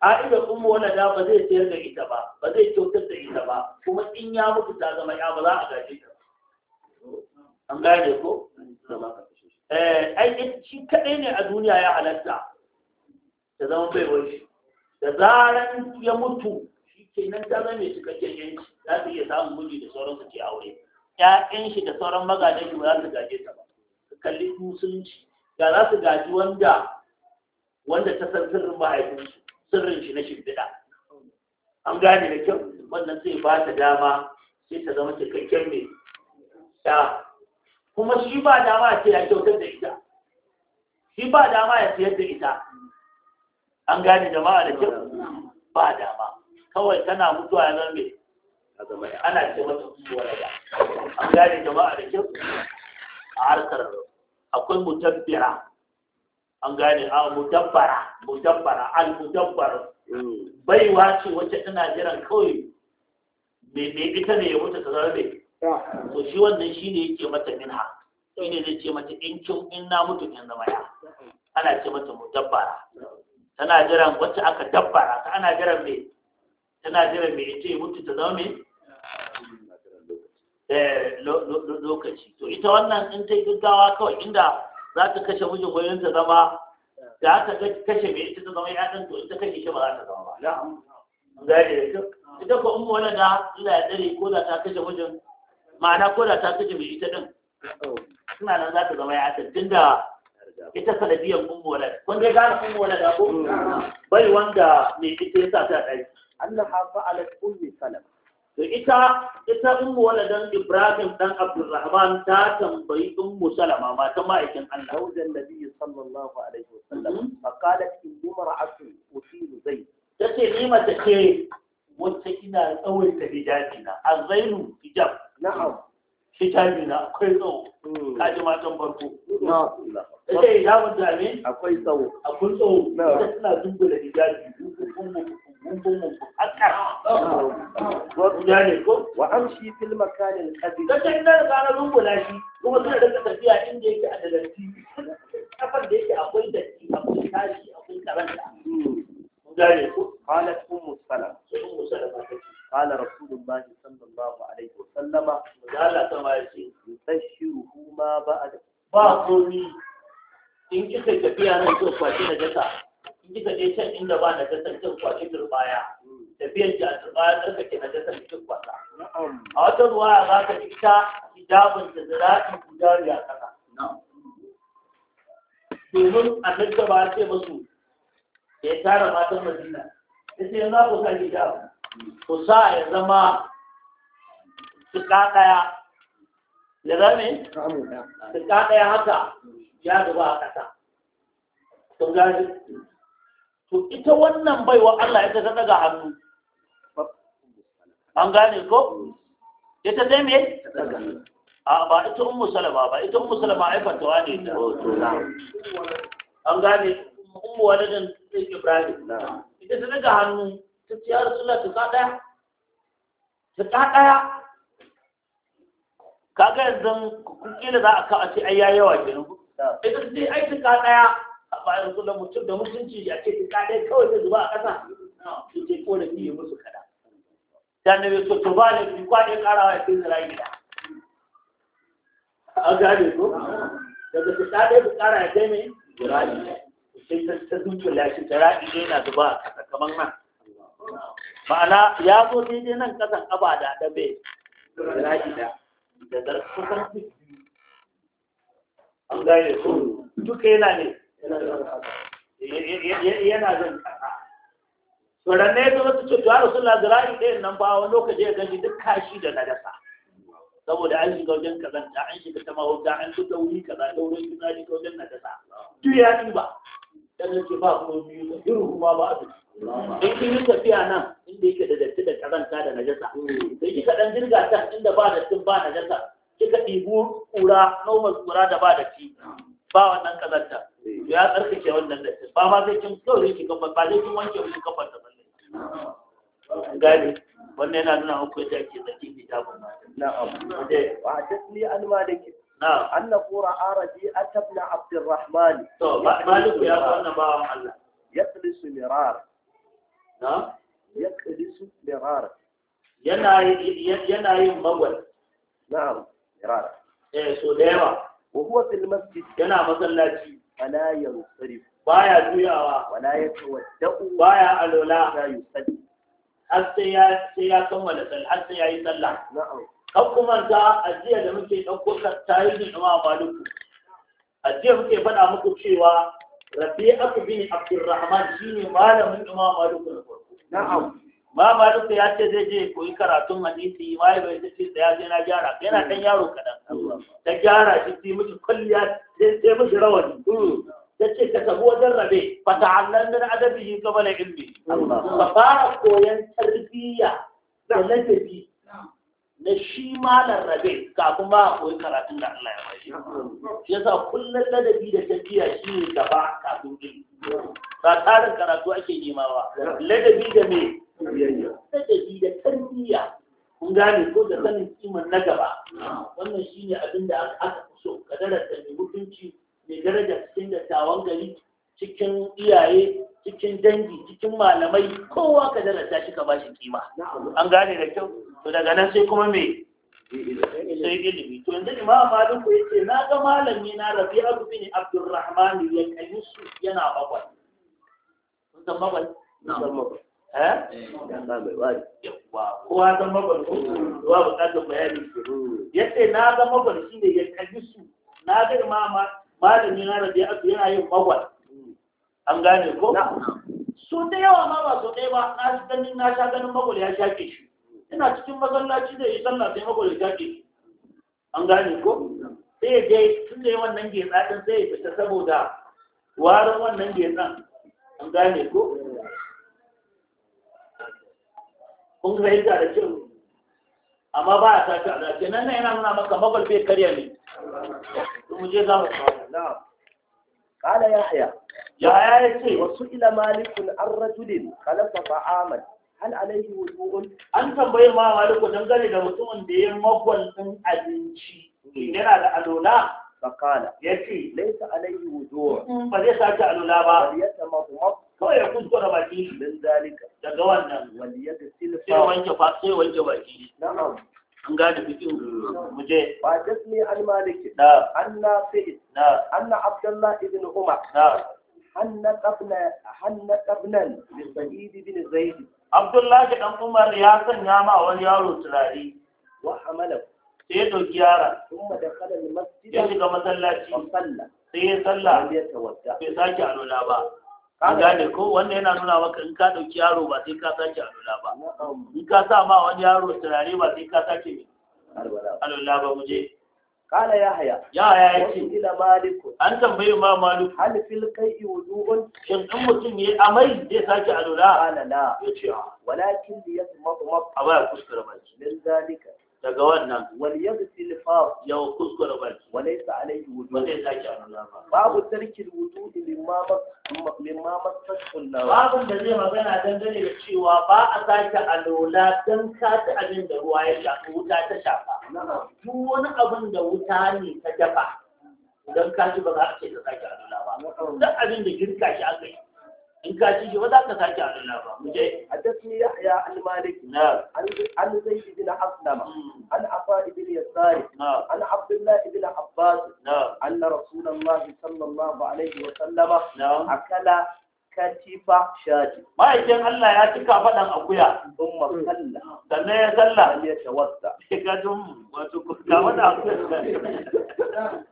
ka'idar umu walada ba zai sayar da ita ba ba zai kyautar da ita ba kuma in ya mutu ta zama ya ba za a gaje ta an gane ko eh ai shi kadai ne a duniya ya halatta ta zama bai shi da zaran ya mutu kenan ta zama mai cikakken yanci za su iya samun miji da sauran su ke aure ƴaƴan shi da sauran magadan shi ba za su gaje ta ba su kalli musulunci ga za su gaji wanda wanda ta san sirrin mahaifinsu sirrin shi na shimfiɗa an gane da kyau wannan zai ba ta dama sai ta zama cikakken mai ta kuma shi ba dama ce ya kyautar da ita shi ba dama ya siyar da ita an gane jama'a da kyau ba dama kawai tana mutuwa ya zama ana ce mata mutuwa ba an gane jama'a da kyau a harkar akwai mutabbira an gane a mutabbara mutabbara al mutabbara mm. baiwa ce wacce tana jiran kawai mai ita ne ya mutu ta zara mai to shi wannan shi ne yake mata minha shi ne zai ce mata in kin in na mutu in zama ya ana ce mata mutabbara tana jiran wacce aka dabbara ta ana jiran mai tana jiran mai ita ya mutu ta zama mai eh, lokaci to ita wannan in ta yi gaggawa kawai inda za ta kashe mijin goyon ta zama da aka kashe mai ita ta zama ya ɗan to ita kashe shi ba za ta zama ba ita ko in wani da ina ya tsare ko da ta kashe mijin ma'ana ko da ta kashe mai ita ɗin suna nan za ta zama ya ɗan tun da ita sanadiyar ummu wala kun dai gane ummu wala da ko bai wanda mai ita ya sa ta ɗaki annaha fa'alat ummi salama to ita ita ummu waladan ibrahim dan abdurrahman ta tambayi ummu salama matan ma'aikin Allah wajen nabi sallallahu alaihi wasallam mm-hmm. fa qalat inni mar'atu usilu zayd tace ni mata ce wacce ina tsawaita hijabi na azainu hijab na'am hijabi na akwai tsawo mm. kaji matan farko tace hijabun jami akwai tsawo akwai tsawo ita tana dubbula hijabi dukkan ummu mutum akar ko ko wa amshi fil makan al qadim kace da ga na rumbula shi kuma suna da tafiya inda yake a dalanti kafar da yake akwai datti akwai tashi akwai karanta gane ko qalat ummu salama ummu salama قال رسول الله صلى الله عليه وسلم قال كما يبشره ما بعد باطني in kika tafiya nan to kwace na jaka in kika je can inda ba na jasar kin kwaci turbaya tafiyar ji a turbaya ke na jasar cin kwasa a wata ruwa za ka ita hijabin da zira'in hijari a kasa domin annabi ba ya ce musu ya tara matan madina ya ce za ku sa hijab ku sa ya zama tuka ɗaya ya zame tuka ɗaya haka ya zuba a kasa. to ita wannan baiwa Allah ita ta daga hannu an gane ko ita dai me a ba ita ummu salama ba ita ummu salama aikatawa ne ta an gane ummu waladin ibrahim ita ta daga hannu ta ce ya rasulullah ta ka daya ta ka daya kaga yanzu kila za a ka a ce ai yayi yawa kenan ita ta ce ai ta ka daya bayan yanzu da mutum da mutunci ya ce ka dai kawai zai zuba a ƙasa su ce ko da biyu musu kada da na bai so to ba da biyu kwaɗe ƙarawa ya fi zira gida a gane ko daga su ɗaɗe su ƙara ya kai mai zira gida sai ta zuciya shi zira gida yana zuba a ƙasa kamar nan ma'ana ya zo daidai nan ƙasan abada da bai zira gida da zarfi kusan an gane so duka yana ne yana jin kasa tsoron ne zama su ce tuwa rasulullah zira'i ɗayan nan ba wani lokaci ya gani duk kashi da nadasa saboda an shiga wajen kazanta an shiga ta mahauta an shiga wuri kaza da wurin kina shiga wajen nadasa duk ya ba dan yake ba ko biyu da irin kuma ba a in kin yi tafiya nan inda yake da datti da karanta da najasa sai kika dan jirga can inda ba da tun ba najasa kika ɗibu ƙura nomar ƙura da ba da datti ba wannan kazanta ya tsarkake wannan da ba ma zai kin kawai ki ba zai kin wanke ki kafa da balle wannan yana nuna muku yadda ake zakin hijabin mata na'am wa tasli an maliki na'am annahu ra'a rabi'a ibn abdurrahman to maliku ya ga wannan bawan Allah yaqlisu mirar na'am yaqlisu mirar yana yana yin magwal na'am mirar eh so da yawa wa huwa masjid yana masallaci fala yansarif baya juyawa wala yatawadda'u baya alola la yusalli har sai ya ya kammala sallah har sai yayi sallah na'am kan kuma ta ajiya da muke dauko tarihin Imam Malik ajiya muke faɗa muku cewa Rabi'atu bin Abdurrahman shine malamin Imam Malik na farko na'am ma maluka ya ce zai je koyi karatun hadisi ma ya bai ce da ya je na gyara yana dan yaro kadan ta gyara shi sai miki kulliya sai sai miki rawani ta ce ka tafi wajen rabe fa ta'allan min adabihi qabla ilmi fa fara koyan tarbiyya da ladabi na shi malar rabe kafin ma koyi karatun da Allah ya ba shi yasa kullun ladabi da tarbiyya shi ne gaba kafin ilmi ba tsarin karatu ake nema ba ladabi da me biyayya ladabi da tarbiyya kun gane ko da sanin kiman na gaba wannan shine abin da aka fi so kadarar da mai mutunci mai daraja cikin dattawan gari cikin iyaye cikin dangi cikin malamai kowa ka daraja shi ka bashi kima an gane da kyau to daga nan sai kuma me sai ilimi to yanzu imam maliku yace na ga malami na rabi'a bin abdurrahman ya kayyusu yana bakwai kun san bakwai eh yamba mai wari kowa san mabarko zuwa bukatar bayani yace na ga shi ne ya kalli su na ga ma malami na rabi asu yana yin magwal an gane ko so da yawa ma ba su ɗaya ba na shi ganin na sha ganin magwal ya shaƙe shi ina cikin masallaci da ya sallah sai magwal ya shaƙe shi an gane ko sai dai tun da yawan nan getsa din sai ya fita saboda warin wannan getsan an gane ko kun ga hijja da cin amma ba a tashi a zafi nan nan yana nuna maka mabal karya ne to mu je za mu na qala yahya yahya yace wasu ila malikun an rajulin khalafa ta'aman hal alaihi wudu'un an tambaye ma maliku dangane da mutumin da ya magwal abinci yana da alola fakala ce laysa alaihi wudu'un ba zai sace alona ba ya tamaddu ko ya kuskura baki shi min zalika daga wannan da wanke fa sai wanke baki na'am an gane bikin muje ba jasmi an maliki na anna fi'id na anna abdullah ibn umar na hanna qabna hanna qabnan li sa'id ibn zaid abdullah dan umar ya sanya ma wani yaro turare wa hamala sai ya dauki yara kuma da kalal masjid ya shiga masallaci sai ya sallah bai sake alwala ba ka gane ko wanda yana nuna maka in ka ɗauki yaro ba sai ka sake alula ba in ka sa ma wani yaro turare ba sai ka sake alula ba mu kala ya haya ya haya ya ce ila maliku an tambaye ma maliku hal fil kai wudu'un shin in mutum yayi amai zai sake alula kala na, ya ce ah. walakin li yasma ma kuskure ba din zalika daga wannan wal yaghsil fas ya kuskura baki walaysa alayhi wudu wanda ki annabawa babu tarkil wudu limma limma masakun nawa babu da zai magana dangane da cewa ba a sake alola dan ka ta abin da ruwa ya shafa wuta ta shafa duk wani abin da wuta ne ta dafa dan ka ji ba za a ce ka sake alola ba dan abin da girka shi aka yi in ka ci shi ba za ka sake alula ba mu je hadathni yahya an malik na an zaid ibn aslama an afa ibn yasar an abdullah ibn abbas na anna rasulullahi sallallahu alaihi wa sallama akala katifa shati ma'aikin Allah ya cika faɗan akuya umma salla sannan ya salla ya tawadda kaga dum wato ka faɗa akuya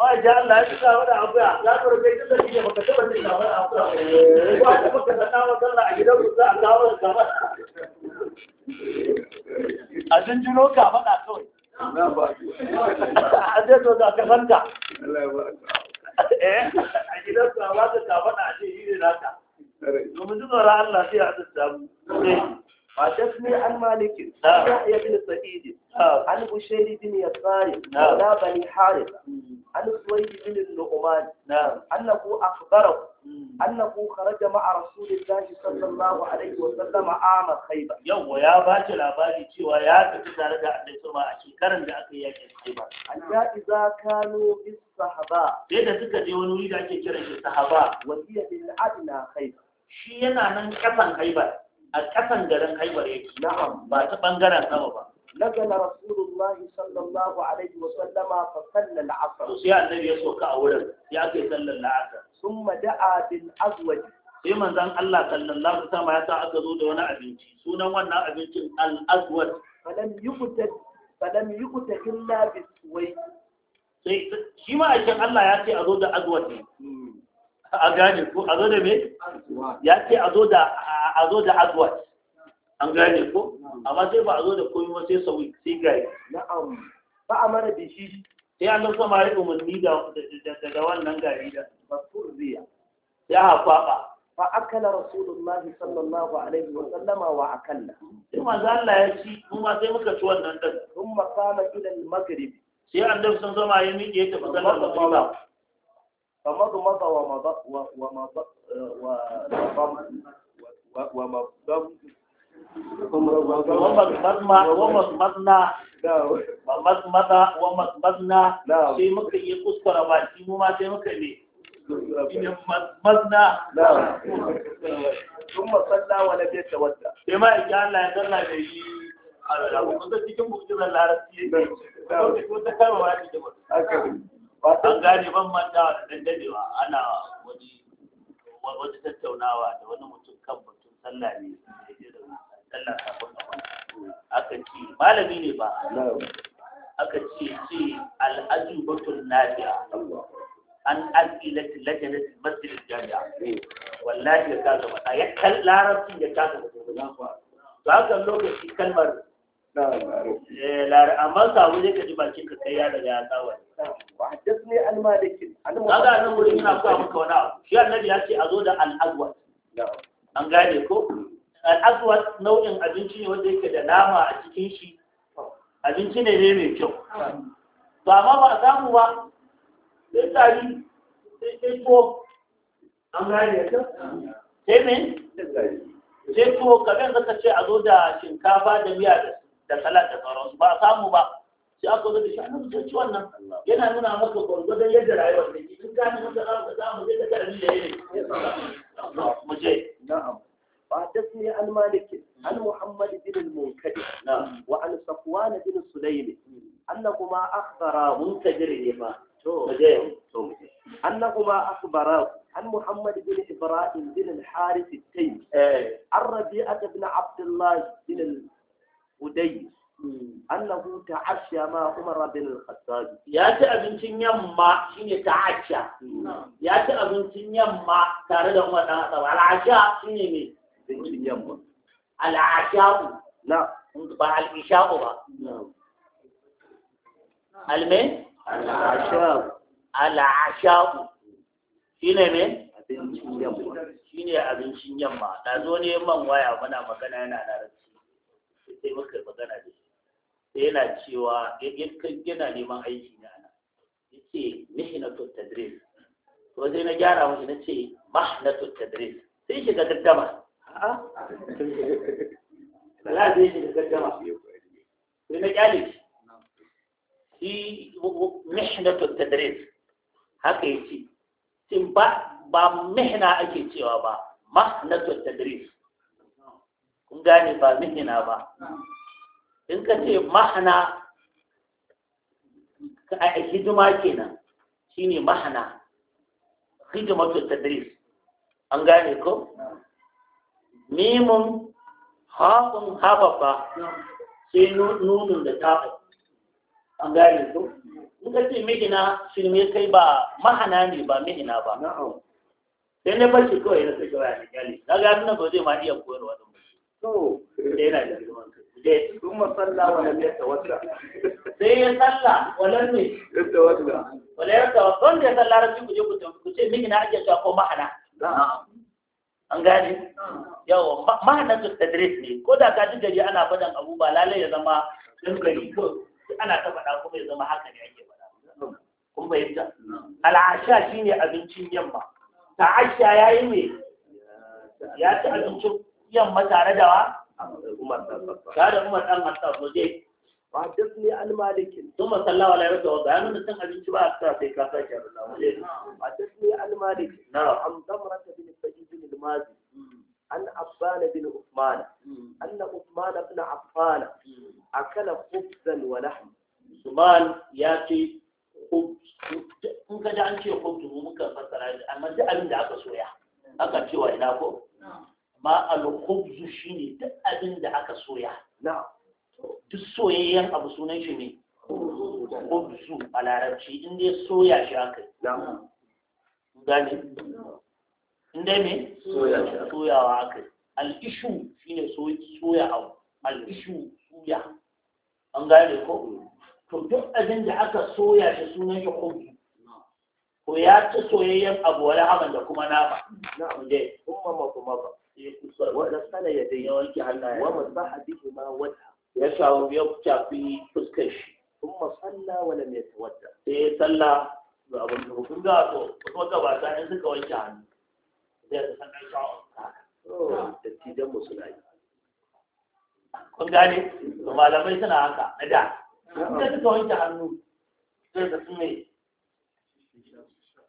ma ja Allah ya tsaya wani abu za ka rubuta duk da shi baka taba jin kamar abu ba ta baka da Allah a gidan ruwa a kawo da kamar a jinjino ka faɗa kawai a zai to da ka eh, a gidan ruwa ba ta faɗa a ce yi ne naka domin jin Allah sai a tsaya mu eh. حدثني عن مالك عن يحيى بن سعيد عن بشير بن يسار ولا بني حارث عن سويد بن النعمان انه اخبره انه خرج مع رسول الله صلى الله عليه وسلم عام خيبر يوم يا باجي لاباري cewa ya tafi tare da Annabi sama a shekaran da aka yi yakin Khaibar hatta idza kanu bis sahaba sai da suka je wani wuri da ake kiran shi sahaba wasiya bil adna khaibar shi yana nan kasan Khaibar a ƙasan garin haibar yake ba ta ɓangaren sama ba wa رسول الله صلى الله عليه وسلم annabi العصر سيا a wurin ya يا أخي صلى العصر ثم دعا بالأزوج sai manzon Allah sallallahu alaihi wasallam ya sa aka zo da wani abinci sunan wannan abincin al-azwad falam yuqta falam yuqta illa sai shi ma Allah ya ce a zo da azwad a gane ko a zo da me ya ce a zo da a zo da azwaj an gane ko amma sai ba a zo da komai ba sai sauyi sai gari na'am ba a mara da shi sai Allah sama ya umarni da da wannan gari da fasuriya ya hafafa fa akala rasulullahi sallallahu alaihi wa sallama wa akalla sai manzo Allah ya ci mu ma sai muka ci wannan dan kuma kana ila al-maghrib sai annabi sun zama ya miƙe ta fasalla فمضمض ومضى ومضى ومضمضنا ومضمضنا ومضمضنا sai muka yi kuskura baki mu ma sai muka ne mazna sun masalla wa na biyar da wadda sai ma in Allah ya zanna da yi a cikin mu'jizar larabci ne ko ta kama wani da wadda an gane ban mantawa da dan dadewa ana wani wani tattaunawa da wani mutum kan batun sallah ne sallah kafin kafin aka ce malami ne ba aka ce ce al'ajubatul nafi'a an al'ilat lajanat masjid jami'a wallahi ya kaga mata ya kan larabcin ya kaga mata to haka lokaci kalmar Eh, amma samu ne ka ji bakin ka kai ya daga ya tsawa وحدثني عن مالك هذا أنا أقول إن أبو أبو كونا ce النبي يأتي أزود الأزود an gane ko al'aswat nau'in abinci ne wanda yake da nama a cikin shi abinci ne ne mai kyau ba ma ba a samu ba sai tsari sai sai ko an gane ka sai me sai ko kamar zaka ce a zo da shinkafa da miya da da salat da sauransu ba samu ba sai aka zo da ci wannan yana nuna maka gwargwadon yadda rayuwar za ka karami da mu je عن محمد بن بن الحارث التيمي عن بن عبد الله بن udai hmm. annahu ta'ashya ma umar bin al-khattab ya ci abincin yamma shine ta'ashya hmm. hmm. ya ci abincin yamma tare da umar dan khattab al-asha shine ne abincin yamma al-asha na ba al-isha ba al-me al-asha al-asha shine ne abincin yamma shine abincin yamma da zo ne man waya muna magana yana da sai maka magana da shi sai yana cewa yana neman aiki na ana yace mihnatu tadris to sai na gyara mashi na ce mahnatu tadris sai shiga gaddama a'a sai shiga gaddama sai na kyale shi mihnatu tadris haka yace tin ba ba mihna ake cewa ba mahnatu tadris kun gane ba mihina ba in ka ce ma'ana a hidima kenan shine ma'ana hidimatu tadris an gane ko mimun hafin hafafa sai nunun da tafi an gane ko in ka ce mihina ne kai ba ma'ana ne ba mihina ba sai na bashi kawai na kashe waya na gyali na gani na ba zai ma iya koyarwa to yana da girman kai dai Kuma sallah wa lam yatawadda sai ya salla walan ne yatawadda wala yatawadda wanda ya salla rabbi ku je ku ku ce mini na ake cewa ko ma'ana. an gane yawa ma'ana su tadris ne ko da ka ji gari ana faɗan abu ba lalai ya zama dan gari ko ana ta faɗa kuma ya zama haka ne ake faɗa kun bayyana al'asha shine abincin yamma ta'asha yayi me ya ci abincin yamma tare da wa tare da Umar ɗan Khattab to Wa wa ne an malik thumma sallallahu alaihi wa sallam bayan mun san abinci ba a sai ka sake Allah wa hadithni an malik na am damrat bin fajid bin mazi an abbana bin An na hmm. anna uthman ibn A hmm. akala khubzan wa lahm Usman ya ce kun ka ji an ce kubtu mun kan fassara amma duk abin da aka soya aka cewa ina ko ma al-khubzu shine duk abin da aka soya duk soyayyen abu sunan shi ne khubzu a larabci inda ya soya shi aka gane in dai me soyawa aka al-ishu shine soya abu al-ishu soya an gane ko to duk abin da aka soya shi sunan shi khubzu ko ya ci soyayyen abu wani haban da kuma nama na inda kuma mako mako ونسل يديه ومسحتهما وجهه يشعر يبكى في فسكش ثم صلى ولم يتودع sai sallah ga abin da hukun ga to kuma gabata in suka wanke hannu zai da san kai shawon da tijan musulai kun gane to malamai suna haka na da in suka wanke hannu sai da su mai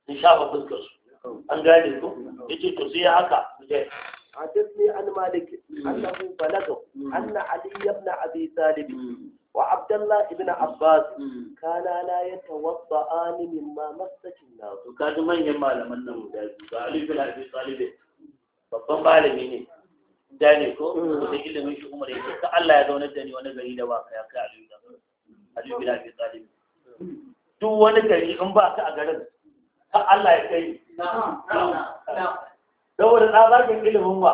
sun shafa fuskar su an gane ko yace to sai haka su حدثني عن مالك أنه بلغه أن علي بن أبي طالب وعبد الله بن عباس كانا لا يتوضأان مما مست النار كان من يمال من نموذج علي بن أبي طالب babban malami ne gane ko da ilimin shi da yake ka Allah ya zauna da ni wani gari da baka ya kai aliyu da aliyu bin abi talib duk wani gari in ba ka a garin ka Allah ya kai na'am na'am saboda ka ilimin ba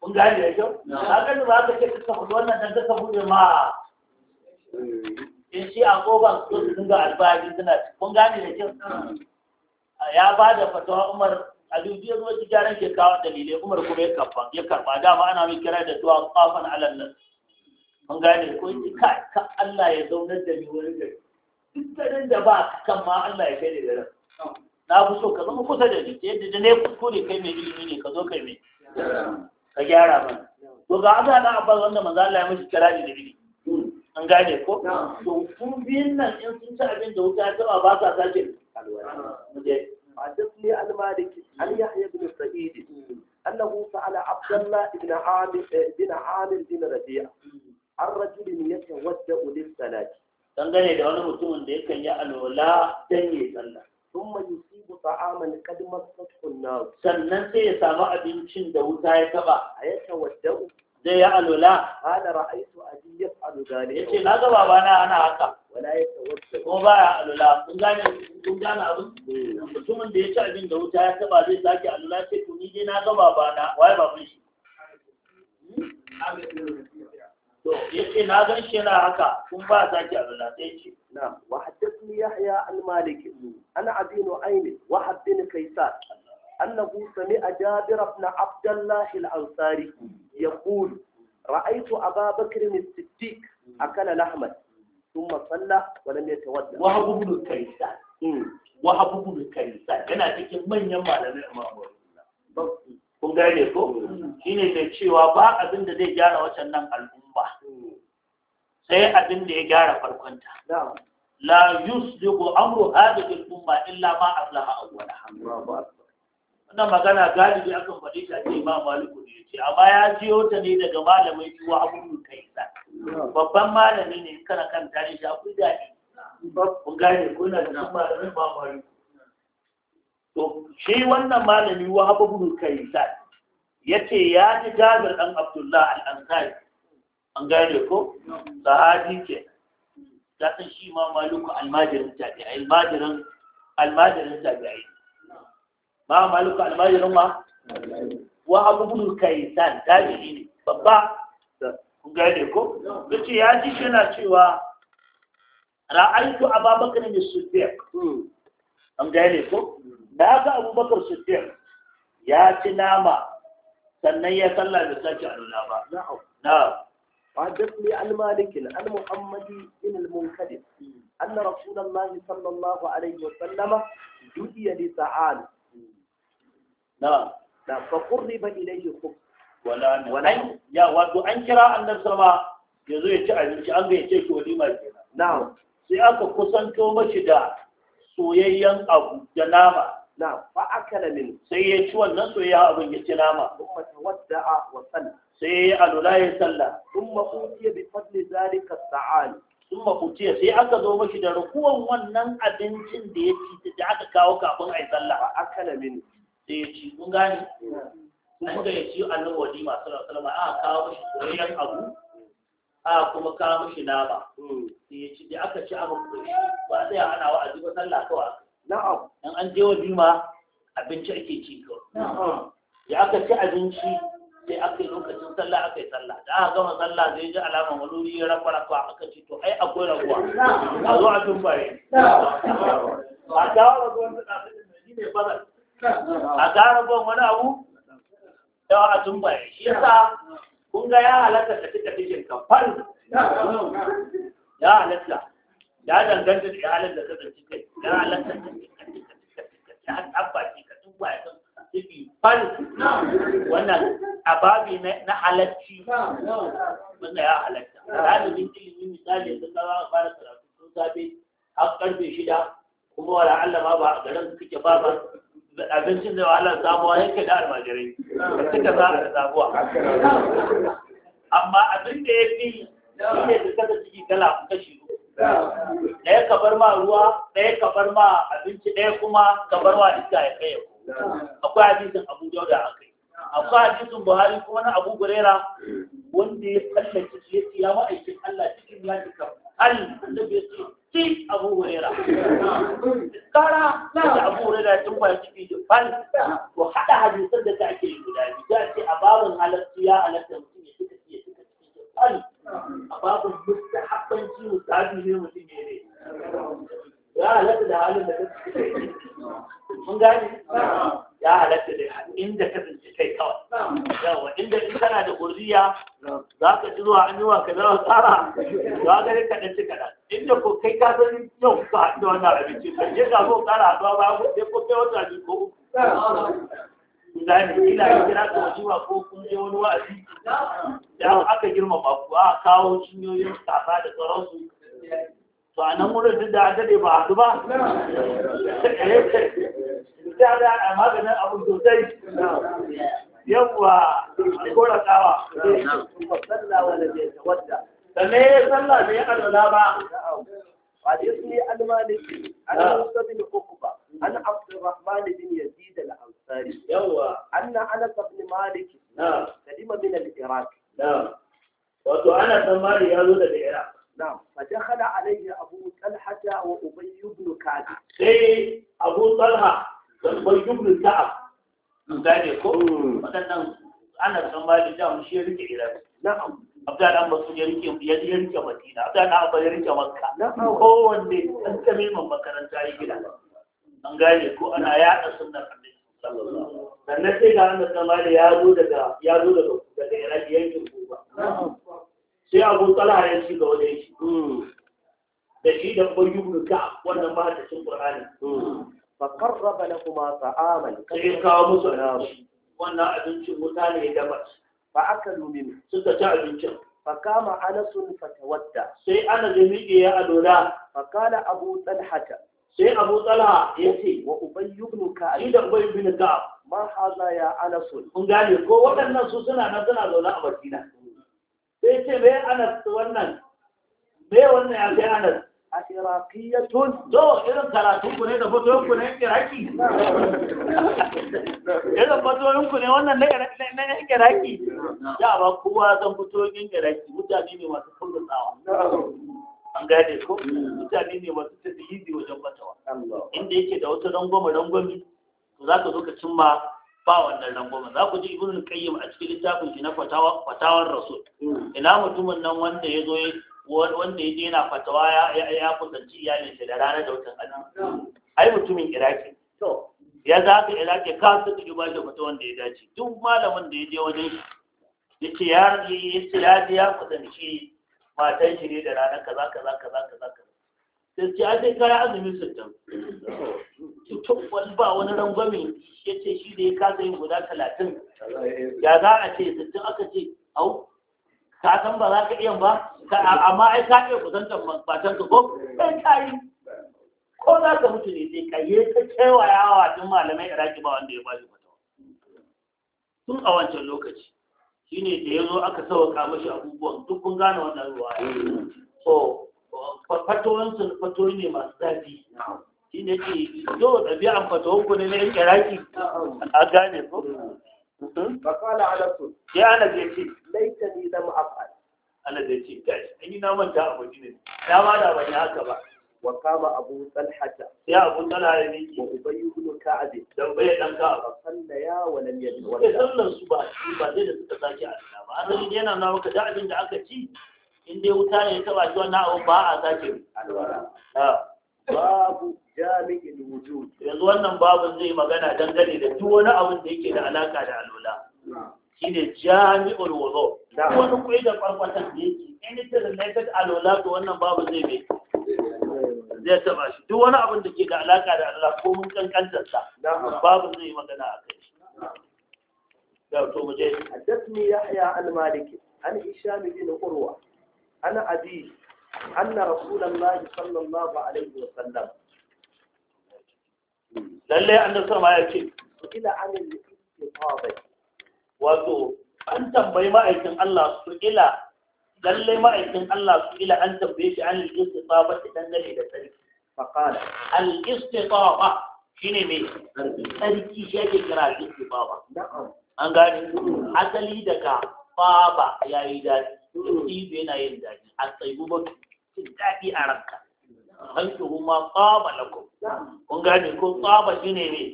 kun gane da kyau na gani ba ka ce ka faɗi wannan dan ka buɗe ma in shi a ƙoban su su dinga alfahari suna kun gane da kyau ya ba da fatawa umar aliyu ya zo ci gyaran ke kawo dalilai umar kuma ya karɓa ya karɓa dama ana mai kira da zuwa kafan nan. kun gane ko yi ka ka Allah ya zaunar da ni wani gari duk da ba kan ma Allah ya kai da garin na fi so ka zama kusa da ni yadda da ne kuskure kai mai ilimi ne ka zo kai mai ka gyara ba to ga aza da abbas wanda manzo Allah ya mishi kirari da bidi an gane ko to kun biyun nan in sun ci abin da wuta ta ba sa sake حدثني المالك عن يحيى بن سعيد انه سال عبد الله بن عامر بن عامر بن ربيع عن رجل يتودع للصلاه dangane da wani mutumin da yakan yi alwala dan yi sallah thumma yusibu ta'aman qad massathu an-nar sannan sai ya samu abincin da wuta ya taba yake wadda zai ya alula hada ra'aitu abi yaf'alu Ya ce na ga na ana haka wala yatawadda ko ba ya alola. kun gane kun gane abin mutumin da ya ci abin da wuta ya taba zai sake alola sai kuni ni dai na ga na waye baban shi yace na gan shi yana haka kun ba zaki a bala sai ce na'am wa haddathni yahya al-malik ana abinu aini wa haddin kaisar annahu sami'a jabir ibn abdullah al-ansari yaqul ra'aytu aba bakr as-siddiq akala al-ahmad thumma salla wa lam yatawadda wa habu ibn kaisar hmm. wa habu ibn kaisar yana cikin manyan malamai imamu kun gane ko hmm. shine da cewa ba abin da zai gyara wacan nan al'umma sai abin da ya gyara farkonta la yuslihu amru hadhihi al-umma illa ma aslaha awwalaha wannan magana galibi akan faɗi ta ce ba maliku ne ce amma ya ciyo ta ne daga malamai zuwa abubuwan kai sa babban malami ne kana kan tare shi akwai daɗi kun gane ko na da malami ba maliku to shi wannan malami wa abubuwan kai sa yace ya ji jabir dan Abdullahi al-ansari an gane ko sahabi ke ta shi ma maluku almajirin tabi'ai almajirin almajirin tabi'ai ma maluku almajirin ma wa abubuwan kaisan tabi'i ne babba kun gane ko yace ya ji shi yana cewa ra'aitu ababakar ne siddiq an gane ko da ga abubakar siddiq ya ci nama sannan ya sallah da sace a nuna ba na'am حدثني عن مالك عن محمد بن المنكدر أن رسول الله صلى الله عليه وسلم دعي لسعال نعم نعم فقرب إليه خبز ولا ولا يا واتو أن كرا أن نفسما يزوي تعلم شيء أنبي يتشو لما نعم سيأكل كسان كوما شدا soyayyen abu da nama na fa akala min sai ya ci wannan soyayya abin ya ci nama kuma wadda a wasan sai ya yi alula ya salla kuma utiya bi fadli zalika sa'al kuma utiya sai aka zo mashi da rukuwan wannan abincin da ya ci da aka kawo kafin a yi salla fa akala min sai ya ci kun gane kun ga ya ci annabi walima masu alaihi a kawo mashi soyayyen abu a kuma kawo mashi nama mm. sai ya ci da aka ci abin kuɗi ba sai ana wa'azi ba sallah kawai na'am an je walima abinci ake ci ko. ya aka ci abinci sai aka yi lokacin sallah aka yi sallah da aka gama sallah zai ji alamar maluri ya rafa rafa aka ci to ai akwai raguwa a zo a bare. a dawo raguwan da ɗafin ne fara. a gara ban wani abu da a bare. shi yasa kun ga ya halatta tafi tafi shinkamfar ya halatta ya danganta da halin da ka zanci kai ya halatta ka ya abba ki ka duba ya san tibi fal wannan ababi na halacci wannan ya halatta ɗalibin ilimin misali da ka fara karatu sun safe har karfe shida kuma wala Allah ma ba garin kake ba ba abincin da wahalar yake da almajirai ka cika za a samuwa amma abin da ya fi shi ne da ciki kala kashi ɗaya ka bar ma ruwa ɗaya ka bar ma abinci ɗaya kuma ka bar ma iska ya kai akwai hadisin abu da aka yi. akwai hadisin buhari kuma na abu gurera wanda ya tsallake shi ya siya ya ma'aikin allah cikin ya ji kam hal da ya ce ci abu gurera kara na da abu gurera tun kwaya ciki da fal to haɗa hadisan da ta ake yi guda biyu ya ce a babin halarci ya halarta mutum ya al a babin mustahabbanci musabi ne mutum ya ne ya halatta da halin da kake mun gane ya halatta da inda ka tsinci kai kawai yawa inda in kana da ƙuriya za ka ci zuwa an ka zama tsara za ka rika kaɗan inda ko kai ka san yau ka haɗu da wannan abinci kan je ka zo ƙara haɗuwa ba ko kai wata ko uku misali kila ya kira ko kun je wani wa'azi da aka girmama ku a kawo cinyoyin kasa da sauransu Ba nan wurin duk da aka ba haɗu ba da da a maganin abu sosai yawwa da kora kawa sallawa da bai da ba حديث المالكي عن موسى بن الأنصاري أن أنس بن مالك نعم سلم من العراق نعم وأتو أنس بن مالك يقول العراق نعم فدخل عليه أبو طلحة وأبي بن كعب سي أبو طلحة وأبي بن كعب gane ko waɗannan ana san da jam shi ya rike Iraq na'am Abdul Abbas ya rike ya rike Madina Abdul Abbas ya rike Makka kowanne an makaranta ya gida an gane ko ana yaɗa sunnar Annabi sannan sai ga hannun samari ya zo daga ya zo daga daga iraki yankin kuba sai abu tsala ya ci ga wani shi da shi da bai yi ka wannan ba ta cin qur'ani fa qarraba lahuma ta'aman sai kawo musu abinci wannan abincin wuta ne da ba fa akalu min suka ci abincin فقام أنس فتودع سي أنا جميعي يا أدولا فقال أبو طلحة sai abu talha ya ce wa ubayyu ibn ka'ab da ubayyu ibn ka'ab ma haza ya anas kun gane ko waɗannan su suna nan suna zaune a madina sai ce bai anas wannan bai wannan ya kai anas a irakiyatun to irin karatun ku ne da fatoyin ku ne iraki irin fatoyin ku ne wannan na iraki ya ba kowa zan fatoyin iraki mutane ne masu tsawa. an gane ko mm. mutane ne masu tadhizi wajen fatawa inda yake da wata rangwame rangwame to za ka zo ka cimma ba wannan rangwame za ku ji ibn qayyim a cikin littafin shi na fatawa fatawar rasul mm. ina mutumin nan wanda ya zo wanda ya je yana fatawa ya ya kusanci iyalin shi da rana da wutan ana mm. ai mutumin iraki to ya za ka iraki ka su ki ba shi fata wanda ya dace duk malamin da ya je wajen shi yace ya yace ya ya kusanci matan shi ne da ranar kaza kaza kaza kaza kaza sai ce an dai kaya azumi sittin ba wani rangwame ya ce shi da ya kasa yin guda talatin ya za a ce sittin aka ce au ka san ba za ka iya ba amma ai ka iya kusantar matan ka ko kai kayi ko za ka mutu ne sai kaye ta kewayawa tun malamai iraki ba wanda ya ba shi fatawa tun a wancan lokaci ne da ya zo aka sauka mashi abubuwan duk kun gane wannan ruwa so fatowansu fatoyi ne masu zafi shi ne ce yau ɗabi'an fatowunku ne na yin kiraki a gane ko mm-hmm. fakala alasu ya ana zai ce laita ne zama afal ana zai ce gashi an yi na manta abu ne dama da ban yi haka ba وقام أبو طلحة يا أبو طلحة وأبي بن كعب دوبي دان كعب صلى ولم يدن ولا صلى سبا سبا دي da suka saki Allah ba annabi yana nuna maka da abin da aka ci Inda dai wuta ne ta baki wannan abu ba a sake babu jami'in yanzu wannan babu zai magana dangane da duk wani abin da yake da alaka da alula shine jami'ul wudu wani kuyi da kwarkwatan da yake da related to wannan babu zai mai zai taba shi duk wani abin da ke da alaka da Allah ko mun kankantar sa babu zai yi magana a kai shi da to mu je haddathni yahya al-maliki an hisham bin urwa ana abi anna rasulullahi sallallahu alaihi wa sallam lalle annabi sama ya ce ila anil istifabai wato an tambayi ma'aikin Allah su ila lallai ma'aikin Allah su ila an tambaye shi an al ba ta dangane da fa faqala al-istitaba shine mai tsarki shi ake kira al ba an gane asali daga faba yayi dadi ibu yana yin dadi asaibu ba dadi a ranka hankuhu ma tsaba lakum kun gane ko tsaba shine ne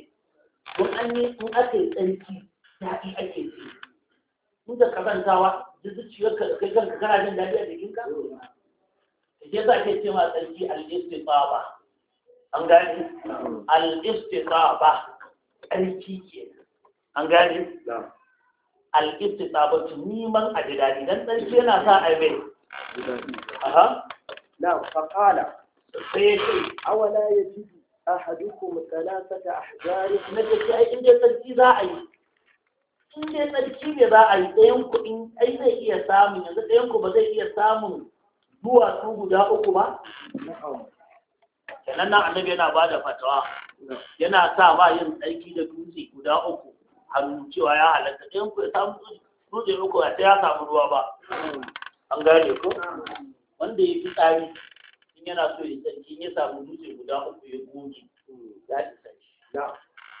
kun an yi kun ake yi tsarki dadi ake ji kun da kazantawa duk zuciyarka kai kanka kana jin daɗi a jikinka ke za ke ce ma tsarki al-istiqaba an gani al-istiqaba tsarki ke an gani al neman a ji daɗi dan tsarki yana sa a mai aha na faqala sai ya ce awala yajidu ahadukum thalathata ahjar na ce ai inda tsarki za a yi in dai tsarki ne za a yi ɗayan kuɗin ai zai iya samun yanzu ɗayan ku ba zai iya samun duwatsu guda uku ba kenan nan annabi yana ba da fatawa yana sa ba yin tsarki da dutse guda uku hannu cewa ya halatta ɗayan ku ya samu dutse uku ya ya samu ruwa ba an gane ko wanda ya fi tsari in yana so ya tsarki ya samu dutse guda uku ya goge ya isa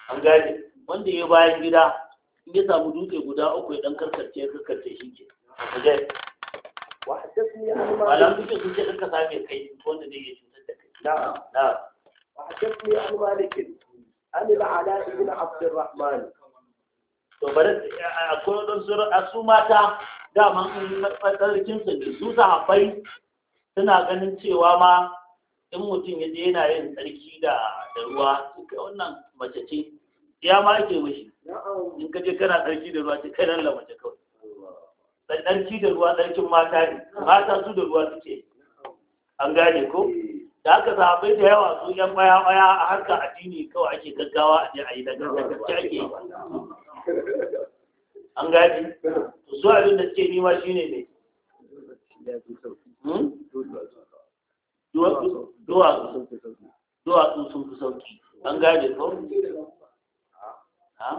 an gane wanda ya bayan gida in ya samu dutse guda uku ya dan karkarce ya karkarce shi ke malam duke sun ce ka kai wanda zai iya cutar da kai وحدثني عن مالك عن العلاء بن عبد الرحمن akwai su mata dama tsarkin su suna ganin cewa ma in mutum ya je yana yin tsarki da ruwa wannan mace ce ya ma ake mashi in ka je kana tsarki da ruwa ce kai nan lamace kawai tsarki da ruwa tsarkin mata ne mata su da ruwa suke an gane ko eh. da aka sahabai da yawa su yan baya baya a harka addini kawai ake gaggawa a je a yi da gaske ake yi [laughs] an gane su abin da suke nima shine ne hmm? duwatsu sun fi sauki an gane ko ha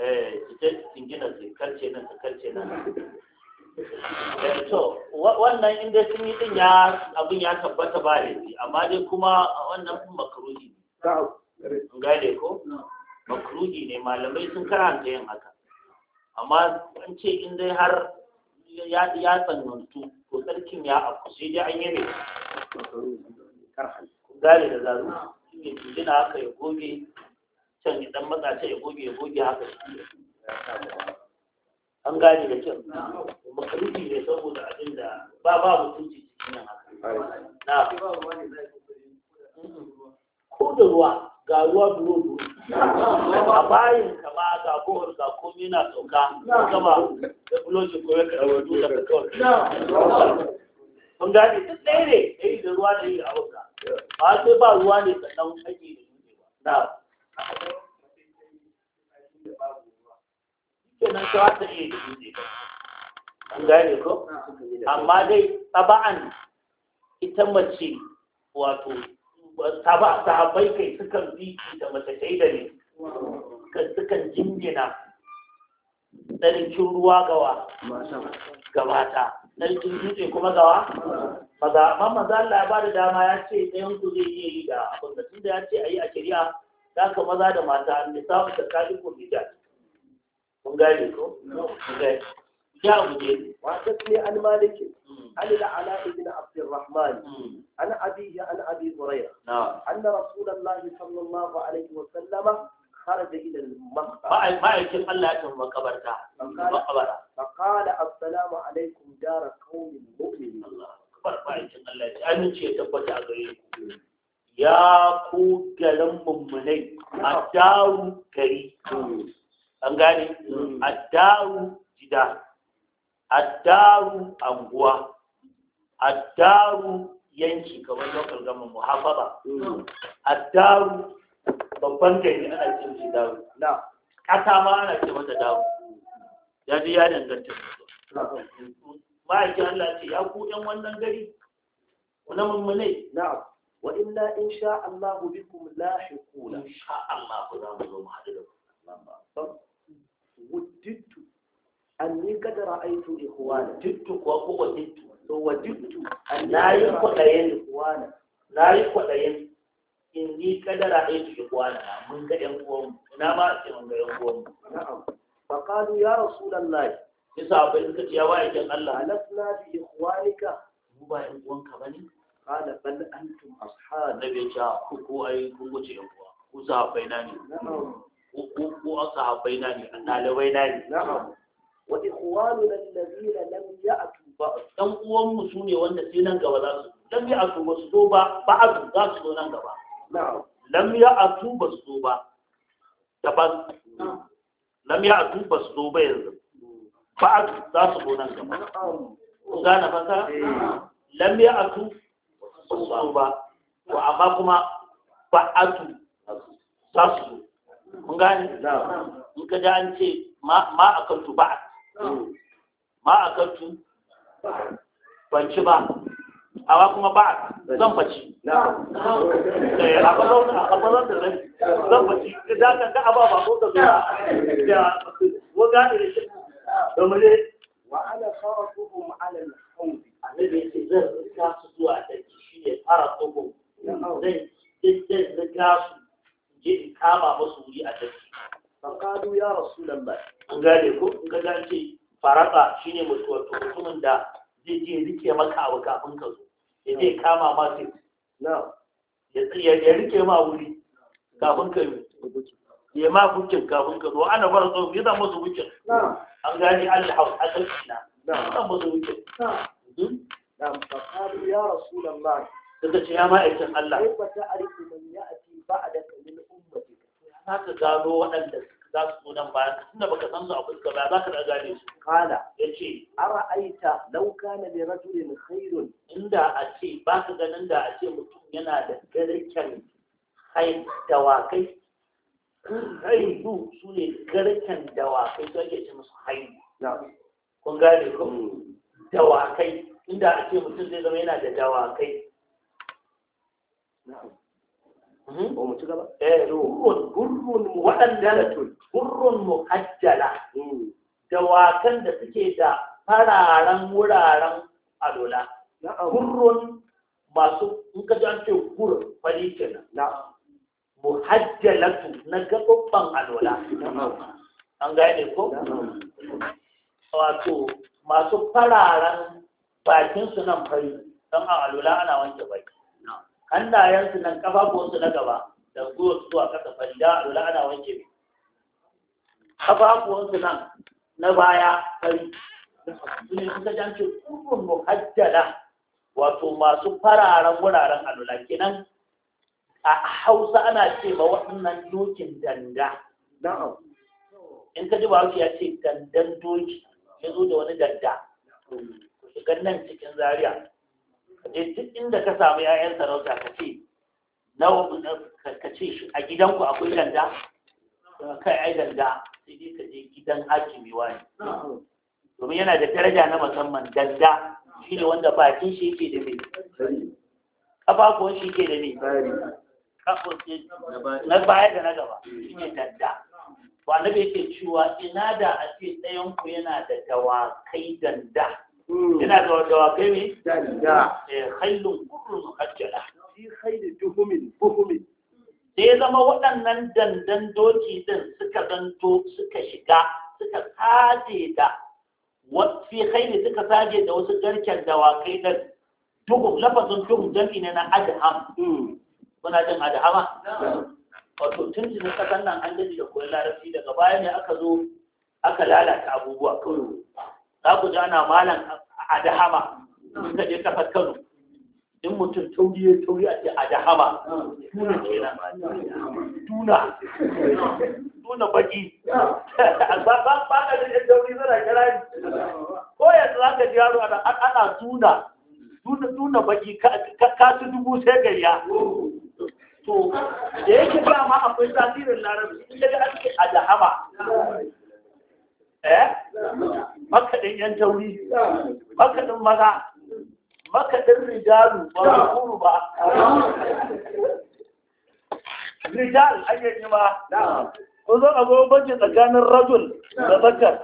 eh ita jingina karce nan ta karce nan eh, to wannan inda sun yi din ya abin ya tabbata ba da shi amma dai kuma wannan kun makaruhi ne gane ko makaruhi ne malamai sun karanta yin haka amma an ce in dai har ya ya tsanantu ko tsarkin ya afku sai dai an yi ne gane da zaru shi ne gina haka ya goge kan yi dan matsa ya goge ya goge haka an gane da kyau makarufi ne saboda abin da ba ba mutunci cikin yin haka ko da ruwa ga ruwa duro duro a bayan ka ma ga kowar ga komi na sauka kama da buloji ko ya duka da kawai an gane duk ɗaya ne da yi da ruwa da yi a hauka, ba sai ba ruwa ne sannan ake da ba kenan shawa ta iya da dutse ba amma dai taba'an ita mace wato taba sahabbai kai sukan bi da mace ta ne sukan jingina tsarkin ruwa gawa gabata tsarkin dutse kuma gawa maza amma maza Allah ya ba da dama ya ce ɗayan ku zai iya yi da abin da tun da ya ce a yi a shari'a ta maza da mata an da samu da kashi ko bija kun gane ko ya guje wa ta ce an maliki an da ala ibn abdurrahman hmm. an abihi an abi hurayra anna rasulullahi sallallahu alaihi wa sallama خرج إلى المقبرة ما ما يمكن الله يكون مقبرة مقبرة فقال السلام عليكم دار قوم مؤمنين الله أكبر ما الله أن شيء تبقى ya ku garin mummunai a daru gari an gane a daru gida a daru anguwa a daru yanki kamar lokal gama muhafaba a daru babban gari ana ce shi daru ƙasa ma ana ce mata daru ya ji ya danganta ma'aikin Allah ce ya ku yan wannan gari wani mummunai wa inna in sha Allah bikum lahiquna in sha Allah ku za mu zo mu haɗu da ku wadittu anni kad ra'aytu ikhwana dittu ko ko wadittu to wadittu annayi kwadayen ikhwana nayi kwadayen in ni kad ra'aytu ikhwana mun ga yan uwan na ma ce mun ga yan uwan na'am fa qalu ya rasulullahi yasa bai suka ce ya wa'ikin Allah alasna bi ikhwanika mu ba yan uwanka bane qala bal antum ashab nabi ja ku ko ai kun wuce yan uwa ku sahabbai na ne ku ku ku sahabbai na ne dalibai na ne wa ikhwanuna alladhina lam ya'tu ba'd dan uwan mu sune wanda sai nan gaba za su lam ya'tu ba su zo ba ba'd za su zo nan gaba lam ya'tu ba su zo ba daban lam ya'tu ba su zo ba yanzu ba'd za su zo nan gaba ku gane fasa eh. lam ya'tu su ba to amma kuma ba'atu za su zo mun gane in ka ji an ce ma kantu ba. ma akaltu ban ci ba awa kuma ba zan faci eh, a bazan da zan zan faci da ka ga aba ba ko da zuwa da waga da shi da mule wa ala kharatuhum ala al da yake zan ka su zuwa da ce fara tsogo zai zai riga su je in kama masu wuri a tafi faƙadu ya rasu nan ba an gane ko in ga ce faraka shine mutuwar mutumin da zai je rike maka abu kafin ka zo ya je kama masu sai ya rike ma wuri kafin ka yi ya ma bukin kafin ka zo ana fara tsohon ya zama su bukin an gani alhaus a ƙarfi na zan musu bukin نعم فقالوا يا رسول الله suka ce ya ma'aikin Allah kai ba ta arifu man ya'ti ba'daka min ummatika za ka gano waɗanda za su zo nan bayan tunda baka san su a fuska ba za ka da gane su kala yace ara'aita law kana li rajulin khairun inda a ce ba ka ganin da a ce mutum yana da garken hai dawakai haidu su ne garken dawakai su ake ce musu haidu kun gane ko hmm. dawakai inda a ce mutum zai zama yana da dawakai hmm? ba mu ci gaba eh ruhun gurrun waɗanda gurrun muhajjala hmm. dawakan da suke da fararen wuraren alola gurrun masu in ka an ce gur fari kenan na muhajjalatu na gababban alola an gane ko wato masu fararen bakinsu nan fari don a alula ana wanke baki hannayensu nan kafafuwansu na gaba da gwiwarsu zuwa kasa fari don a alula ana wanke baki kafafuwansu nan na baya fari sun suka jance kurun muhajjala wato masu fararen wuraren alula kenan a hausa ana ce ba waɗannan dokin danda in ka ji ba ya ce dandan doki ya zo da wani danda shigar nan cikin zaria kaje duk inda ka samu 'ya'yan sarauta ka ce na ka ce shi a gidanku akwai ganda kai ai ganda sai dai ka je gidan hakimi wani domin yana da daraja na musamman ganda shi ne wanda bakin shi yake da mai kafafuwan shi yake da mai na baya da na gaba shi ne danda to yake cewa ina da a ce ɗayan ku yana da dawakai danda Hmm. Ina da dawakai ne da eh, khailun kur'un hajjala fi khairu duhumin buhumin da ya zama waɗannan dandan doki din suka zanto suka shiga suka saje da wasu khairu suka saje da wasu garken dawakai da duhum lafazin ne na adham hmm. kuna jin adhama wato tun jinin kasan nan an gaji da koyon larabci daga baya ne aka zo aka lalata abubuwa kawai hmm. za ku ji ana malam a dahama in ka je kasar kano in mutum tauri ya tauri a ce a dahama tuna kenan tuna tuna baki ba ba ka ji yan tauri zana kira ni ko ya za ka ji yaro ana tuna tuna baki ka su dubu sai gariya to da yake ma akwai tasirin larabci in daga ake a dahama Makadin eh? makaɗin yan tauri makaɗin maza makaɗin rijalu ba kuru ba rijal ake yi ba kun zo abu banci tsakanin rajul da zakar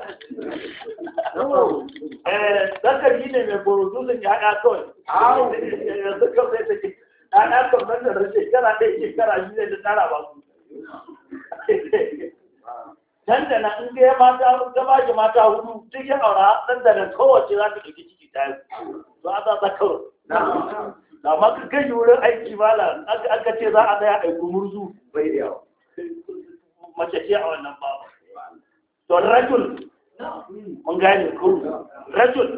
eh, zakar yi ne mai borozulun ya haɗa kawai eh, zakar sai take ya haɗa kawai da shekara ɗaya shekara shi ne da tara ba su dandana in ga mata ga baki mata hudu duk ya aura dandana kowace za ta ɗauki ciki ta yi to a za ta karo da ma ka kai wurin aiki mala aka ce za a tsaya aiku murzu bai da yawa mace ce a wannan babu to rajul mun gane ko rajul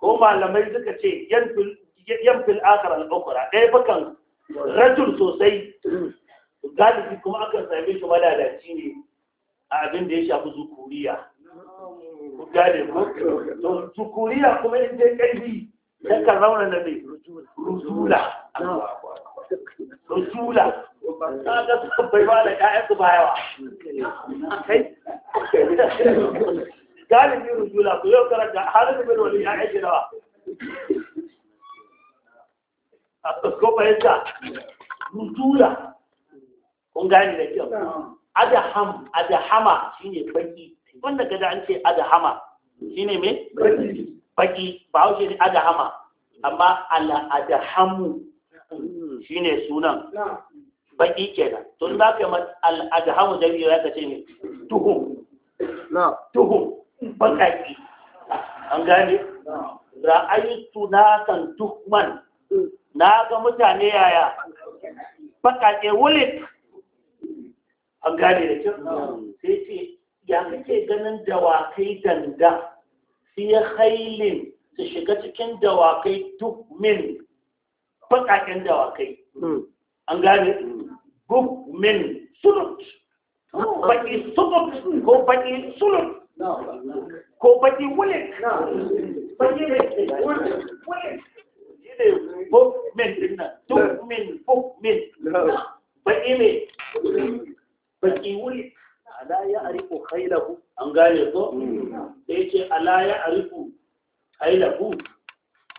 ko malamai suka ce yan fil akar al'ukura ɗaya bakan rajul sosai galibi kuma akan same shi malalaci ne abin da ya shafi zukuriya oh. ku gane ko to zukuriya kuma in je ƙarfi dan kan zauna na mai rusula rusula ta ga bai ba da ƴaƴan su ba yawa kai ni rusula ku yau karanta halin bin wani ƴaƴa ke nawa ko fahimta rusula kun gane da kyau adaham adahama shine baki wanda gada an ce adahama shine me baki ba hauce ne adahama amma ala adahamu shine sunan baki kenan to in ka ma al adahamu da biyo zaka ce ne tuhu na tuhu bakaki an gane ra'aytu nasan tuhman na ga mutane yaya bakake wulit an gane da kyau sai ce ya kake ganin dawakai danda fi hailin su shiga cikin dawakai duk min baƙaƙen dawakai hmm. an gane hmm. duk min sulut oh. baƙi sulut ko baƙi sulut ko baƙi wulik baƙi wulik ne duk min duk min buk min baƙi ne hmm. baki wuli ala ya arifu khailahu an gane ko sai hmm. ce ala ya arifu khailahu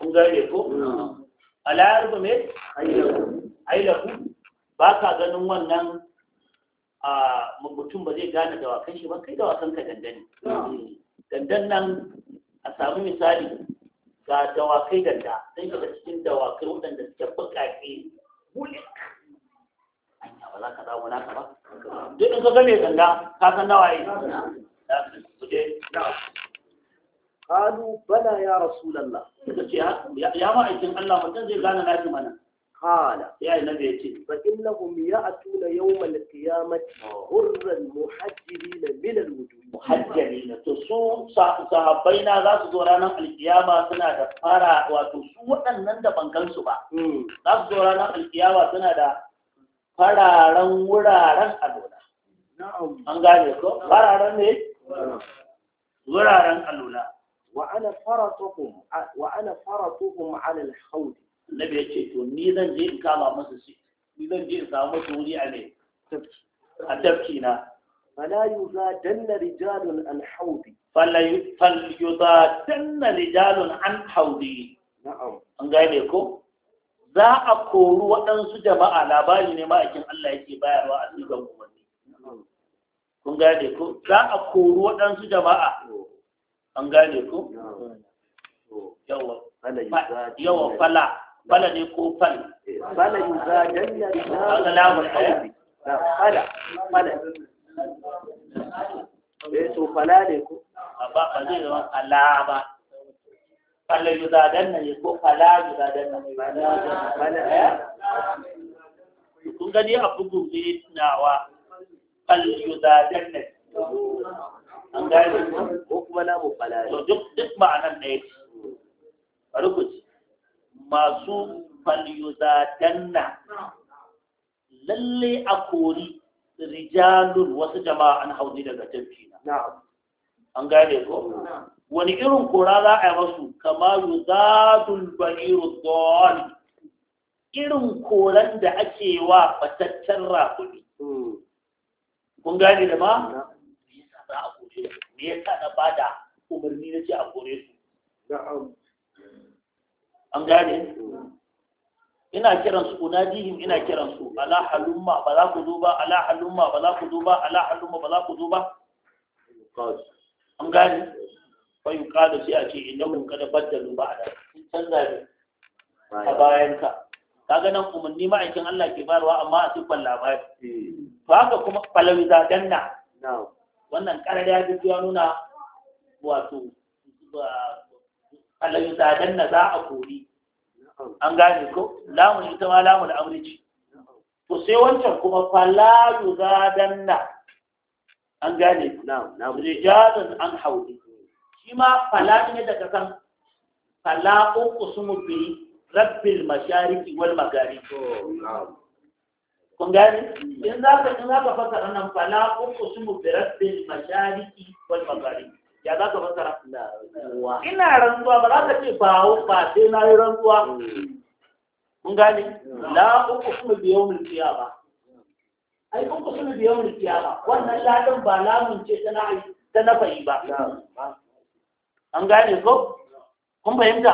an gane ko hmm. ala ya arifu me khailahu ba ka ganin wannan a mutum ba zai gane dawakan shi ba kai da dawakan ka dandane hmm. dandan nan a samu misali ga dawakai danda sai daga cikin dawakai waɗanda suke buƙaƙe wulik kaza kaza wani haka ba duk in ka gane ganda ka san nawa yi kalu bala ya rasulallah suka ce ya ma'aikin allah mutum zai gane na fi mana kala ya yi ya ce ba illa hum ya a tuna yau malaka ya mace hurran muhajjiri na milal wudu muhajjiri na to su za su zo ranar alkiyama suna da fara wato su waɗannan da bankansu ba hmm. za su zo ranar alkiyama suna da fararen wuraren alula an gane ko fararen ne wuraren alula wa ana faratukum wa ana faratukum ala al-hawd nabi yace to ni zan je in kama masu shi ni zan je in samu masu wuri a ne a tafki na fala danna rijalun an hawdi fala danna rijalun an hawdi na'am an gane ko za a kori waɗansu jama'a labari ne ma'aikin Allah yake bayarwa a cikin umarni kun gane ku? za a koru waɗansu jama'a an gane ku? yawa fala fala ne ko fal fala yuzadanna bi lamul yi fala fala eh fala ne ko ba zai zama ala Fala nan. ne ko fala yuzadanna ne. Kun gani a bugun ne tunawa fal nan. an gane ko kuma na mu fala. To duk duk ma'anar ne yake. Bari ku ci. Masu fal nan, lalle a kori rijalun wasu jama'an an hauzi daga tafki na. An gane ko? wani irin kura za a yi masu kama yuzadul bahiru dhal irin koran da ake wa fataccen rakumi hmm. kun gane da ma me yasa na bada umarni na ce a kore su an gane hmm. ina kiran su unadihim ina kiran su ala halumma ba za ku zo ba ala halumma ba za ku zo ba ala halumma ba za ku zo ba an gane bayu kada sai a ce idan mun kada baddalu ba da sun canza ne a bayan ka kaga nan umarni ma'aikin Allah ke bayarwa amma a siffar labari to haka kuma za danna wannan karar ya ji ya nuna wato za danna za a kori an gane ko lamun ita ma lamun amrici to sai wancan kuma za danna an gane Na rijalun an hauli shi ma fala ne daga kan fala uqsimu bi rabbil mashariqi wal magari" kun gani in za ka in za ka fasa nan fala uqsimu bi rabbil mashariqi wal magari" ya za ka fasara ina rantsuwa ba za ka ce ba ba sai na yi rantsuwa mm. kun gani la uqsimu bi yawmil qiyamah ai uqsimu bi yawmil qiyamah wannan ladan ba lamun ce ta na fahimta. ba an gane ko kun fahimta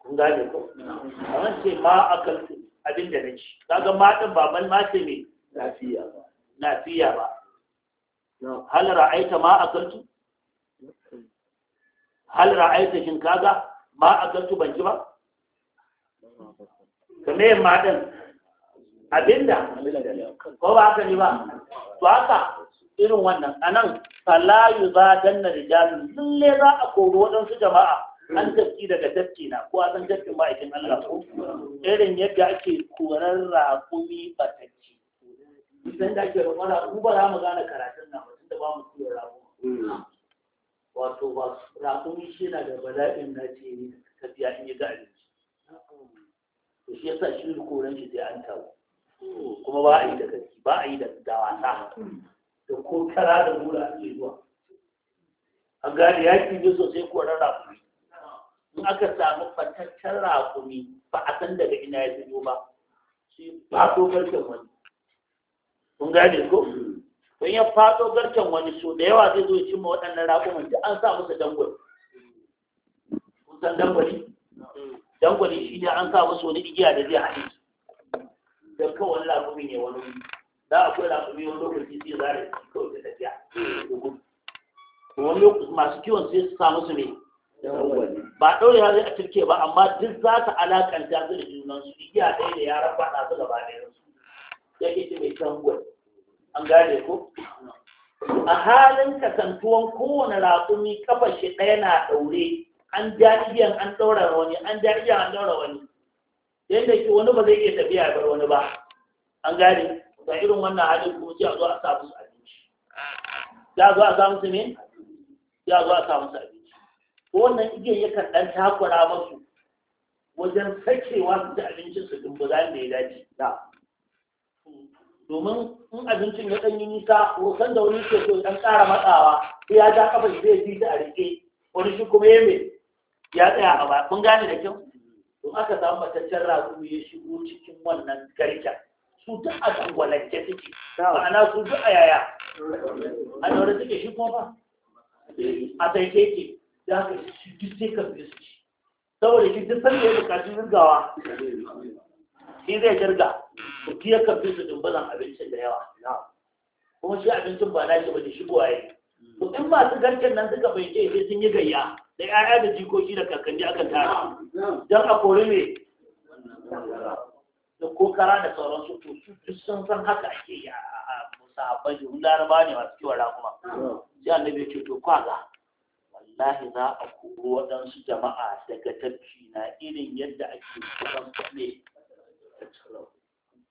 kun gane ko an ce ma akaltu abin da na ci kaga matan ba man mace ne lafiya ba lafiya ba hal ra'aita ma akaltu hal ra'aita shin kaga ma akaltu ban ji ba kame yin maɗin abinda ko ba ka ne ba to haka irin wannan a nan fala yuzadanna rijalun lalle za a kori waɗansu jama'a an tafki daga tafki na ko a san tafkin ma'aikin Allah ko irin yadda ake korar raƙumi batacci idan da ake rukun raƙumi ba za mu gane karatun na mutum da ba mu siya raƙumi wato ba raƙumi shi na da bala'in na ce ne tafiya in yi ga abinci to shi yasa shi koran shi sai an tawo kuma ba a yi da gaske ba a yi da wasa da ko tara da mura ake zuwa A gane yaki ne sosai ko na rakumi in aka samu fataccen rakumi ba a san daga ina ya fito ba shi fato garken wani kun gane ko to ya fato garken wani so da yawa zai zo ya cimma waɗannan rakuman da an sa musu dangwali kun san dangwali dangwali shi ne an sa musu wani igiya da zai haɗe su don kawai wani rakumi ne wani Za da akwai rakumi wani lokaci sai zare kawai da tafiya wani lokaci masu kiwon sai su samu su ne ba ɗaure ya zai a turke ba amma duk za ta alakanta zai da junan su igiya ɗaya da yaran faɗa su gaba ɗaya su ya ke ce mai tangon an gane ko a halin kasantuwan kowane raƙumi kafar shi ɗaya na ɗaure an ja igiyan an ɗaura wani an ja igiyan an ɗaura wani yadda ke wani ba zai iya tafiya bar wani ba an gane da irin wannan halin kuma sai a zo a sa musu abinci ya zo a sa musu ne ya zo a sa musu abinci ko wannan igiyar yakan dan takura musu wajen sakewa su ci abincin su dumbuza da ya dace na domin in abincin ya ɗan yi nisa wasan da wani ke so ɗan ƙara matsawa sai ya ja kafa zai ji ta a rike wani shi kuma ya mai ya tsaya a ba kun gane da kyau Don aka samu mataccen rago ya shigo cikin wannan garken su duk a dangwalance suke ma'ana su duk a yaya a daure suke shi kuma a sai ke ke da haka shi duk sai ka fi su saboda shi duk sanda ya bukaci zirgawa shi zai jirga ku ya kan fi su dumbazan abincin da yawa kuma shi abincin ba na shi ba da shi buwaye yi. in masu garken nan suka bai ce sun yi gayya da 'ya'ya da jikoki da kakanni aka tara don a kori ne da kokara da sauransu to su duk sun san haka ake yi a musahabban yi laraba ne masu kiwon kuma sai annabi ya ce to kwaga wallahi za a koro waɗansu jama'a daga tafki na irin yadda ake kusan kuɗe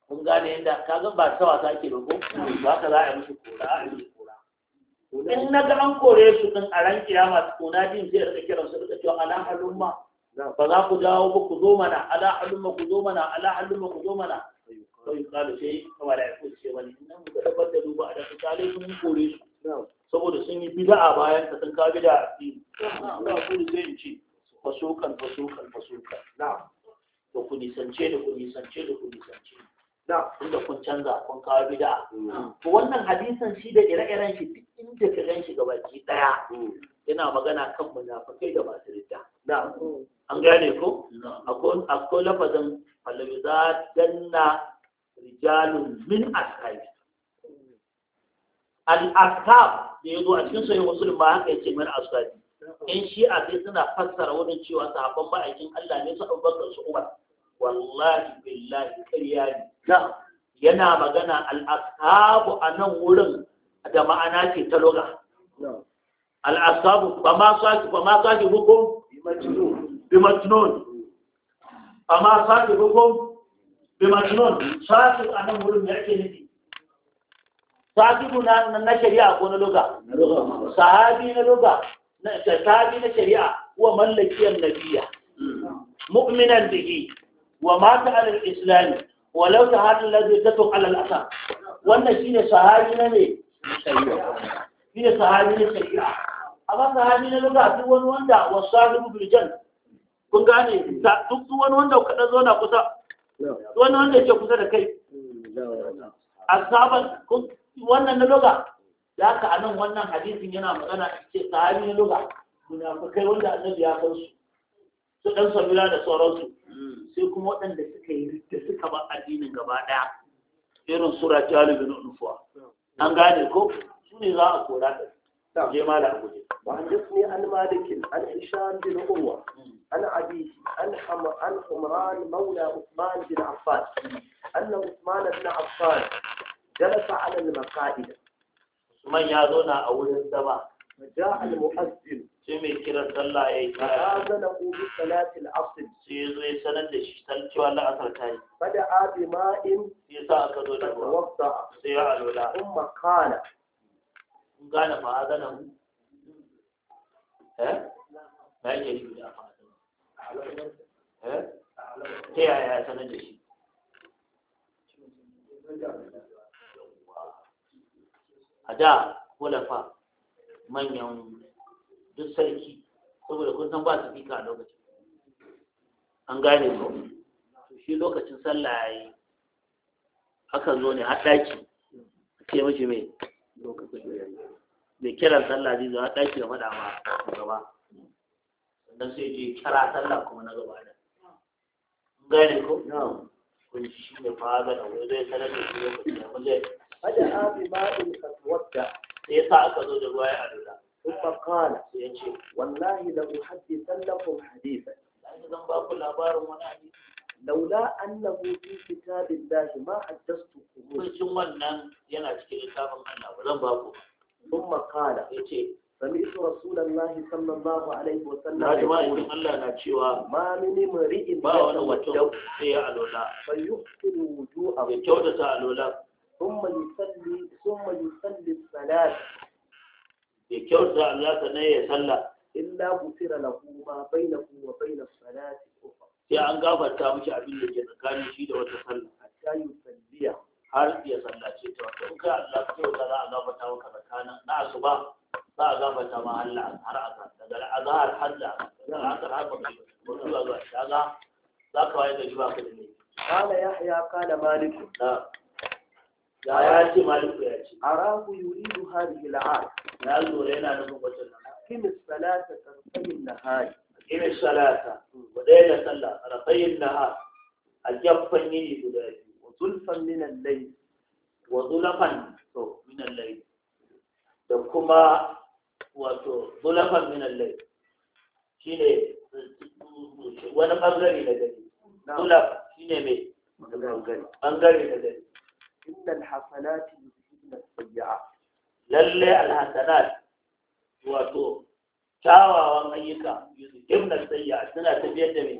kun gane yadda ga ba ta wasa ake ba ko ba ka za a yi musu kora a yi kora in na ga an kore su ɗin a ran kiyama su kona jin zai rika kiransu da a nan halin halumma ba za ku jawo ba ku zo mana ala halumma ku zo mana ala halumma ku zo mana ko yi kalu sai kama da yaku ce wani nan ku tabbar da duba da misalai sun kore su saboda sun yi bid'a bayan ka sun kawo bid'a a cikin ina ku da zai ce fasukan fasukan fasukan na'am da ku nisance da ku nisance da ku nisance na'am inda kun canza kun kawo da. Mm. to wannan hadisan shi da ire-iren shi duk inda ka gan shi gabaki daya mm. yana magana kan munafikai da masu ridda na'am mm. an gane ko akwai lafazin falabiza danna rijalun min ashabi al-ashab da ya zo a cikin sahih muslim ba haka yake min ashabi in shi a sai suna fassara wurin cewa sahabban ma'aikin Allah ne su Abubakar su Umar wallahi billahi kariya ne yana magana al-ashabu a nan wurin da ma'ana ce ta loga al-ashabu ba ma sa ba ma saki hukum بمجنون أما صاحبكم بمجنون صاحب أنا مولم يعكي sahibu na shari'a ko na luga sahabi na luga sahabi na shari'a wa mallakiyar nabiya hmm. mu'minan bihi wa mata alal islami walau ta hadin lazi ta tun alal asa wannan shine sahabi na ne shine sahabi na shari'a amma sahabi na luga duk wani wanda wasu sahibu biljan kun gane duk wani wanda ka dan zauna kusa wani wanda yake kusa da kai asaban wannan na loga da haka a nan wannan hadisin yana magana ce sahabi na loga munafikai wanda annabi ya san su su dan samira da sauransu sai kuma waɗanda suka yi da suka ba addinin gaba ɗaya irin sura ta unufuwa an gane ko su ne za a kora da su je malam guje وحدثني عن مالك عن هشام بن عروة عن أبيه عن حم... عن عمران مولى عثمان بن عفان أن عثمان بن عفان جلس على المقائد ثم يادونا أول الزمان فجاء المؤذن سمي كرة صلى أي فآذنه بصلاة العصر سيزوي سنة شتل ولا أثر كاي بدأ بماء يساء كدو توضأ سيعلو لا ثم قال kun gane ma'azana mu eh na yake yi da ma'azana eh ta yaya ya sanar da shi a da kulafa manyan duk sarki saboda kun san ba su fika a lokacin an gane ba shi lokacin sallah ya yi akan zo ne haɗaki a ce mace mai lokacin da. mai kiran sallah zai zama ɗaki ya faɗa ma gaba sannan sai je kira sallah kuma na gaba da gane ko kun ji shi ne fara da wani zai sanar da shi lokacin da kullum hada abi ma'in wadda sai ya sa aka zo da ruwa ya alula ثم قال يجي والله لو حدث لكم حديثا لولا أنه في كتاب الله ما حدثتكم كل جمل ينا تكي كتاب الله ولم ba. Mun makana. ya ce sami isu rasulun lahi sannan ba ku a laifin sannan da ma yi Allah na cewa ma mini mari'in ba wani wato sai ya sai yi kuma wuju a wuju ya kyautata alola sun mai salli sun mai salli salat ya kyautata Allah sannan ya salla illa ku tira na kuma bai na kuma bai na salat sai an gafarta miki abin da ke tsakanin shi da wata sallah a cikin salliya har ya sallace ta wata in kai Allah sai wata za a gabata maka tsakanin na asuba za a gabata ma Allah har azan daga azhar har da daga azhar har ba, bakai wani zuwa zuwa shaga za ka waye shi ba ka da ni? kala yahya kala malik da ya ya ce malik ya ce arahu yuridu hadhihi al'ad ya lura yana nufin wata akim as-salata tarfayin nahari akim as-salata wa da sallah tarfayin nahar a jaffan yini guda zulfan minan lai wa zulafan to minan da kuma wato zulafan minan lai wani ɓangare na gari zulaf shi mai ɓangare na gari inda alhassanati yuzhibna sayyi'a lalle alhassanat wato kyawawan ayyuka yuzhibna sayyi'a suna tafiyar da mai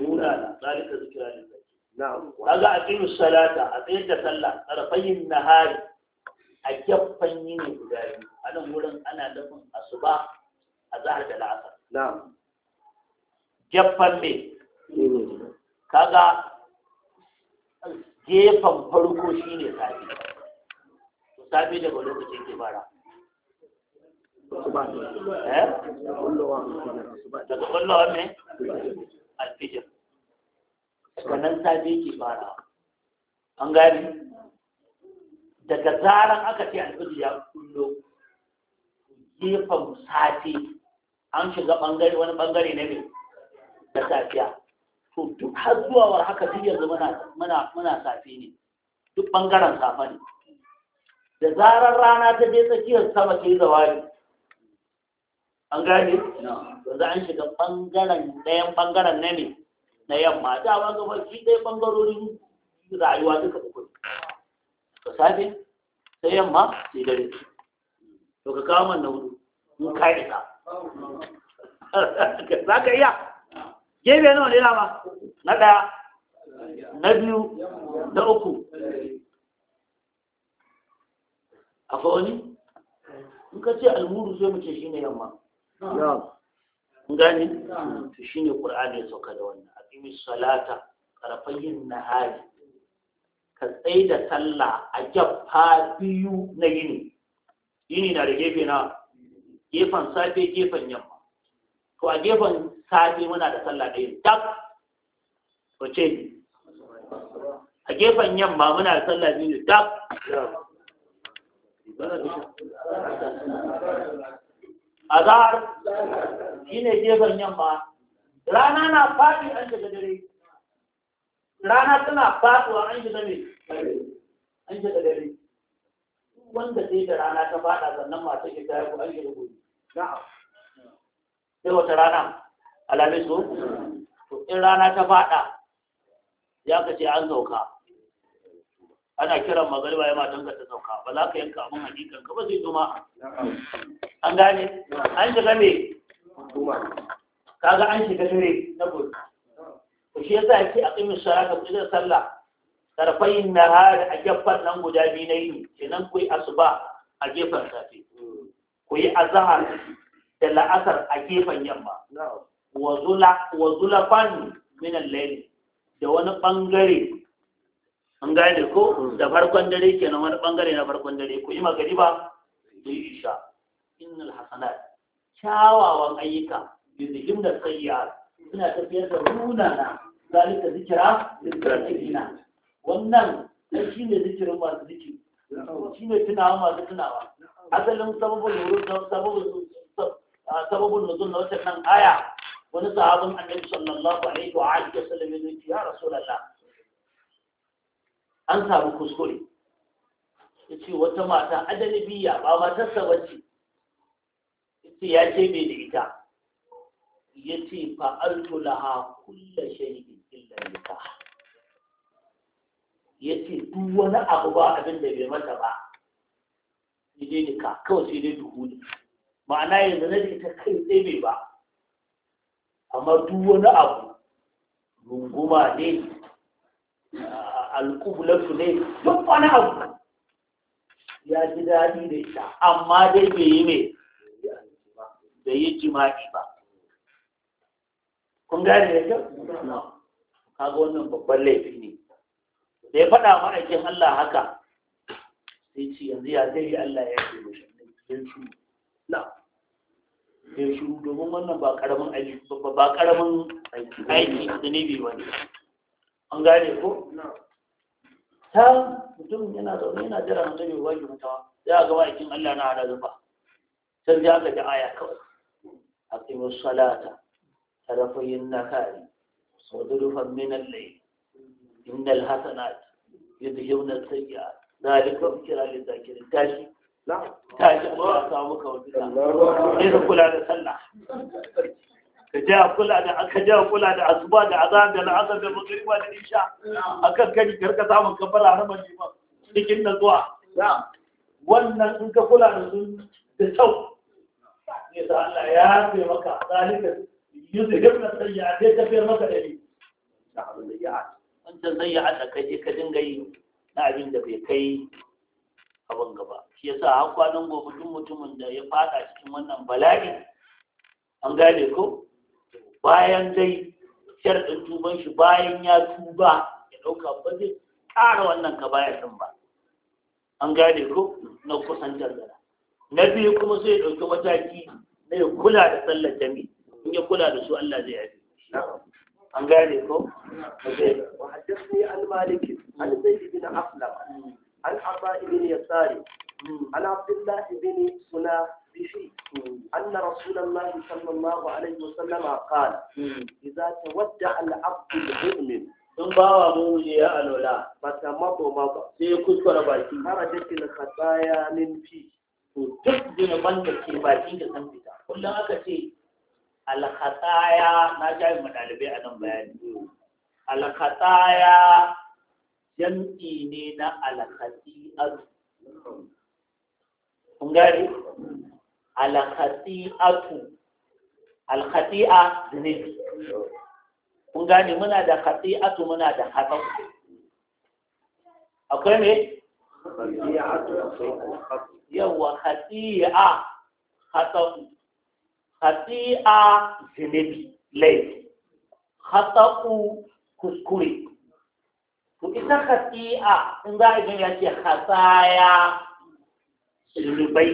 munana zalika zikra lil kaga aqimu salata a tsayar da sallah tarfayin nahari a gefen yini guda biyu a nan wurin ana nufin asuba a zahar da la'asar Gefen me kaga gefen farko shine safi safi daga lokacin kibara eh? daga kullawa ne alfijir wannan safe ke fara an gari daga zaran aka ce alfijir ya kullo gefen safe an shiga bangare wani bangare na ne da safiya to duk har zuwa war haka duk yanzu muna muna safe ne duk bangaren safa ne da zarar rana ta je tsakiyar sama ke zawari an gane yanzu an shiga bangaren ɗayan bangaren na ne na yamma dama ga mafi ɗaya ɓangarorin rayuwa duka uku ka safe sai yamma sai dare to ka kawo man na hudu in ka yi ka. [laughs] za ka iya gefe nawa ne dama na ɗaya na biyu na uku akwai wani in ka ce almuru sai mace shi ne yamma gani to shi ne ƙur'ani ya sauka da wannan aqimi salata na nahari ka tsai da sallah a jaffa biyu na yini yini na da gefe na gefen safe gefen yamma to a gefen safe muna da sallah ɗaya tak wace a gefen yamma muna da sallah biyu tak azhar shine gefen yamma rana na faɗi an shiga dare rana tana faɗuwa an shiga mai an shiga dare wanda sai da rana ta faɗa sannan masu ke ta yaku an shiga gobe sai wata rana alamis ko to in rana ta faɗa ya kace an sauka ana kiran magariba ya matan ka ta sauka ba za ka yanka abin hakikan ka ba zai zuma an gane an shiga mai kaga an shiga dare na gobe to shi yasa yake a kimin shara ka kuɗin sallah tarfayin nahari a gefan nan guda biyu na yini kenan ku yi asuba a gefen safe ku yi azhar da la'asar a gefan yamma wa fan min al-layl da wani bangare an gane ko da farkon dare kenan wani bangare na farkon dare ku yi magariba ku yi isha innal hasanat kyawawan ayyuka yuzihim da tsayyar suna tafiyar da munana zalika zikira zikirina wannan shi ne zikirin masu zikiri shi ne tunawa masu tunawa asalin sababin nuzul sababin nuzul ah, na wata nan aya wani sahabin annabi sallallahu alaihi wa alihi wasallam ya ce ya rasulullah an samu kuskure yace wata mata ajnabiya ba matarsa bace yace ya ce bai da ita yace fa'altu laha kulla shay'in illa nikah yace duk wani abu ba abin da bai mata ba sai dai ka kawai sai dai duhuli ma'ana yanzu na ta kai tsaye bai ba amma duk wani abu runguma ne alƙubulatu ne duk wani abu ya ji daɗi da shi amma dai bai yi mai bai yi jima'i ba kun gane da kyau kaga wannan babban laifi ne da ya faɗa ma'aikin Allah haka sai ce yanzu ya zai Allah ya ce mashi yin shuru na yin shuru domin wannan ba karamin aiki ba karamin aiki da ne bai wani an gane ko ta mutum yana zaune yana jira na tabi ba ki mutawa sai a gaba aikin Allah na hada zuba sai ya ga da aya kawai wasu salata طرفي النهار وظلفا من الليل إن الحسنات يذهبن السيئات ذلك فكرة للذاكرة تاشي لا تاشي الله أصابك وجدها إذا كل هذا سلح جاء كل هذا جاء كل هذا أسباب عذاب العذاب المقرب على الإنشاء أكاد كان يكرك تعمل كبر على ما جيبه لكن الدعاء لا وأن كل هذا سوء يتعالى يا أخي وكا ذلك يوسف ابن السيئات ya tafiyar masa da ni na abin sayyi'at wancan zai da kai je ka dinga yi na abin da bai kai abin gaba shi yasa har kwanan gobe duk mutumin da ya fada cikin wannan bala'i an gane ko bayan dai sharɗin tuban shi bayan ya tuba ya ɗauka ba zai ƙara wannan ka baya ɗin ba an gane ko na kusantar da na biyu kuma sai ya ɗauki mataki na ya kula da tsallar jami'a. in ya kula da su Allah zai haifi. an gane ko eh, wa haddathni an malik an zaid aslam an aba ibn yasari an abdullah ibn suna bihi أن رسول الله صلى الله عليه وسلم قال إذا تودع العبد المؤمن in ba wa muni ya alola ba ta mabo ba sai ya baki har da kin khataya min fi to duk zunuban da ke bakin da kullum ce alkhataya na shayin mu ɗalibai a nan bayani alkhataya jam'i ne na alkhati'atu kun gari alkhati'atu alkhati'a zunubi kun gane muna da khati'atu muna da khata akwai ne? akwai me yawa khati'a khata khati'a zunubi laifi khata'u kuskure to ita khati'a in za a ya ce khataya zunubai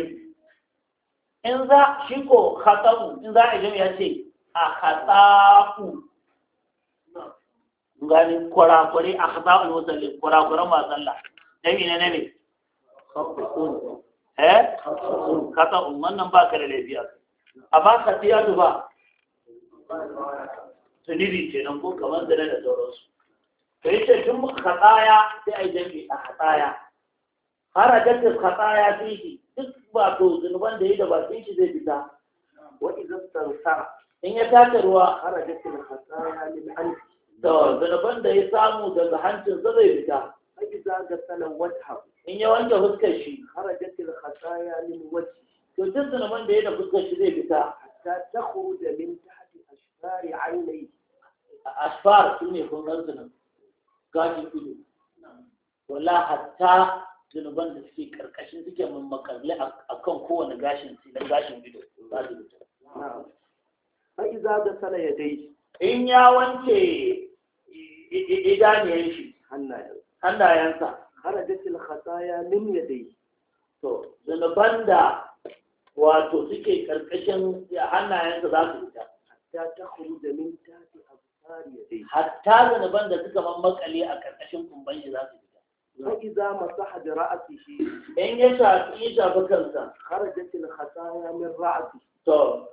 in za shi ko khata'u in za a ya ce a khata'u gani kwarakwarai a khata'u musalli kwarakwaran masalla nabi na nabi eh khata'u wannan ba ka da lafiya amma kaɗiyatu ba zunubi ke nan ko kamar na da sauransu to yi ce tun kaɗaya sai a yi jami a Har a da kaɗaya fiye duk ba to zunuban da yi da ba sun shi zai fita wani zartar sa in ya tace ruwa a da kaɗaya min hanci da zunuban da ya samu daga hancin zai fita za ga salan wata in ya wanke fuskar shi a da kaɗaya min wata to duk zalaman da ya da fuskar shi zai fita ta ta khuruja min tahti ashfari aynai ashfar shine kun nan, gashin ido wala hatta zunuban da suke karkashin suke mamakalle a kan kowane gashin su don gashin ido za su fita fa iza ga sala ya dai in ya wanke idaniyan shi hannayensa kharajatil khataya min yadayhi to zunuban da wato suke karkashin hannayensa za su fita hatta ta khuruja min tati absari yadai hatta zanaban da suka makale, a karkashin kumban shi za su fita wa idza masaha bi shi. in ya shafi ya shafi kansa kharajat al khataya min ra'si to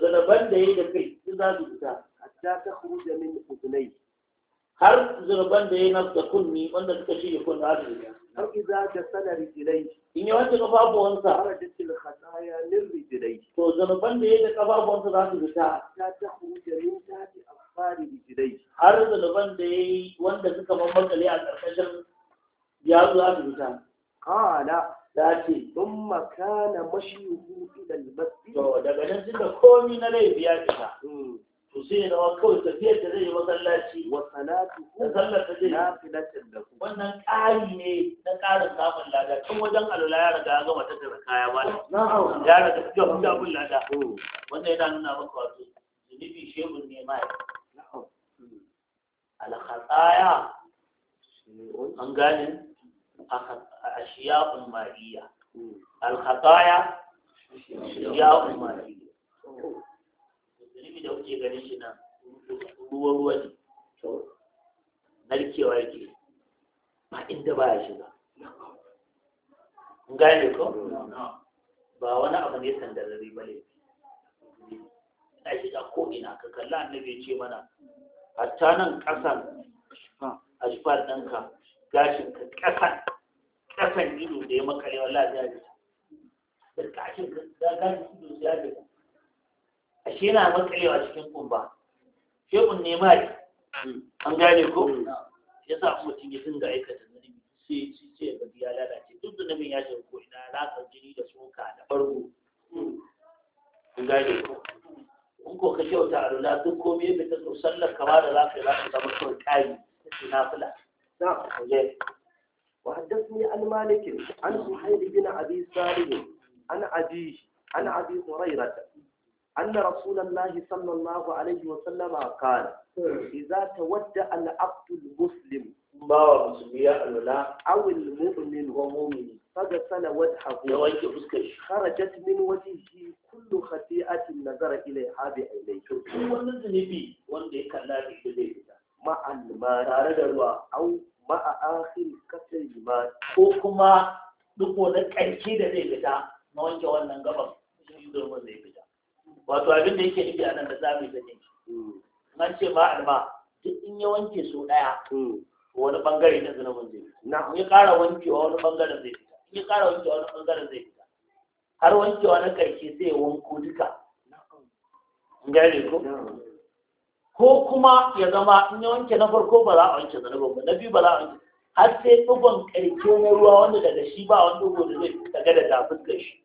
zanaban da ya da kai za su fita hatta ta khuruja min udunai har zurban da ya na da kunni wanda suka shige kunni har da har iza da sanar jirai. in ya wanke kafafuwansa har da til khataya lil jirai. to zurban da ya da kafafuwansa za su fita ta ta huje min ta ti afari rijlai har zurban da ya wanda suka mammakale a karkashin ya za su fita qala da ce sun makana mashi ila al-masjid to daga nan suka komi na laifi ya fita hmm. to sai ya zama kawai tafiyar da zai yi masallaci wa salatu da sallar da zai nafilatin da ku wannan ƙari ne na ƙarin samun lada tun wajen alula ya riga ya gama tattara kaya ba da ya riga ya gama samun lada oh. wannan yana nuna maka wato zunubi shehun ne ma alkhataya an gane ashiya'un mariya hmm. alkhataya ashiya'un mariya kifi da kuke ganin shi nan ruwa ruwa ne narkewa yake ba inda ba ya shiga gane ko ba wani abu ne sandarari ba ne a shiga ko ina ka kalla annabi ce mana hatta nan ƙasan a shifar ɗanka gashin ka ƙasan kasan ido da ya makare lafiya ya ji da gashin ka gashin ido ya ashe yana makalewa cikin kumba shekun ne an gane ko ya sa mutum ya dinga aikata zunubi sai ci ce ba ya lalace duk zunubin ya shiga ko ina alaƙar jini da tsoka da farko? an gane ko in ko ka kyauta a lula duk komai ya fita to sallar kama da za ka yi za ka zama kawai ƙari na fula وحدثني عن مالك عن سحيل بن ابي سالم عن ابيه عن ابي هريره أن رسول الله صلى الله عليه وسلم قال إذا تودع العبد المسلم ما ومسلمية الولاء أو المؤمن ومؤمن فغسل وجهه خرجت من وجهه كل خطيئة نظر إليها بعينيه مع الماء أو مع آخر كسر الماء ko kuma duk wani ƙarshe da zai fita na wanke wannan gaban shi ruwan zai fita wato abin da yake nufi a nan da mu yi shi nan ce ma alma duk in ya wanke so daya wani bangare na zunubin zai na ya kara wankewa wani bangaren zai fita in ya kara wankewa wani bangaren zai fita har wankewa na karshe zai wanko duka gane ko ko kuma ya zama in ya wanke na farko ba za a wanke zunubin ba na biyu ba za a wanke har sai ɗigon ƙarshe na ruwa wanda daga shi ba wani ɗigo da zai gada da dafin shi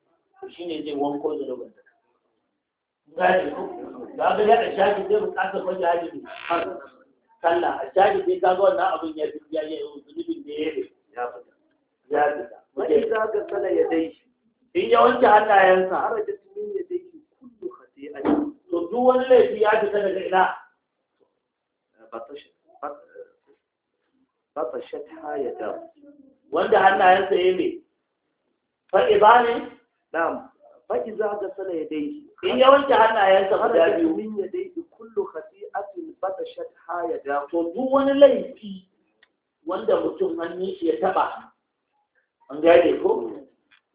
shi ne zai wanko zunubin gane ko bukatar wajen hajji ne a ga wannan abin ya fi ya yi zunubin da ya yi ya fita ya fita ya dai in ya wanke hannayensa har da su ya dai shi kullu khati'a to duk wani laifi ya fita daga ina wanda hannayensa ya fa'iba ne na'am fa iza ga sana ya dai in ya wanke hannayensa guda biyu min ya dai kullu khati'atin batashat ha ya da to duk wani laifi wanda mutum hannu ya taɓa. an gane ko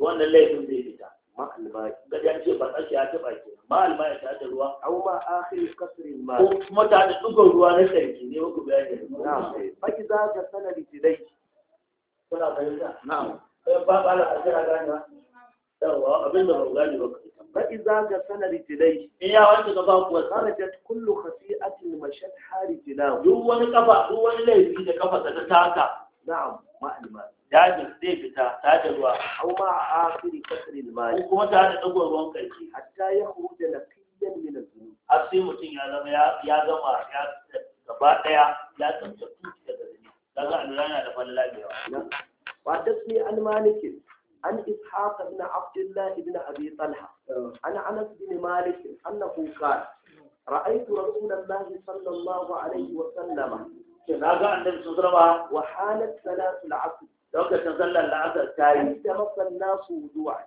wannan laifin zai fita ma almai gajan ce ba tsaki ya taba ke ma almai ta da ruwa aw ma akhir kasrin ma ko kuma ta da dugon ruwa na sarki ne ku bayani na fa iza ga sana li dai kuna bayyana na'am ba ba la asira gane yawa abin da ban gani ba fa idza ga sanar rijlai in ya wanke gaba kuwa kharajat kullu khasi'atin mashat harijla duk wani kafa laifi da kafa ta taka na'am ma'alima dajin zai fita ta da ruwa a akhiri kasril mali kuma ta da dagwar ruwan karki hatta ya huda lafiyan min az-zunub har sai mutum ya zama ya zama ya gaba daya ya tsantsa tuki daga zuni kaga Allah yana da fallala da yawa wa tasmi al-maliki عن إسحاق بن عبد الله بن أبي طلحة عن أنس بن مالك أنه قال رأيت رسول الله صلى الله عليه وسلم وحالت ثلاث العصر لوكا صلى العصر تاي التمس الناس وجوعا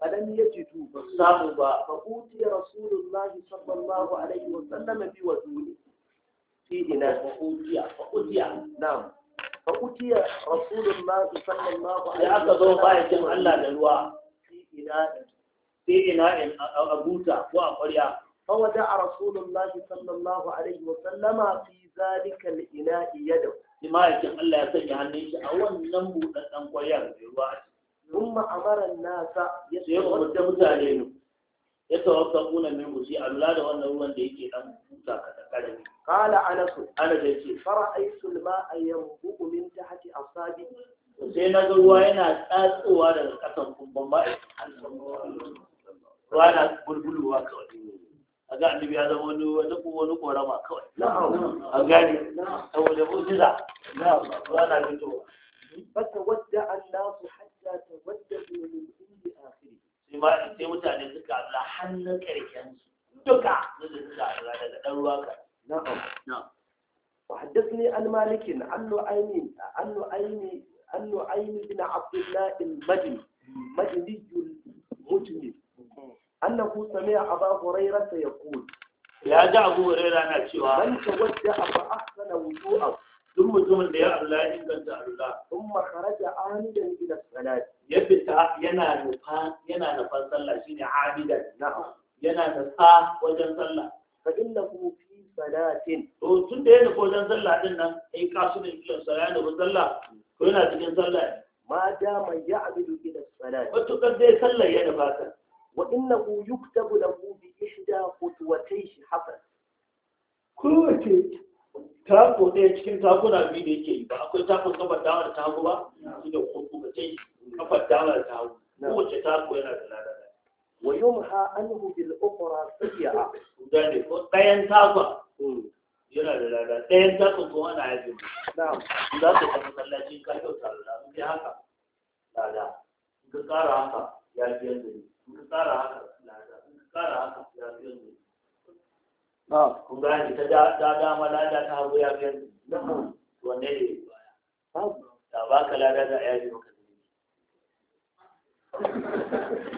فلم يجدوا فأوتي رسول الله صلى الله عليه وسلم بوزوله في إناء فأوتي فأوتي نعم فأتي رسول الله صلى الله عليه وسلم zo bayan Allah da ruwa sai ina in a buta ko a رسول الله صلى الله عليه وسلم في ذلك الإناء يده لما يكن الله يسجي عنيش أول نمو أن قيام ثم أمر الناس يتوقفون من مسيح الله وأنه هو أن يجي أن تتكلم qala anas anas yace fara'aytu al-ma'a yanbu'u min tahti asabi sai na ga ruwa yana tsatsowa daga kasan kumban ba ruwa na bulbulwa kawai a ga annabi ya zama wani wani korama kawai a gani saboda mu'jiza ruwa na fitowa fata wadda Allah hatta tawadda min kulli akhir sai sai mutane suka Allah hannun karshen duka suka daga ruwa نعم نعم وحدثني عن مالك عن نعيم عن نعيم عن نعيم بن عبد الله المجد مجني المجند أنه سمع أبا هريرة يقول لا دع أبو هريرة أنا سوى من تودع فأحسن وجوءه ثم ثم يا الله إن الله ثم خرج عامدا إلى الصلاة يبتا ينا نفا ينا نفا صلى شيء عامدا نعم ينا نفا وجن صلى فإنه في salatin to tun da yana kojan sallah din nan ai kasurin kiran sallah da sallah ko yana cikin sallah ma da man ya'budu ila salat wato kan dai sallah yana baka wa innahu yuktabu lahu bi ihda shi hafa kowace tako ɗaya cikin takuna biyu da yake yi ba akwai takon kafar dama da tagu ba su da khutwatayhi kafar dama da tagu kowace tako yana da lada ويمحى عنه بالأخرى سيئة ذلك قيان تاغا Hmm. yana da lada ɗayan za ka zo ana yaji mu za ka ta masallaci ka kyauta da in kai haka lada in ka ƙara haka ya fi da ni, in ka ƙara haka lada in ka ƙara haka ya da ni. ne kun gane ta dama lada ta hagu ya fi yanzu wanne ne ya baya da ba ka lada za a yaji maka zunubi [laughs]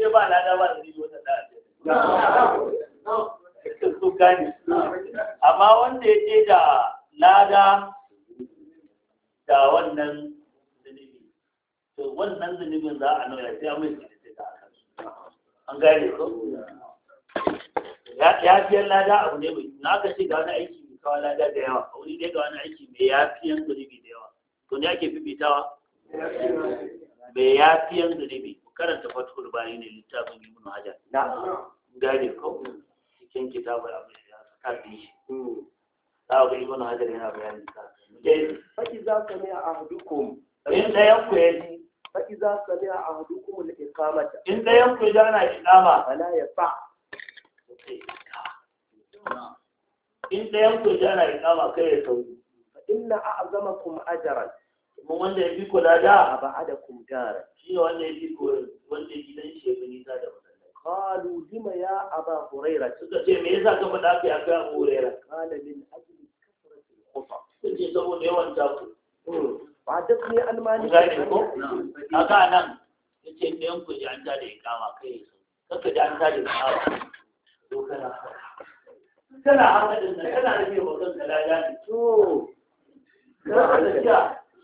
ya ba lada ba gani amma wanda ya da lada da wannan zunubi to wannan zunubin za a nuna sai mai zunubi da aka an gane ko ya fiye lada abu ne mai na ka ce ga wani aiki mai kawo lada da yawa a wuri dai ga wani aiki mai ya fiye zunubi da yawa to ne ake fifitawa bai ya fi yanzu ne bai karanta fatuhul bari ne littafin ibn hajar gane ko cikin kitabar abu da ya ta. da shi hmm. za ga ibn hajar yana bayani ka eh, fa iza sami'a ahdukum in da yanku yaji fa iza sami'a ahdukum da ikamata in da yanku ya ana ikama fala ya fa in da yanku ya ana ikama kai ya sauri fa inna a'zamakum ajran kuma wanda ya biko kula da ba a aba'adakum gara shi ne wanda ya biko wanda gidan shi ya nisa da masallaci qalu lima ya aba huraira suka ce me yasa ka faɗa ka akai abu huraira qala min ajli kasrati al-khufa suka ce saboda yawan taku ba ku ne almani ga ko kaga nan yace ɗayan ku ji an da ikama kai kaka ji an da ikama to kana kana haka din kana da mai wakan kalaja to kana da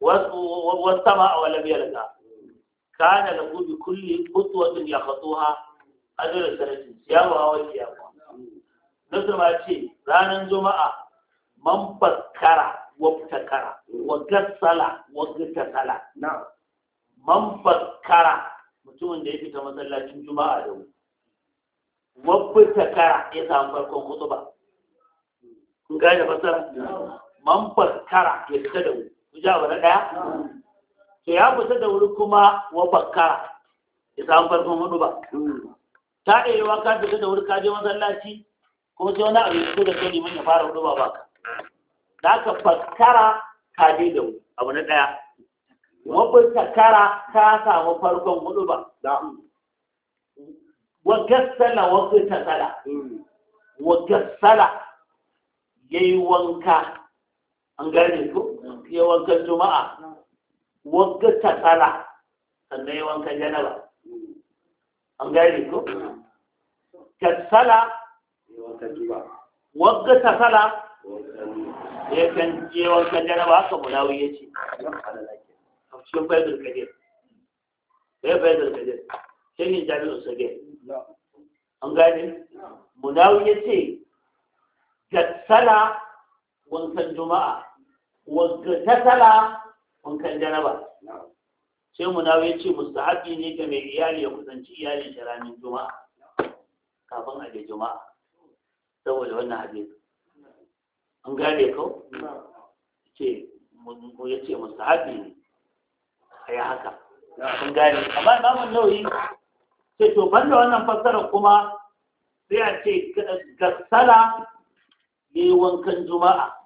والسماء ولم يلقى كان له بكل خطوة يخطوها أجر سنة سياوة والسياوة نصر ما يقول رانا جمعة من فكر وابتكر وقتل وقتل نعم من فكر mutumin da ya fita masallacin juma'a da wuri wabbuta kara ya samu farkon kutuba kun gane fasara man fakkara ya fita da wuri ku ji abu na ɗaya to ya fita da wuri kuma wa bakkara ya samu farkon hudu ba ta ɗaya wa ka fita da wuri ka je masallaci kuma sai wani abu ya da kai neman ya fara hudu ba baka da aka bakkara ka je da wuri abu na ɗaya wabin takara ta samu farkon hudu ba wa gassala wasu tasala wa gassala ya yi wanka an gane ku. ya wanka juma'a wanka tasala sannan ya wankan janaba an gane ko tasala wanka tasala ya kan je wankan janaba haka mulawi ya ce a cikin faidar kadir ya faidar kadir sai yin jami'in sage an gane mulawi ya ce tasala wankan juma'a Wasu ta tala wankan janaba sai na ya ce mustahabi ne ga mai iyali ya kusanci iyalin shi ranar juma'a kafin a je juma'a saboda wannan hadisi an gane ko ce mu ya ce mustahabi ne a yi haka an gane amma namun nauyi sai to ban da wannan fassara kuma sai a ce ga ne wankan juma'a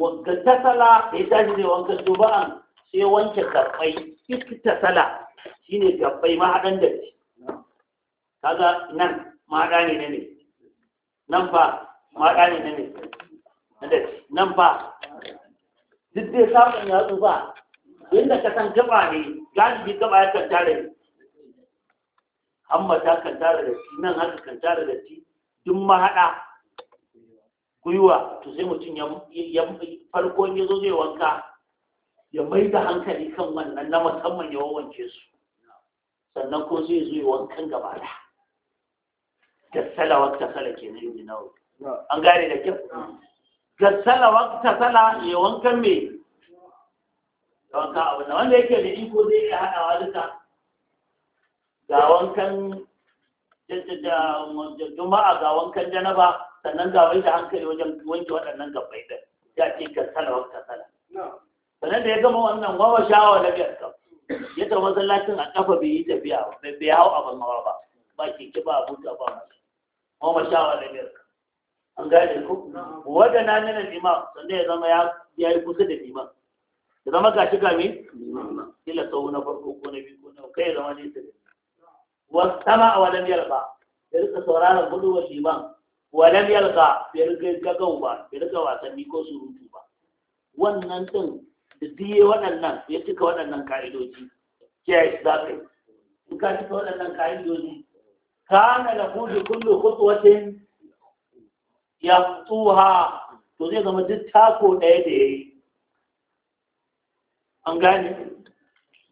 tasala da ya tashi zai wanka juba'an sai wanke karfai tasala shi ne karfai mahaɗan da shi kaga nan mahaɗa ne na ne nan ba mahaɗa ne na ne na da shi nan ba duk dai samun yatsu ba inda ka san gaba ne galibi gaba ya kan tare ne amma ta kan tare da shi nan haka kan tare da shi duk mahaɗa gwiwa to sai mutum ya farko ya zo zai wanka ya mai da hankali kan wannan na musamman ya wawance su sannan ko zai zo wankan gaba da sala sala ke na yau nawa? an gane da kyau sala sala ya wankan me ya wanka abu na wanda yake da iko zai iya haɗawa duka ga wankan juma'a ga wankan janaba sannan ga wai da hankali wajen wanke waɗannan gabbai ɗin ya ce kasala wa kasala sannan da ya gama wannan wawa shawa na gaska ya tafi masallacin a ƙafa bai yi tafiya ba bai hau abin mawa ba ba keke ba abuja ba mashi wawa shawa na gaska an gane ku wadda na nuna imam sannan ya zama ya yi kusa da imam ya zama gashi gami kila sau na farko ko na biyu ko na kai ya zama ne ta wasu sama a wajen yalba ya rika sauraron gudu liman walam yalga bai riga gagau ba bai riga wasanni ko surutu ba wannan din da diye waɗannan ya cika waɗannan ka'idoji kiyaye za ka yi in ka cika waɗannan ka'idoji kana lahu bi kullu khutwatin tuha to zai zama duk tako ɗaya da yayi an gane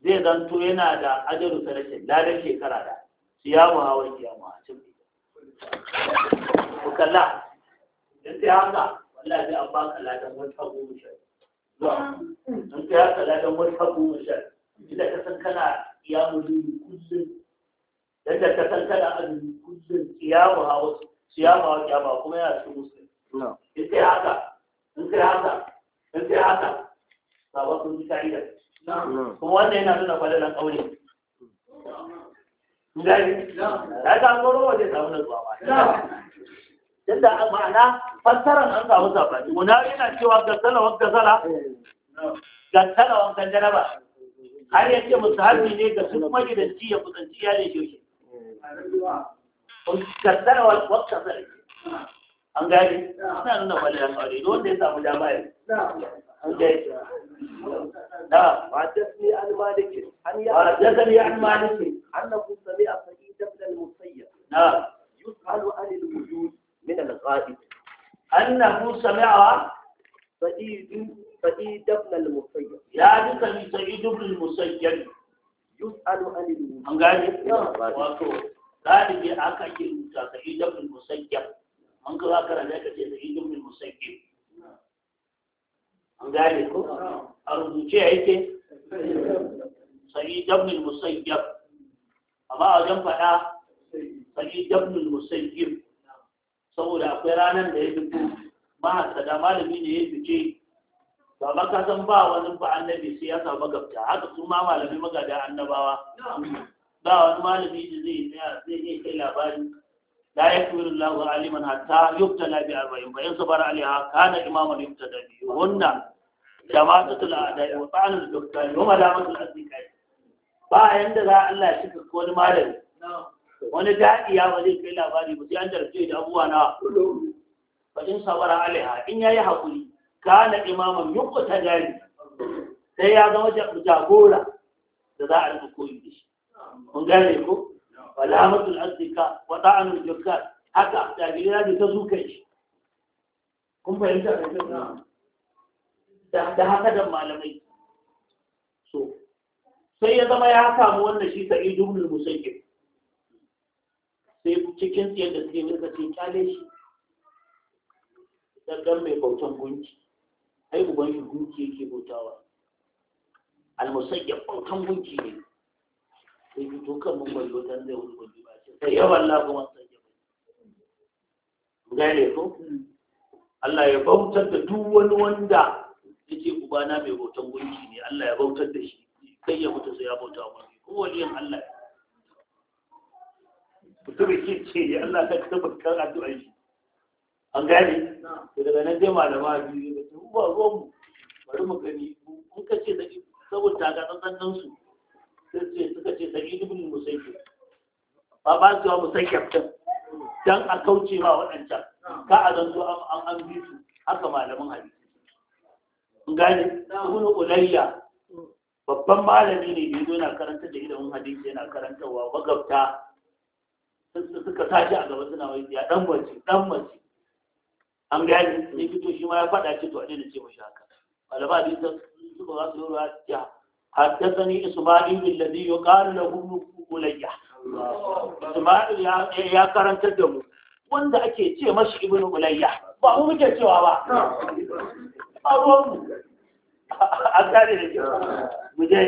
zai zanto yana da ajaru sarashin ladan shekara da siyamu hawa siyamu a cikin ku kalla in sai haka wallahi sai an baka ladan wata goma zuwa, in sai haka ladan wata goma sha inda ka san kana ya mulini kullum yadda ka san kana azumi kullum siyamu hawa siyamu hawa ba kuma yana cikin musulmi in sai haka in sai haka in sai haka sabon sun ji ka'ida kuma wanda yana nuna falalan aure Gani, ya ta goro waje ta na zuwa ba. yadda ma'ana fassarar an samu sabani wani yana cewa gazzala wa gazzala gazzala wa ganjana ba har yace musu harbi ne ga duk magidanci ya kusanci ya ne shi gazzala wa gazzala an gani ana nuna kwallon aure ne wanda ya samu dama ya an gani نعم وحدثني عن مالك وحدثني عن مالك أنه سمع سعيد بن المسيب نعم يسأل عن الوجود من الغائب أنه سمع سعيد سعيد بن المسيب يا ذكر سعيد بن المسيب يسأل عن المسيب أنقال واتو ذلك أكاك سعيد بن المسيب من قال أكرا ذلك سعيد بن المسيب أنقال أرجو أيك سعيد بن المسيب أما أجنبها سعيد بن المسيب saboda akwai ranar da ya fito mahasada malami ne ya fice ba ma san ba wani ba annabi sai ya samu magabta haka su ma malami magada annabawa ba wani malami da zai zai iya kai labari la yakmilu Allahu aliman hatta yubtala bi arba'in fa yansabara alaiha kana imaman yubtada bi hunna jama'atul a'da'i wa ta'anul dukkani wa malamatul azdiqai ba yanda za Allah ya shika wani malami wani daɗi ya ba zai kai labari ba sai an jarfe da abuwa na fa in sabara alaiha in ya yayi hakuri kana imaman ta gari sai ya zama jagora da za a rika koyi da shi mun gane ko walamatul azdika wa ta'anul jukkat haka jahilina da ta zuka shi kun fahimta da da haka da malamai so sai ya zama ya samu wannan shi sa'id ibn musayyib sai cikin tsayar da suke suka ce kyale shi ɗan mai bautan gunki ai uban shi gunki yake bautawa ya bautan gunki ne sai to kan mun bai bautan zai wani gunki ba ce sai yawan lafi musayyab gane ko Allah ya bautar da duk wani wanda yake ubana mai bautan gunki ne Allah ya bautar da shi Sai ya mutu sai ya bauta gunki ko waliyan Allah ya Mutum shi ce ya Allah ta kasa kan addu'ar shi an gane to daga nan dai malama biyu ne mu ba ruwan mu bari mu gani mun ka ce zaki saboda ga tsantsan su sai ce suka ce zaki ibn musayfi ba ba su mu sai kyaftin dan a kauce ma waɗancan ka a zanto an an bi su haka malaman hadisi an gane ibn ulayya babban malami ne da yana karanta da ilimin hadisi yana karantawa magabta suka tashi a gaba suna wai ya dan mace dan mace an gani sai fito shi ma ya faɗa ce to a ce mashi haka malama hadisan suka za su yi ruwa ya حدثني إسماعيل الذي يقال له بلية إسماعيل يا كرم تدمو وند أكي تي مش ابن بلية ba mu muke cewa ba a mu, a gane da ke mu je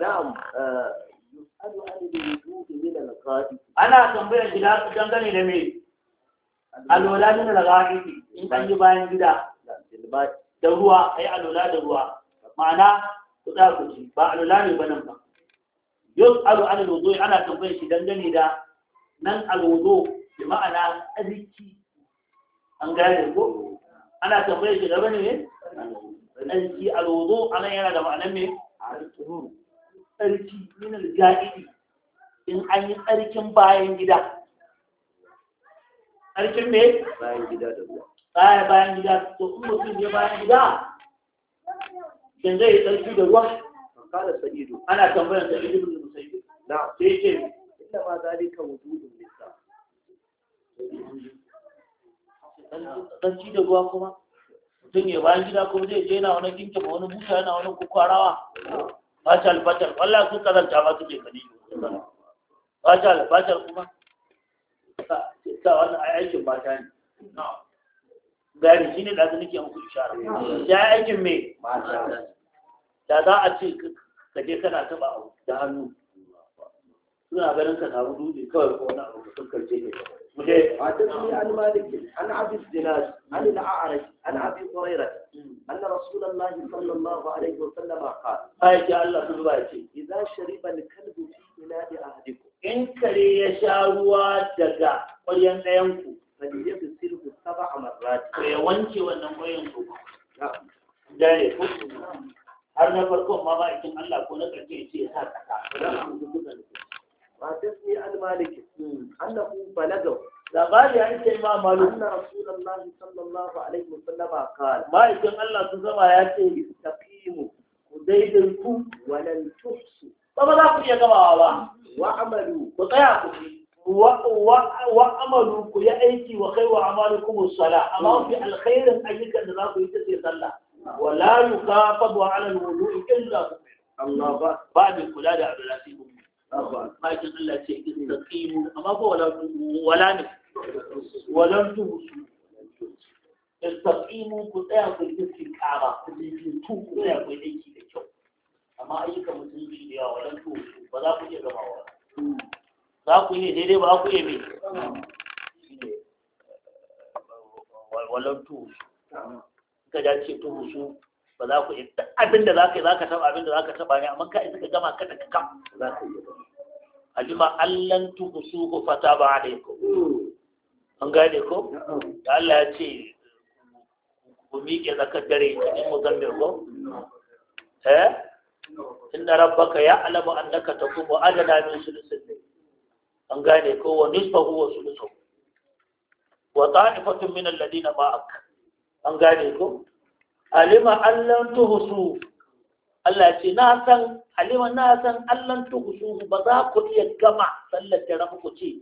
eh, ana tambayar gida su dangane da mai alola min al-ghaibi in kan yi bayan gida da ruwa yi alola da ruwa ma'ana ku da ku ba alola ne ba nan ba yau alo an alwudu ana tambayar shi dangane da nan alwudu bi ma'ana tsarki an gane ko ana tambayar shi gaba ne tsarki alwudu anan yana da ma'anar me a tsarki min al in an yi tsarkin bayan gida tsarkin me bayan gida da ruwa baya bayan gida to kuma mutum ya bayan gida dan zai yi tsarki da ruwa kala sa'idu ana tambayar da ibn musayyib na sai ce inda ma zalika wujudun lissa tsarki da ruwa kuma mutum ya bayan gida kuma zai je yana wani kinke wani buta yana wani kukwarawa bacal bacal wallah su kazanta ma suke kani bacal bacal kuma ta wannan aikin mata ne gari shi ne ɗazu nake muku ishara ya aikin me da za a ce ka je kana taɓa da hannu suna ganin ka samu dubi kawai ko wani abu ka karce ne حدثني عن مالك عن ابي الزناد عن الاعرج عن ابي هريره ان رسول الله صلى الله عليه وسلم قال اي جاء الله سبحانه اذا شرب الكلب في اناء احدكم ان كري يشا روا دغا قريان ديانكو فليغسله سبع مرات ya wanke wannan ƙwayan gobe dare har na farko ma ba ikin Allah ko na karshe ya ce ya sa kasa حدثني عن مالك أنه بلغه labari ya ita imam malu anna rasulullah sallallahu alaihi wasallam qala ma idan Allah sun zama ya ce istaqimu ku daidai ku wa lan tuhsu ba ba za ku iya gabawa ba wa amalu ku tsaya ku wa wa amalu ku ya aiki wa kai wa amalukum as-salah amma fi alkhairin ayyukan da za ku yi ta ce sallah wa la yuqafadu ala al-wudu illa Allah ba ba kula da abu abdulaziz bakin Allah ce istaqimu amma ko wala wala ne walan tuhsu istaqimu ku tsaya ku yi kara ku yi tu ku tsaya ku yi da kyau amma ayyukan musulunci da yawa walan tuhsu ba za ku iya gamawa za ku yi daidai ba ku iya mai eh, walan tuhsu ka dace tuhsu ba za ku yi abin da za ka yi za ka taɓa abin da za ka taɓa ne amma ka isa ka gama ka daga kam za ka yi alima allan tuku su ku fata ba da ku an gane ko da Allah ya ce ku miƙe zakar dare ka ji muzammil ko eh inna rabbaka alamu annaka taqumu adana min sulusin an gane ko wa nisfahu wa sulusuhu wa ta'ifatu min alladina ma'ak an gane ko alima allan tuhsu Allah ce na san alima na san allan tuhsu ba za ku iya gama sallar da rafa ku ce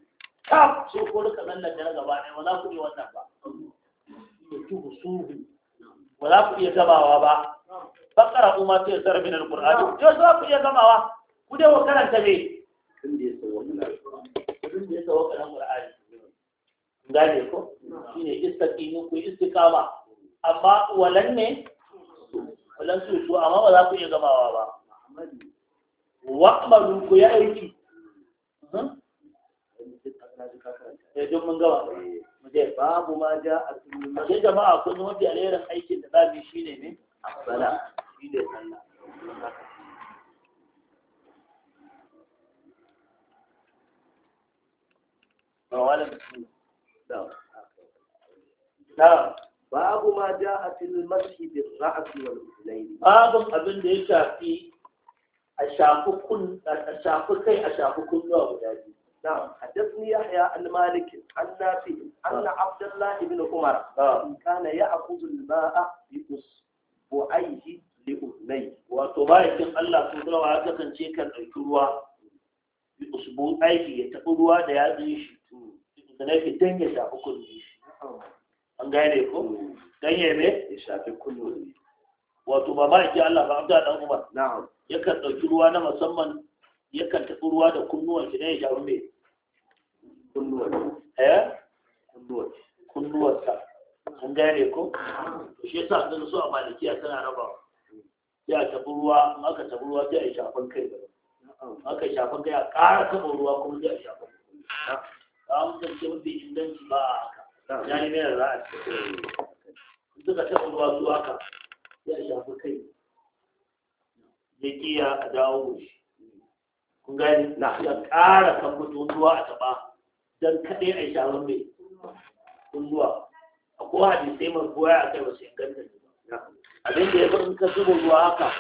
kaf su ko rika sallar da gaba ne ba za ku yi wannan ba tuhsu ba za ku iya gamawa ba bakara kuma ta yi sarfin alkur'ani yau za ku iya gamawa ku dai wa karanta me abin da ya sauka na qur'ani gane ko shine istiqimu istiqama amma walan ne walan su su amma ba za ku iya gamawa ba wa'amalu ku ya aiki ya hmm? eh, don mun gaba muje eh, babu ma ja a cikin muje jama'a kun mafi alherin aikin da zabi shine ne asala shine sallah Na'am. babu ma ja a cikin masjidin ra'asuwar ilayi babu abin da ya shafi a shafi kun a shafi kai a shafi kun zuwa guda biyu na'am hadathni yahya al-malik an-nafi anna abdullah ibn umar kana ya'khudhu al-ma'a bi usbu'aihi li ulai wato Allah ko kuma wa haka kan ce kan dauki ruwa bi usbu'aihi ya tabu ruwa da yaji shi to sai ke danya da hukunci shi. an gane ko ganye ne? ya shafi kullum wato ba ma yake Allah ba abda dan Umar na'am yakan dauki ruwa na musamman yakan tafi ruwa da kunnuwan shi ne ya jawo me kunnuwan eh kunnuwan kunnuwan sa an gane ko shi yasa da su a ya tana raba ya tafi ruwa in aka tafi ruwa sai a shafan kai ba aka shafan kai a ƙara kama ruwa kuma sai a shafan kai an zance mafi inganci ba ya yi mera za a cikin duka taɓa ruwa su haka ya shafi kai ya kiya a dawo shi kun gani ya ƙara kan mutuwa a taɓa don kaɗai a shafin mai kunduwa a kowa da sai mai koya a kai wasu inganta abin da ya fi in ka zuba ruwa haka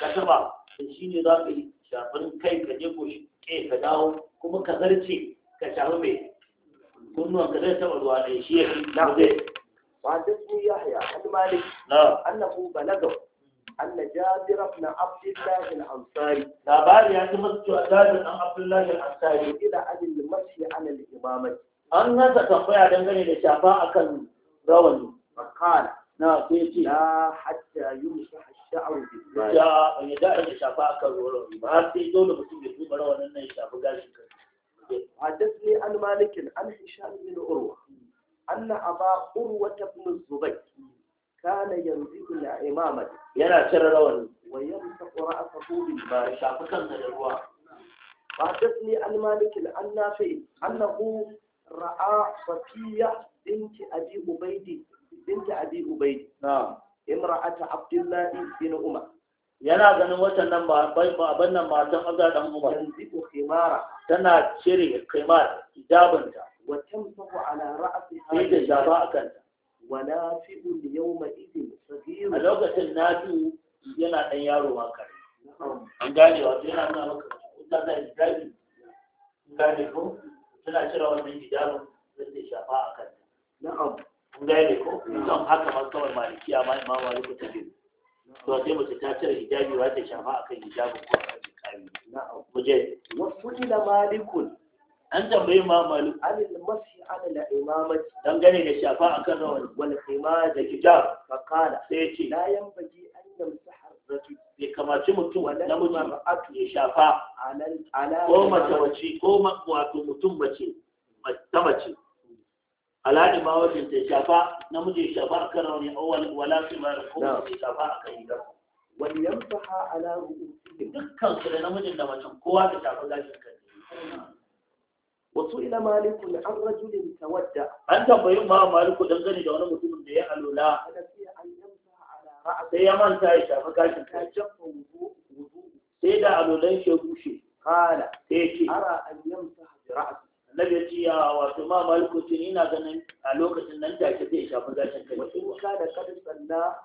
ka taɓa da shi ne za ka yi shafin kai ka je ko ke ka dawo kuma ka zarce ka shafi mai kunnuwan ka zai taɓa ruwa ɗaya shi ya fi na zai وحدثني يحيى عن مالك نعم أنه بلغه أن جابر بن عبد الله الأنصاري لا بال يا جماعة جابر بن عبد الله الأنصاري إلى أن المشي على الإمامة أن تتفقى على من الشافعة أكل رواه فقال na sai ce ya hatta yi musu sha'ar da ya da ya shafa aka ruwa ba har sai dole mutum ya duba rawanin nan ya shafi gashin kan حدثني عن مالك عن هشام بن عروة أن أبا عروة بن الزبير كان يمزج العمامة يلا ترى روان ويمسك رأسه بالماء شافكا من حدثني عن مالك عن نافع أنه رأى صفية بنت أبي عبيد بنت أبي عبيد نعم امرأة عبد الله بن عمر yana ganin watan nan ba abin nan matan Abdullah dan Umar yanzu ko khimara tana cire kaimar hijabinta wa tamsahu ala ra'siha sai da shafa wa nafi'u yawma idin saghir a lokacin nafi yana dan yaro ma kare an gane wa yana nuna maka kuta da hijabi gane ko tana cire wannan hijabin da da shafa akan na'am an gane ko don haka ma kawai maliki amma imamu maliku take to sai mace ta cire hijabi ta shafa akan hijabin ko muje wasu ila malikun an tambayi ma malik alil masih ala al imamati dangane da shafa akan rawani wal khimar da hijab fa qala sai ya ce la yanbaji an yamsaha rajul bai kamaci mutum namiji mar'atu ya shafa ko mace wace ko wato mutum mace ta mace alhaji ma wajen ta shafa namiji ya shafa akan rawani awwal wala khimar ko ya shafa akan hijab wal yamsaha ala ru'us dukkan su da namijin da macen kowa da shafin gashin kan wasu ila maliku ne an ta wadda. an tambayi ma maliku dangane da wani mutumin da ya alula sai ya manta ya shafi gashin kan sai da alulan shi ya bushe kala sai ya ce ara an yamsa ra'asi annabi ya ce ya wato ma maliku ce ina ganin a lokacin nan take zai shafi gashin kai wasu ka da kada sallah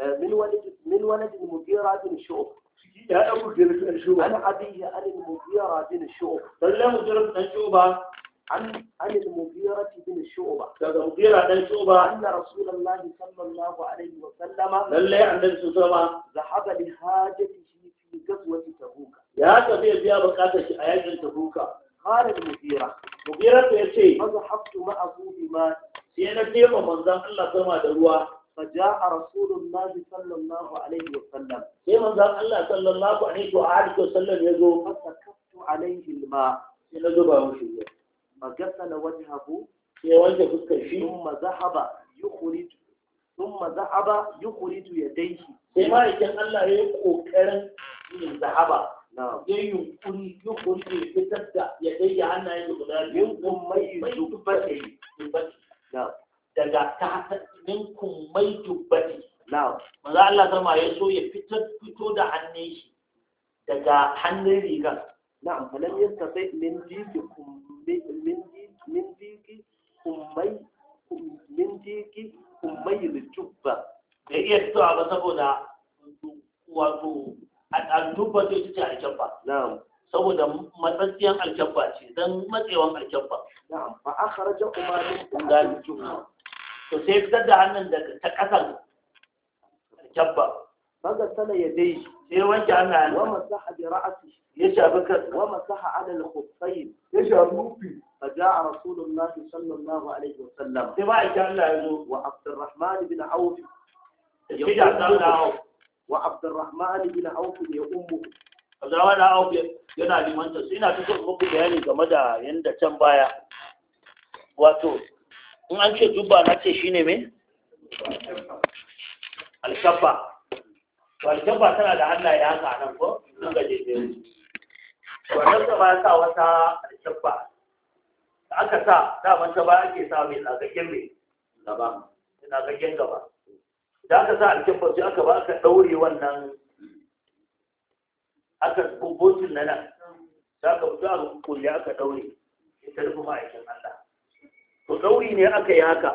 من ولد من ولد المغيرة بن شعبة يا أبو المغيرة بن عن أبيه عن المغيرة بن شعبة طيب، لا مدير بن عن عن المغيرة بن شعبة هذا مغيرة بن شعبة أن رسول الله صلى الله عليه وسلم لا عند السلطة ذهب لحاجته في غزوة تبوك يا تبي يا بقاتك أيام تبوك قال المغيرة مغيرة يا شيخ فذهبت معه بما سينا ديما منزل الله سما دروا فجاء رسول الله صلى الله عليه وسلم سيما ذا الله صلى الله عليه وآله وسلم يزو فسكبت عليه الماء سيما ذبا مشي فغسل وجهه سيوجه فكشي ثم ذهب يخرج ثم ذهب يخرج يديه سيما إذن الله يقو كرن من ذهب ya yunkuri yunkuri ya fitar da ya dai ya hannaye da guda biyu kun mai yunkuri daga ta minkum mai dubbati na'am Maza Allah sama ya so ya fitar fito da hannun shi daga hannun rigar na'am falam yastati min jikikum min jiki kummai min jiki kummai rijubba bai iya fitowa ba saboda wato al'adubba to ita ce aljabba na'am saboda matsatsiyan aljabba ce dan matsewan aljabba na'am fa akhraja kuma min dalil jumla to sai fitar da hannun da ta ƙasar tabba فغسل يديه sai wanke hannayen wa masaha bi ra'si ya shafi kansa wa masaha ala al-khuffayn ya shafi kufi a ja'a rasulullah sallallahu alaihi wa sallam sai ba ya Allah yazo wa abdurrahman bin auf ya Allah wa abdurrahman bin auf ya ummu abdurrahman auf yana limanta sai ina cikin muku bayani game da yadda can baya wato in an ce dubba na ce shine me alkabba alkabba tana da ya haka nan ko nan gajejeru wannan ta ya sa wata alkabba da aka sa daman ta baya ake sa mai tsagaggen mai gaba tsagaggen gaba da aka sa alkabba sai aka ba aka ɗaure wannan aka bubbucin na nan za ka fito a kulle aka ɗaure ita rufe ma'aikin Allah to ɗauri ne aka yi haka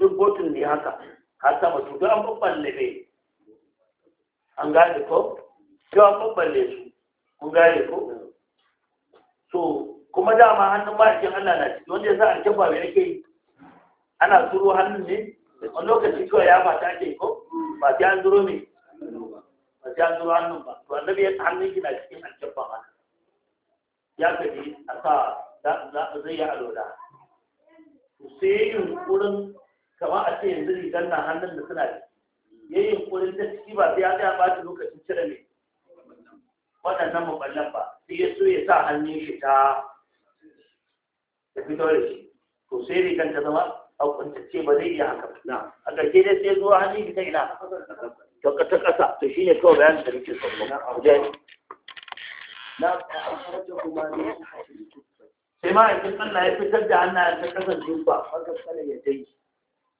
duk botin ne haka har sama to an babban ne an gane ko to an babballe su kun gane ko so kuma dama hannun ma'aikin Allah na ciki wanda ya sa an kafa mai yake yi ana turo hannun ne wani lokaci kawai ya ba ta ake ko ba ta an zuro ne ba ta an zuro hannun ba to annabi hannun ki na cikin an kafa ya kaji a sa zai yi alola sai ya yi kama a ce yanzu rigar na hannun da suna da ya yi yunkurin ta ciki ba sai ya tsaya ɓata lokacin cire mai waɗannan maballan ba sai ya so ya sa hannun shi ta ta fito da shi to sai rigar ta zama a kuntace ba zai iya haka na a ƙarshe dai sai zuwa hannun shi ta ina ta ƙasa to shine kawai bayanin da nake son ba na a kuma ne sai ma'aikin Allah ya fitar da hannayen ta kasan juba wata kala ya dai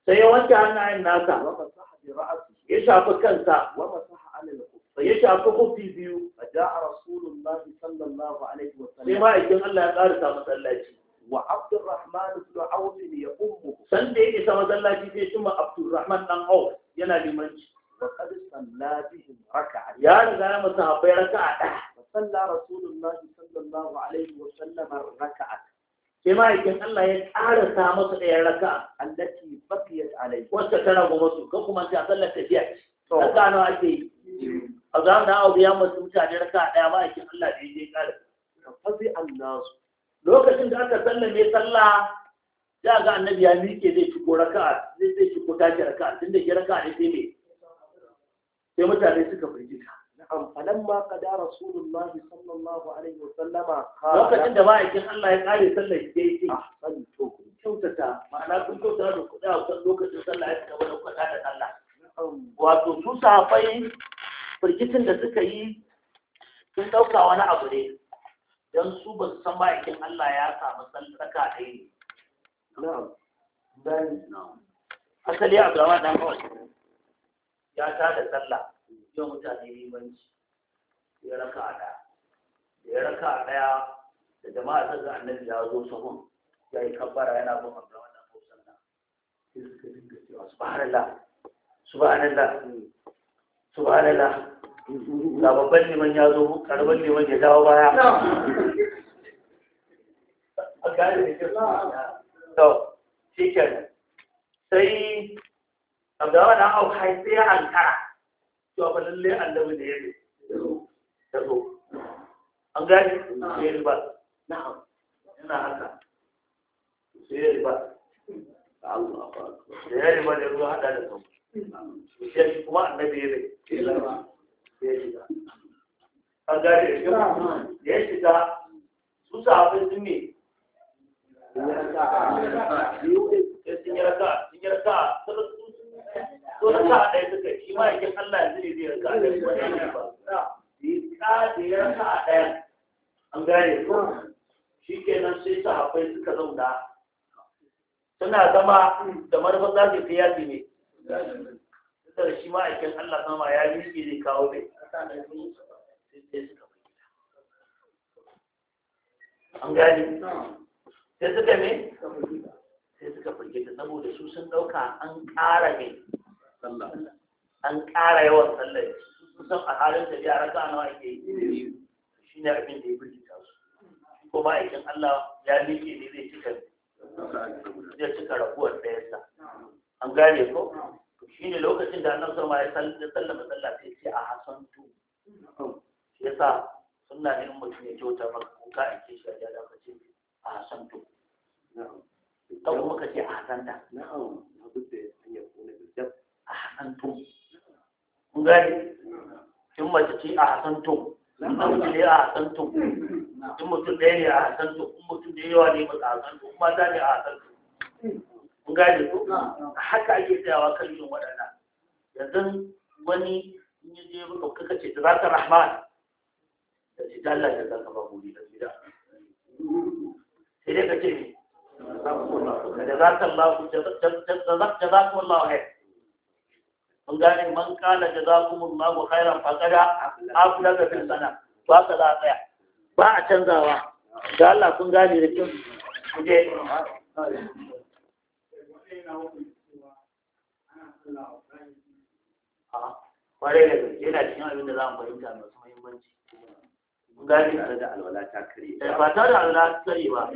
sai ya wanke hannayen nasa wa masaha bi ra'asi ya shafi kansa wa masaha alal sai ya shafi kufi biyu a ja'a rasulullah sallallahu alaihi wa sallam sai ma'aikin Allah ya karasa masallaci wa abdurrahman ibn auf ya ummu san da yake sa masallaci sai kuma abdurrahman dan auf yana limanci وقد صلى بهم ركعة يا رجال مصحابي ركعة فصلى رسول الله صلى الله عليه وسلم ركعة كما يكن الله يتعالى سامس اي ركعة التي بقيت عليه وسترى ومسو كما انت اصلا تجيع ركعنا اكي اظام دعوا بيام مسوطة ركعة يا ما يكن الله يجي قال فضي الناس lokacin da aka sallame sallah za ga annabi ya miƙe zai shigo raka'a zai shigo tashi raka'a tun da ke raka'a ne sai mai sai mutane suka firgita falan ma kada rasulullah sallallahu alaihi wasallama lokacin da ma'aikin Allah ya kare sallar yi a ahsan to kun kyautata ma'ana kun kyautata da kuɗi a kan lokacin sallah ya gaba da kuɗa da Allah wato su safai firgitin da suka yi sun ɗauka wani abu ne don su ba su san ma'aikin Allah ya samu sallaka ɗaya ne asali abu da wa ɗan kawai ya ta da sallah yau mutane limanci ya raka a ɗaya da ya raka a ɗaya da jama'a ta ga annabi ya zo sahun ya yi kabbara yana bin abu wannan ko sallah. sai suka dinga cewa subhanallah subhanallah subhanallah ga babban neman ya zo karban neman ya dawo baya a gane da ke to shi kenan sai abdawa da hau kai sai ya ankara cewa fa lalle annabi ne ya zo zo an gani sai ya riba na'am yana haka sai ya riba Allah ya riba da ruwa hada da sau sai kuma annabi ya riba ya shiga an gani ya shiga su sun ne sun yi raka sun yi so na ka ɗaya suka shi ma yakin Allah yanzu ne zai rika da wani ba yi ka da ya sa ɗaya an gane ko shi kenan sai sahabbai suka zauna suna zama da manufar za su fiya su ne da shi ma aikin Allah sama ya yi miƙe zai kawo bai an gane sai suka me sai suka firgita saboda su sun ɗauka an ƙara mai an ƙara yawan sallar kusan a halin tafiya raka nawa ake yi shi ne abin da ya ta su ko aikin Allah ya miƙe ne zai cika zai cika an gane ko shi ne lokacin da annabi ya sallama sallah sai ce a tu shi sa sunna ne mutum ya kyauta maka ko ka shi a ka ce a ta kuma ka ce a na'am na bude ko na ahsantum kun gane in mace ce ahsantum in namiji ne ahsantum in mutum ɗaya ne ahsantum in mutum da yawa ne mata ahsantum mata ne ahsantum kun gane ko haka ake tsayawa kan yin waɗannan yanzu wani in yi je maka kaka ce da za ta rahman da ce ta Allah da zaka ka ba guri da gida sai dai ka ce ne da za ta Allah da za ta mun gane man kala jazakumullahu khairan faqada da fil sana ba ka za tsaya ba a canzawa da Allah kun gane da kin kuje kwarai da gaske yana cikin abin da za mu fahimta masu muhimmanci mun gane tare da alwala ta kare eh, ba tare da alwala ta kare ba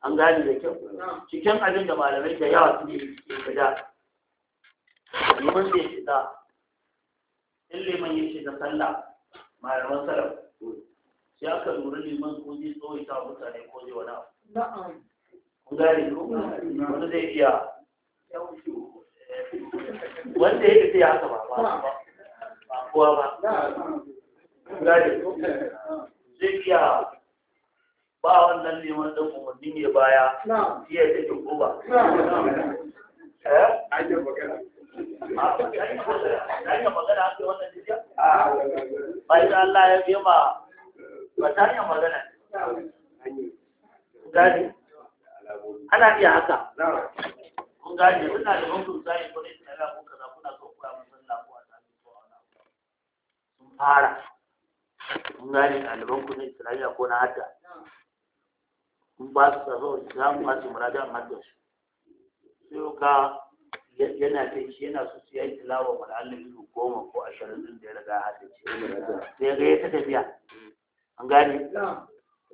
an gane da kyau cikin abin da malamai da yawa suke da liman bai shiga in liman ya shiga sallah malaman salaf sai aka lura liman ko zai tsawaita mutane ko zai wani abu kun gane ko wani zai iya wanda ya tafiya haka ba ba kowa ba kun gane ko zai iya ba wannan neman ɗan umarni ya baya iya take ko ba eh bayan Allah ya biya ma ba ta magana ana iya haka kun suna da mutum zai kone su daga kuka za kuna so kura musan a sami ko a sun fara kun gani ɗaliban ku na isra'ila ko na hadda kun ba su tsaro za mu ba su murajan hadda su sai ka yana kai shi yana so su yi tilawa wa allin ido goma ko ashirin din da ya riga haddace sai ya ga ya ta tafiya an gane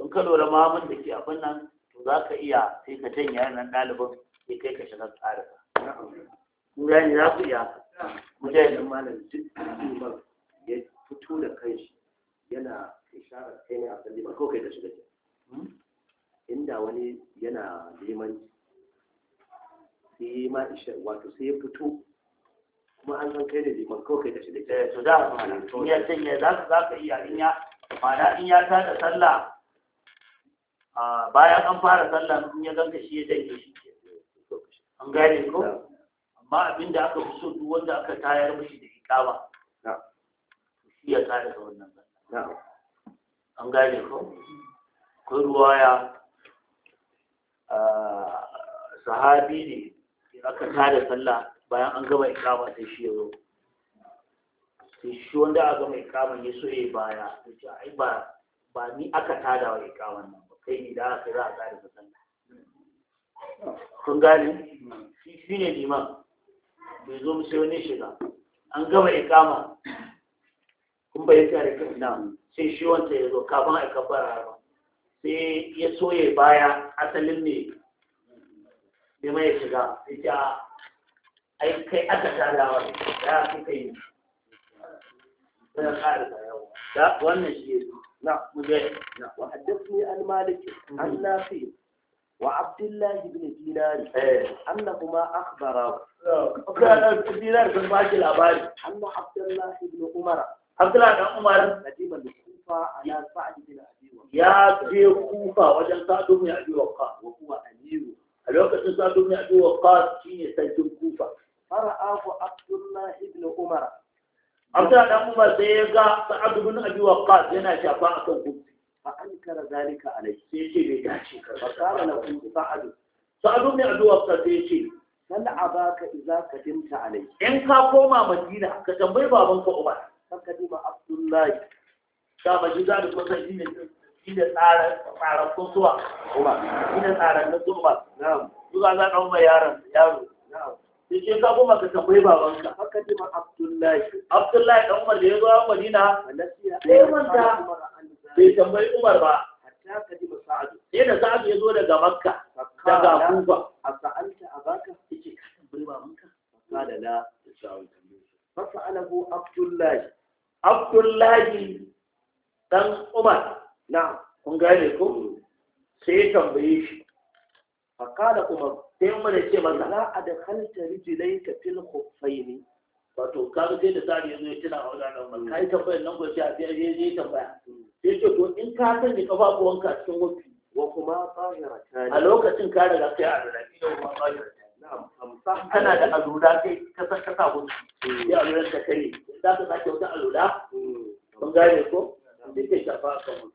in ka lura ma abin da ke abin nan to za ka iya sai ka janye nan daliban sai kai ka shiga ka. kun gane za ku iya mutane malam duk ba ya fito da kanshi yana isharar kai ne a sandiba ko kai da shiga hmm? inda wani yana neman sai ya ma isha wato sai ya fito kuma an san kai da liman kawai kai da shi eh, da ke to za ka mana to ya ce ya za ka iya in ya mana in ya tada sallah bayan an fara sallah in ya ganka shi ya dange shi an gane ko amma abinda aka fi so duk wanda aka tayar mishi da ikama shi ya tada da wannan sallah an gane ko ko ruwaya sahabi ne aka tada sallah bayan an gama ikama sai shi yazo sai shi wanda aka gama ikama ya so yayi baya ya ce ai ba ba ni aka tada wa ikama nan ba kai ne da aka za a tada sallah kun gane shi ne liman bai zo sai wani shiga an gama ikama kun bai tare kan nan sai shi wanda ya zo kafin a kabbara ba sai ya soye baya asalin ne bima ya shiga ita ai kai aka tsara wa da kuka yi da wannan shi ne na mujahid na الله بن دينار انهما اخبرا قال عبد الله بن باج الاباري ان عبد الله بن عمر عبد الله بن عمر نجيب الكوفه على سعد بن ابي وقاص يا ابي الكوفه وجل سعد بن ابي وقاص وهو امير a lokacin sa'ad ibn abi waqqas shine sarkin kufa fara'ahu abdullah ibn umar abdullah dan umar sai ya ga sa'ad ibn abi waqqas yana shafa a akan kufi fa ankara zalika alai sai ya ce bai dace ka ba kana na kun sa'ad sa'ad ibn abi waqqas sai ya ce lalla abaka idza kadimta alai in ka koma madina ka tambayi babanka umar kan duba abdullahi ka ba shi da kusa shine shi da tsara kusuwa shi da na zuwa zuwa za ka yaron yaro kuma ka tambayi babanka haka ne ma abdullahi abdullahi dan umar da ya zo a madina sai manta bai tambayi umar ba sai da sa'adu ya zo daga makka daga kufa a sa'alta abdullahi abdullahi dan umar na kun gane ko sai tambaye shi fakala kuma sai mu da ce da la adkhalta rijlayka fil khuffaini wato ka sai da tsari yanzu ya tuna a wannan nan kai tambayar nan ko sai a sai ya tambaya sai ce to in ka san ni wanka cikin wofi wa kuma tsahiratan a lokacin ka riga kai a da ido kuma tsahiratan na'am kana da alula sai ka san ka sa wofi sai alulan ta kai za ka sake wata alula hmm. kun gane ko sai ka shafa kan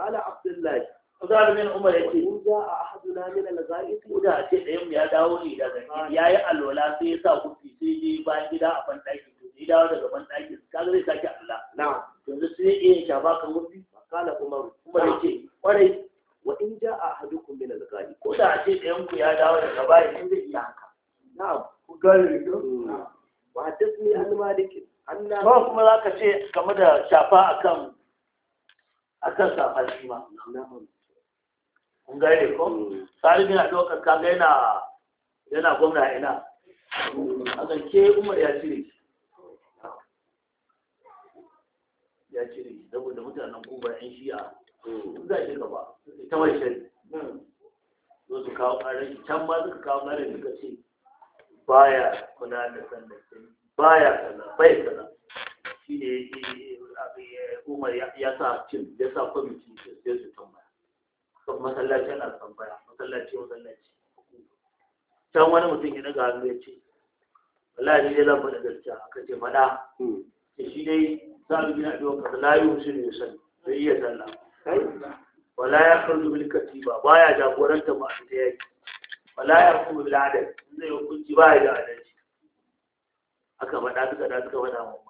ala abdullahi zalimin umar yake ko da a ahaduna min al-ghaiq ko da a ce ɗayan ya dawo ne da zaki yayi alola sai ya sa kufi sai je ba gida a ban daki to sai dawo daga ban daki kaga zai saki Allah na'am yanzu sai ya shafa kan kufi kala Kuma umar yake kwarai wa in ja a hadukun min al-ghaiq ko da a ce ɗayan ku ya dawo daga bayi in zai iya haka na'am ku gane wa hadathni an malik anna ba kuma zaka ce game da shafa akan akan kan safa shi ma kun gane ko sa'ad bin abubakar kaga yana yana gwamna ina a zance umar ya cire ya cire saboda mutanen kuba yan shi'a za a shiga ba ta mai shari zo su kawo ƙarar shi can ma suka kawo ƙarar suka ce baya kuna da sannan baya kaza bai kaza shi ne Umar ya sa cin ya sa kwamitin cin sai su tambaya masallaci na tambaya masallaci masallaci can wani mutum ya daga hannu ya ce wallahi dai zan faɗa gaskiya aka ce faɗa da hmm. shi dai za mu gina ɗiwa kasa la yi musu ne sani zai iya sallah wala ya kallu bil katiba baya jagoranta ma ta yaki wala ya kuma bil adal zai hukunci baya da adalci aka faɗa suka da suka faɗa mamma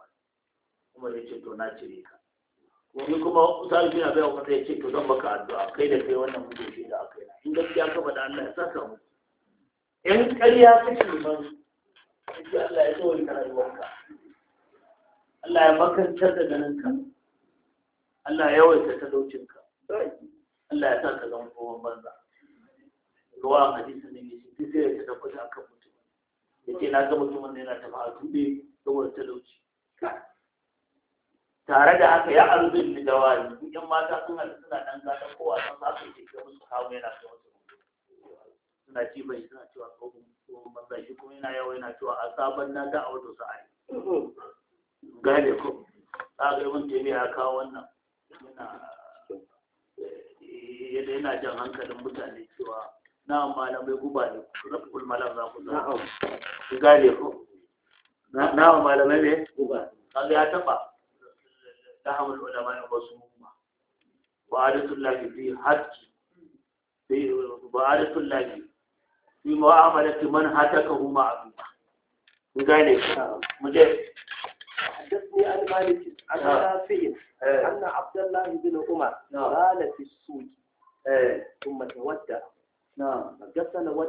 kuma ya ce to na cire ka wani kuma misali yana bai wa ya ce to zan baka addu'a kai da kai wannan mutum shi da aka na in gaskiya ka faɗa Allah ya saka mu in ƙarya kake man sai Allah ya tsawon ka rayuwarka Allah ya makantar da ganinka Allah ya yawaita talaucinka Allah ya sa ka zama kowa banza ruwa a da ne shi sai ya tabbata akan mutum ya ce na ga mutumin da yana tafa a tube saboda talauci tare da haka ya arzin da dawari in yan mata sun halin suna dan gada kowa san za su yi kyau su kawo yana kai musu suna ci bai suna cewa tsohon tsohon banza shi kuma yana yawo yana cewa a sabon na a wato sa'ayi gane ko ta ga ibn taymiya ya kawo wannan yana eh, yadda yana jan hankalin mutane cewa na malamai guba ne zafi malam za ku zafi gane ko na malamai ne guba kaga ya taba Abu Amadu bai da waya ba su ba su ba su ba su Umar ba'a da sun ladi sai yi hatsi sai yi ba'a da sun ladi sai Muhammad da ta saka Umar da ta saka Abulhade. A dasa Almanish a gana wa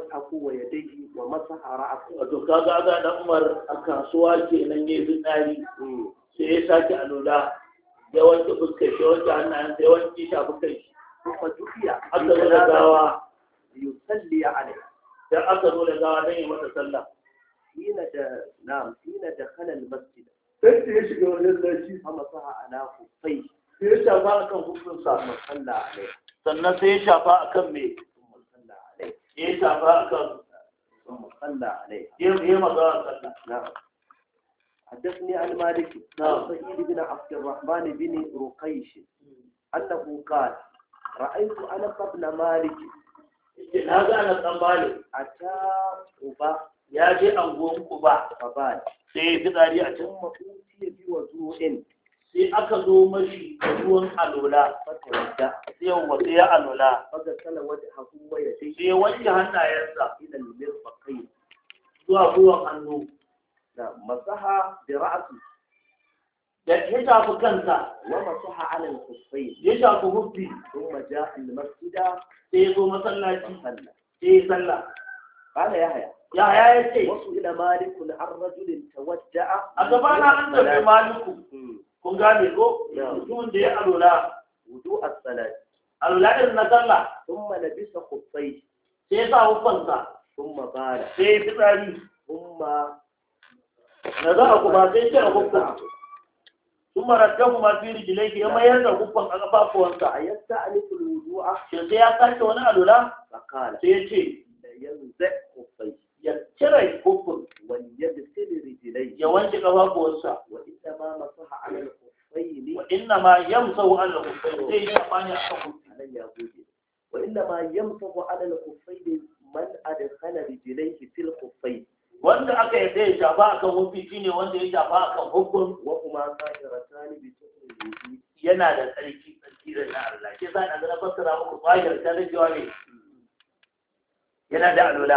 ya daki wa masu hawa a kowa. A doka gaga lambar a kasuwa ke nan ya yi fitsari sai ya saki a ya wanke fuskar shi wanke hannayen sai wanke shafukan shi kuma jufiya aka nuna gawa ya alai dan aka nuna gawa dan yi mata sallah hina da na'am hina da khalal masjid sai ya shiga wajen lashi amma a ana kufai sai ya shafa a akan hukun sa sallah alai sannan sai ya shafa a akan me sallah alai ya shafa a kan akan sallah alai ya yi maza sallah na'am حدثني عن مالك سعيد بن عبد الرحمن بن رقيش أنه قال رأيت أنا قبل مالك هذا أنس بن مالك أتى أبا يا جي أنقوم أبا فبال سي فضاري أتى ثم أوتي بوضوء sai aka zo mashi da ruwan alola sai yawa sai ya alola sai wanke hannayensa zuwa ruwan hannu da masaha da ra'su da ya shafi kanta wa masaha ala al-khuffayn ya shafi hubbi kuma ja'a al-masjida sai zo masallaci sallah sai sallah ya Ya قال يحيى wasu يسي وسئل مالك عن رجل تودع أتبعنا أنت maliku hmm. kun gane ko mutumin da ya alula wudu as-salat alula din na sallah thumma labisa khuffai sai ya sa hufansa kuma bala sai fitsari umma. da za a kuma sai ce a hukun sun maraddahu ma fi rijilai ya mayar da hukun a kafafuwansa a yasta alikul wudu'a sai ya sake wani alula sai ya ce da yanzu kufai ya cire hukun wani ya bisili rijilai ya wanke kafafuwansa wa inda ma masaha alal kufai wa inda ma yamsahu alal kufai sai ya bani a kan hukun وإنما يمسح على الخفين من أدخل رجليه في الخفين wanda aka yarda ya shafa akan hufi ne wanda ya shafa akan hukun wa kuma sa'iratani bi tafsiri yana da tsarki tsarki da na Allah ke sa na ga fassara muku fa'idar ta da jawabi yana da alula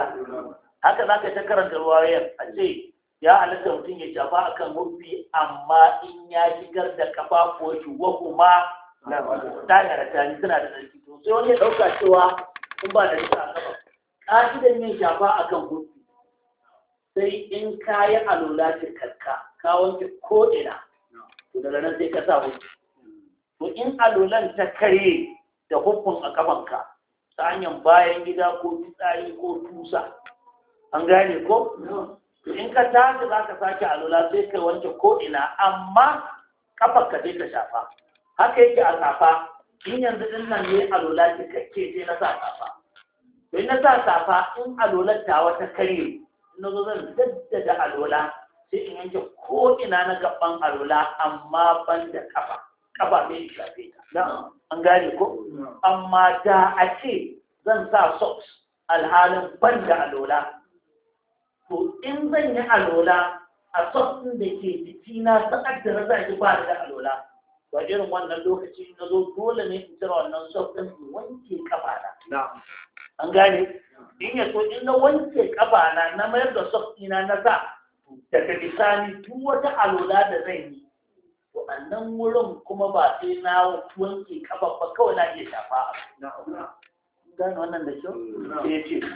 haka zaka ta karanta ruwayar a ce ya halatta mutum ya shafa akan hufi amma in ya shigar da kafafuwa shi wa kuma sa'iratani suna da tsarki to sai wani ya ɗauka cewa in ba da shi a kafa ka'idan yin shafa akan hufi sai in ka yi alula cikakka ka wanke ko'ina to daga nan sai ka sa hukun to in alulan ta kare da hukun a kafanka ta hanyar bayan gida ko fitsari ko tusa an gane ko To in ka tashi za ka sake alula sai ka wanke ko'ina amma kafarka sai ka shafa haka yake a safa in yanzu din nan ne alula cikakke sai na sa safa to in na sa safa in alular ta wata kare na zo zan daddada alola sai in yanke ko ina na gaban alola amma ban da kafa kafa mai shafe ta an gane ko amma da a ce zan sa socks alhalin ban da alola to in zan yi alola a socks ɗin da ke na sa'ad da na zaki ba da alola ba irin wannan lokaci na zo dole ne in cire wannan socks ɗin in wanke kafa na an gane in ya so in na wanke kafa na na mayar da soft na sa daga bisani tun wata alola da zai yi to a nan wurin kuma ba sai na wanke kafa ba kawai na iya shafa gane wannan da kyau mm, ya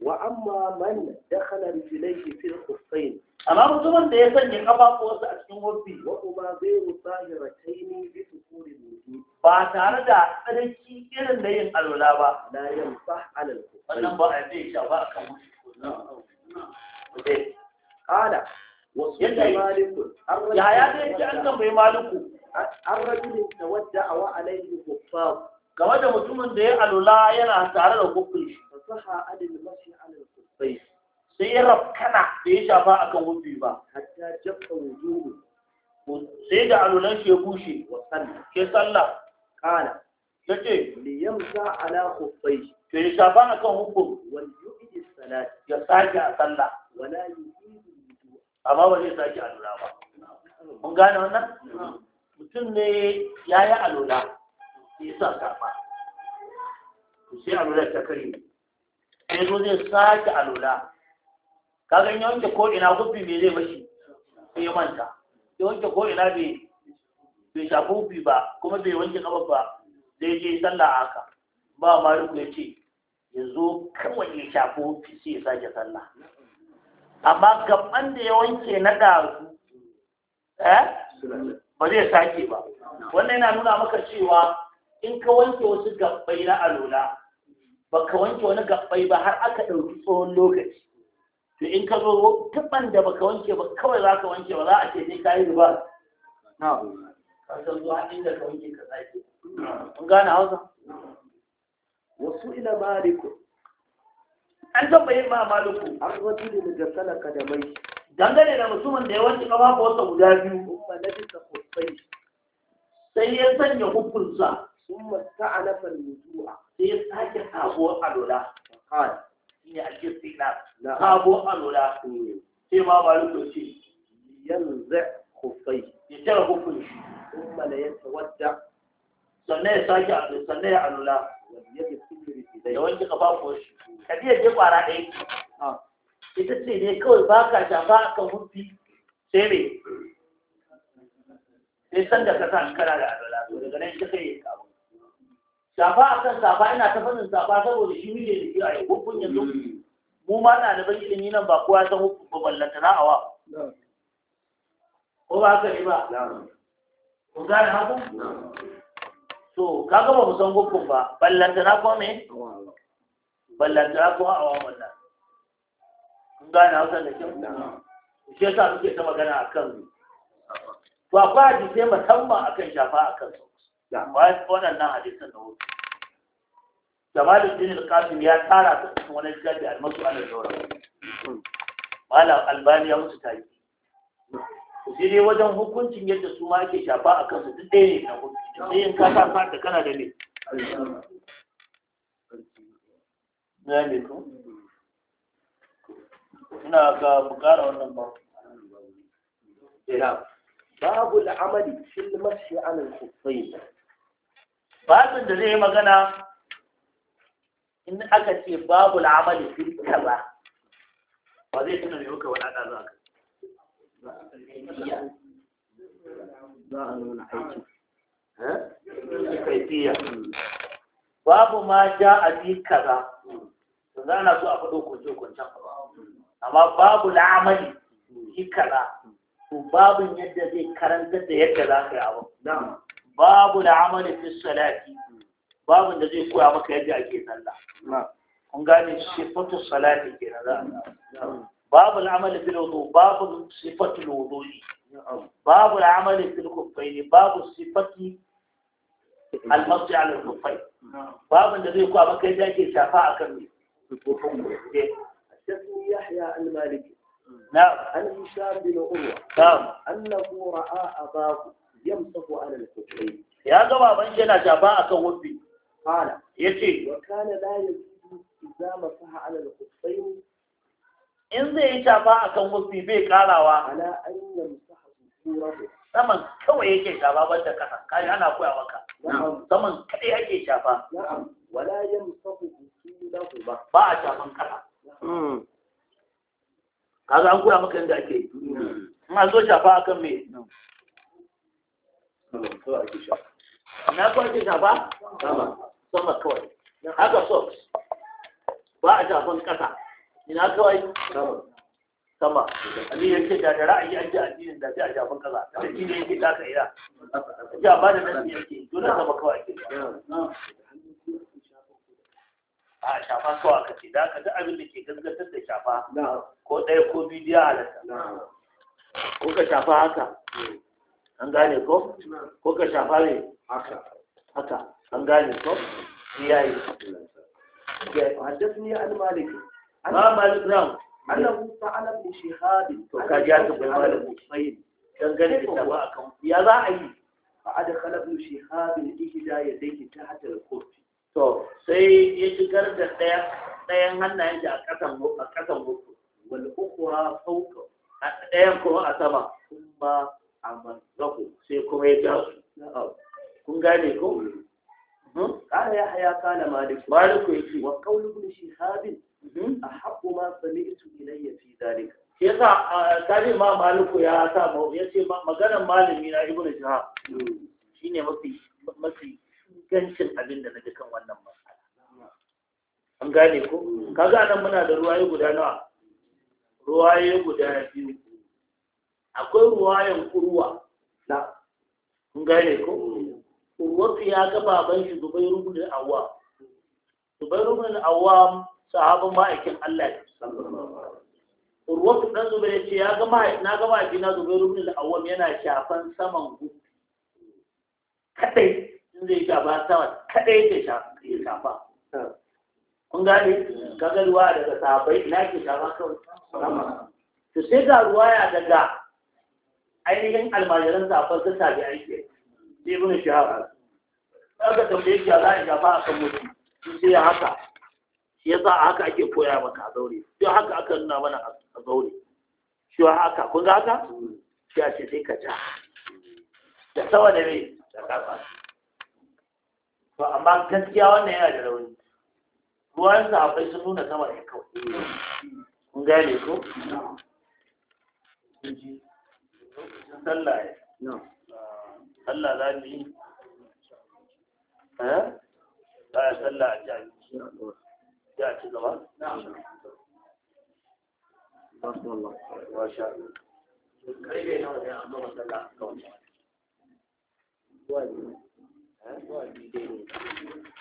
wa amma man dakhala rijlaihi fil khuffain amma mutumin da ya sanya kafafuwarsa a cikin hobbi wa kuma zairu tahirataini bi sukuri wudu ba tare da tsarki irin da yin alwala ba la yanfah ala al wannan ba a ce sha ba kan wuce kada wasu malikun ya ya dai ce an tambayi maliku an rajulin tawadda wa alaihi kuffar game da mutumin da ya alula yana tare da kuffin shi saha adil mashi ala kusai sai ya rafkana da ya shafa akan wumbi ba hatta jabba wujuhu sai da alunan shi ya bushe wa sallah ke sallah kana yace li yamsa ala kusai sai ya shafa akan wumbi wal yu'idi salat ya sake a sallah wala yu'idi amma ba zai sake alula ba mun gane wannan mutum ne ya yi alula ya sa karɓa sai alula ta kare sai zo zai sake alola kaga in ya wanke ko ina gubbi me zai mashi sai ya manta ya wanke ko ina bai bai shafi ba kuma bai wanke kafa ba zai je sallah haka ba ma riku ya ce ya zo kawai ya shafi gubbi sai ya sake sallah amma gaban da ya wanke na ɗazu eh ba zai sake ba wannan yana nuna maka cewa in ka wanke wasu gabbai na alola Ba ka wanke wani gabbai ba har aka ɗauki tsohon lokaci to in ka zo tuban da ba ka wanke ba kawai za ka wanke ba za a ce sai ka yi riba na ka san zuwa inda ka wanke ka tsaki kun gane hausa wasu ila maliku an tambaye ma maliku an rajulin daga salaka da mai dangane da musulman da ya wanke kafafuwarsa guda biyu kuma na bisa sai ya sanya hukunsa ثم استعنف الوضوء sai sake sabuwar alola kan shi ne ake tsina sabuwar alola sai ma ba rukun ce yanzu kufai ya tara hukun shi kuma da ya tawadda sannan ya sake alola sannan ya alola ya wanke kafafuwar shi kadiyar je kwara ɗaya ita ce ne kawai ba ka shafa akan hufi sai ne sai sanda ka sa kana da alola daga nan ita sai ya kawo safa a kan safa ina ta sanin safa saboda shi ne da shi a yi hukun yanzu mu ma na da ban ilimi nan ba kowa san hukun ba ballanta na awa ko ba haka ne ba ku gane haku to kaga ba mu san hukun ba ballanta na ko me ballanta na ko awa wanda. kun gane hausa da kyau shi yasa muke ta magana akan to akwai hadisai musamman akan shafa akan kansu da bayan waɗannan hadisan da wasu jamalin jini al-qasim ya tara ta cikin wani jami almasu ana zaura malam albani ya musu tari. ku sai dai wajen hukuncin yadda su ma ake shafa a kansu duk ɗaya ne na hukunci sai yin ka sa sa da kana da ne ina ga bukara wannan ba babu al'amali fil mashi ala al-khuffayn babin da zai magana in aka ce babu al'amali fi kaza ba zai tuna mai za ka za a nuna aiki eh? kaifiya babu ma ja a fi kaza za na so a faɗo kunce ba amma babu la'amali fi kaza babin yadda zai karanta da yadda za ka yi abu babu al'amal fi salati babu da zai koya maka yadda ake sallah kun gane sifatu salati ke za babu al'amal fi wudu babu sifatu wudu babu al'amal fi al babu sifati al-masjid ala al-kuffayn babu da zai koya maka yadda ake shafa akan يحيى المالكي نعم عن هشام بن عروه نعم انه راى اباه yamsahu ya ga baban shi yana shafa akan wubbi qala yace wa kana ala in zai yi shafa akan wubbi bai karawa ala an yamsahu surahu saman kawai yake shafa banda kasa kai ana koya maka saman kadai yake shafa wala ba ba a shafan kasa kaga an koya maka yadda ake yi in an zo shafa akan me kawai na kawai ake sha ba sama sama kawai haka so ba a shafan kasa ina kawai sama sama ali yake da da a yi ajiye ajiye da sai a shafan kasa da shi ne yake taka ira ja ba da nan yake dole sama kawai ake a shafa kawai aka ce da aka ga abin da ke gaskatar da shafa ko ɗaya ko bidiyo halatta ko ka shafa haka an gane ko ko ka shafa ne haka an gane ko yayi حدثني عن مالك ما malik ram annahu ta'ala bi شهاب to ka ji aka bai sai dan gane da ba akan ya za a yi fa adkhala bi shihab al-ihda yadayhi ta al kurti to sai ya shigar da daya dayan hannayen shi a kasan a kasan wal ukhra fawqa a dayan kuma a sama kuma amma zaku sai kuma ya ja su kun gane ko ya قال يحيى قال مالك مالك يجي وقول ابن شهاب أحب ma سمعت إلي في ذلك yasa kare ma maliku ya sa ya ce maganar malami na ibnu shahab shine mafi mafi gancin abin da naji kan wannan matsala an gane ko hmm. kaga nan muna da ruwaye guda nawa ruwaye guda biyu akwai ruwayen kurwa na gane ko kurwatu ya ga baban shi zubairu bin awwam zubairu bin awwam sahabin ma'aikin Allah kurwatu dan zubair ya ce ya ga ma'aikin na ga ma'aikin na zubairu bin awwam yana shafan saman gu kadai in zai shafa sama kadai ke shafa kun gane kaga ruwa daga sahabai na ke shafa kawai sama to sai ga ruwaya daga ainihin almajiran zafar ta tabi aiki sai ibn shahar aka tambaye shi za a shafa kan mutum sai ya haka shi a haka ake koya maka a zaure shi haka aka nuna mana a zaure shi haka kun ga haka shi a ce sai ka ja da sawa da mai da kafa to amma gaskiya wannan yana da rauni ruwan sahabbai sun nuna sama ne kawai kun gane ko lokacin sallah ya sallah za mu yi ba eh? ya sallah a ya ci gaba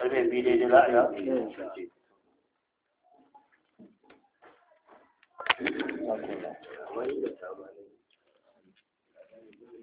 eh? bi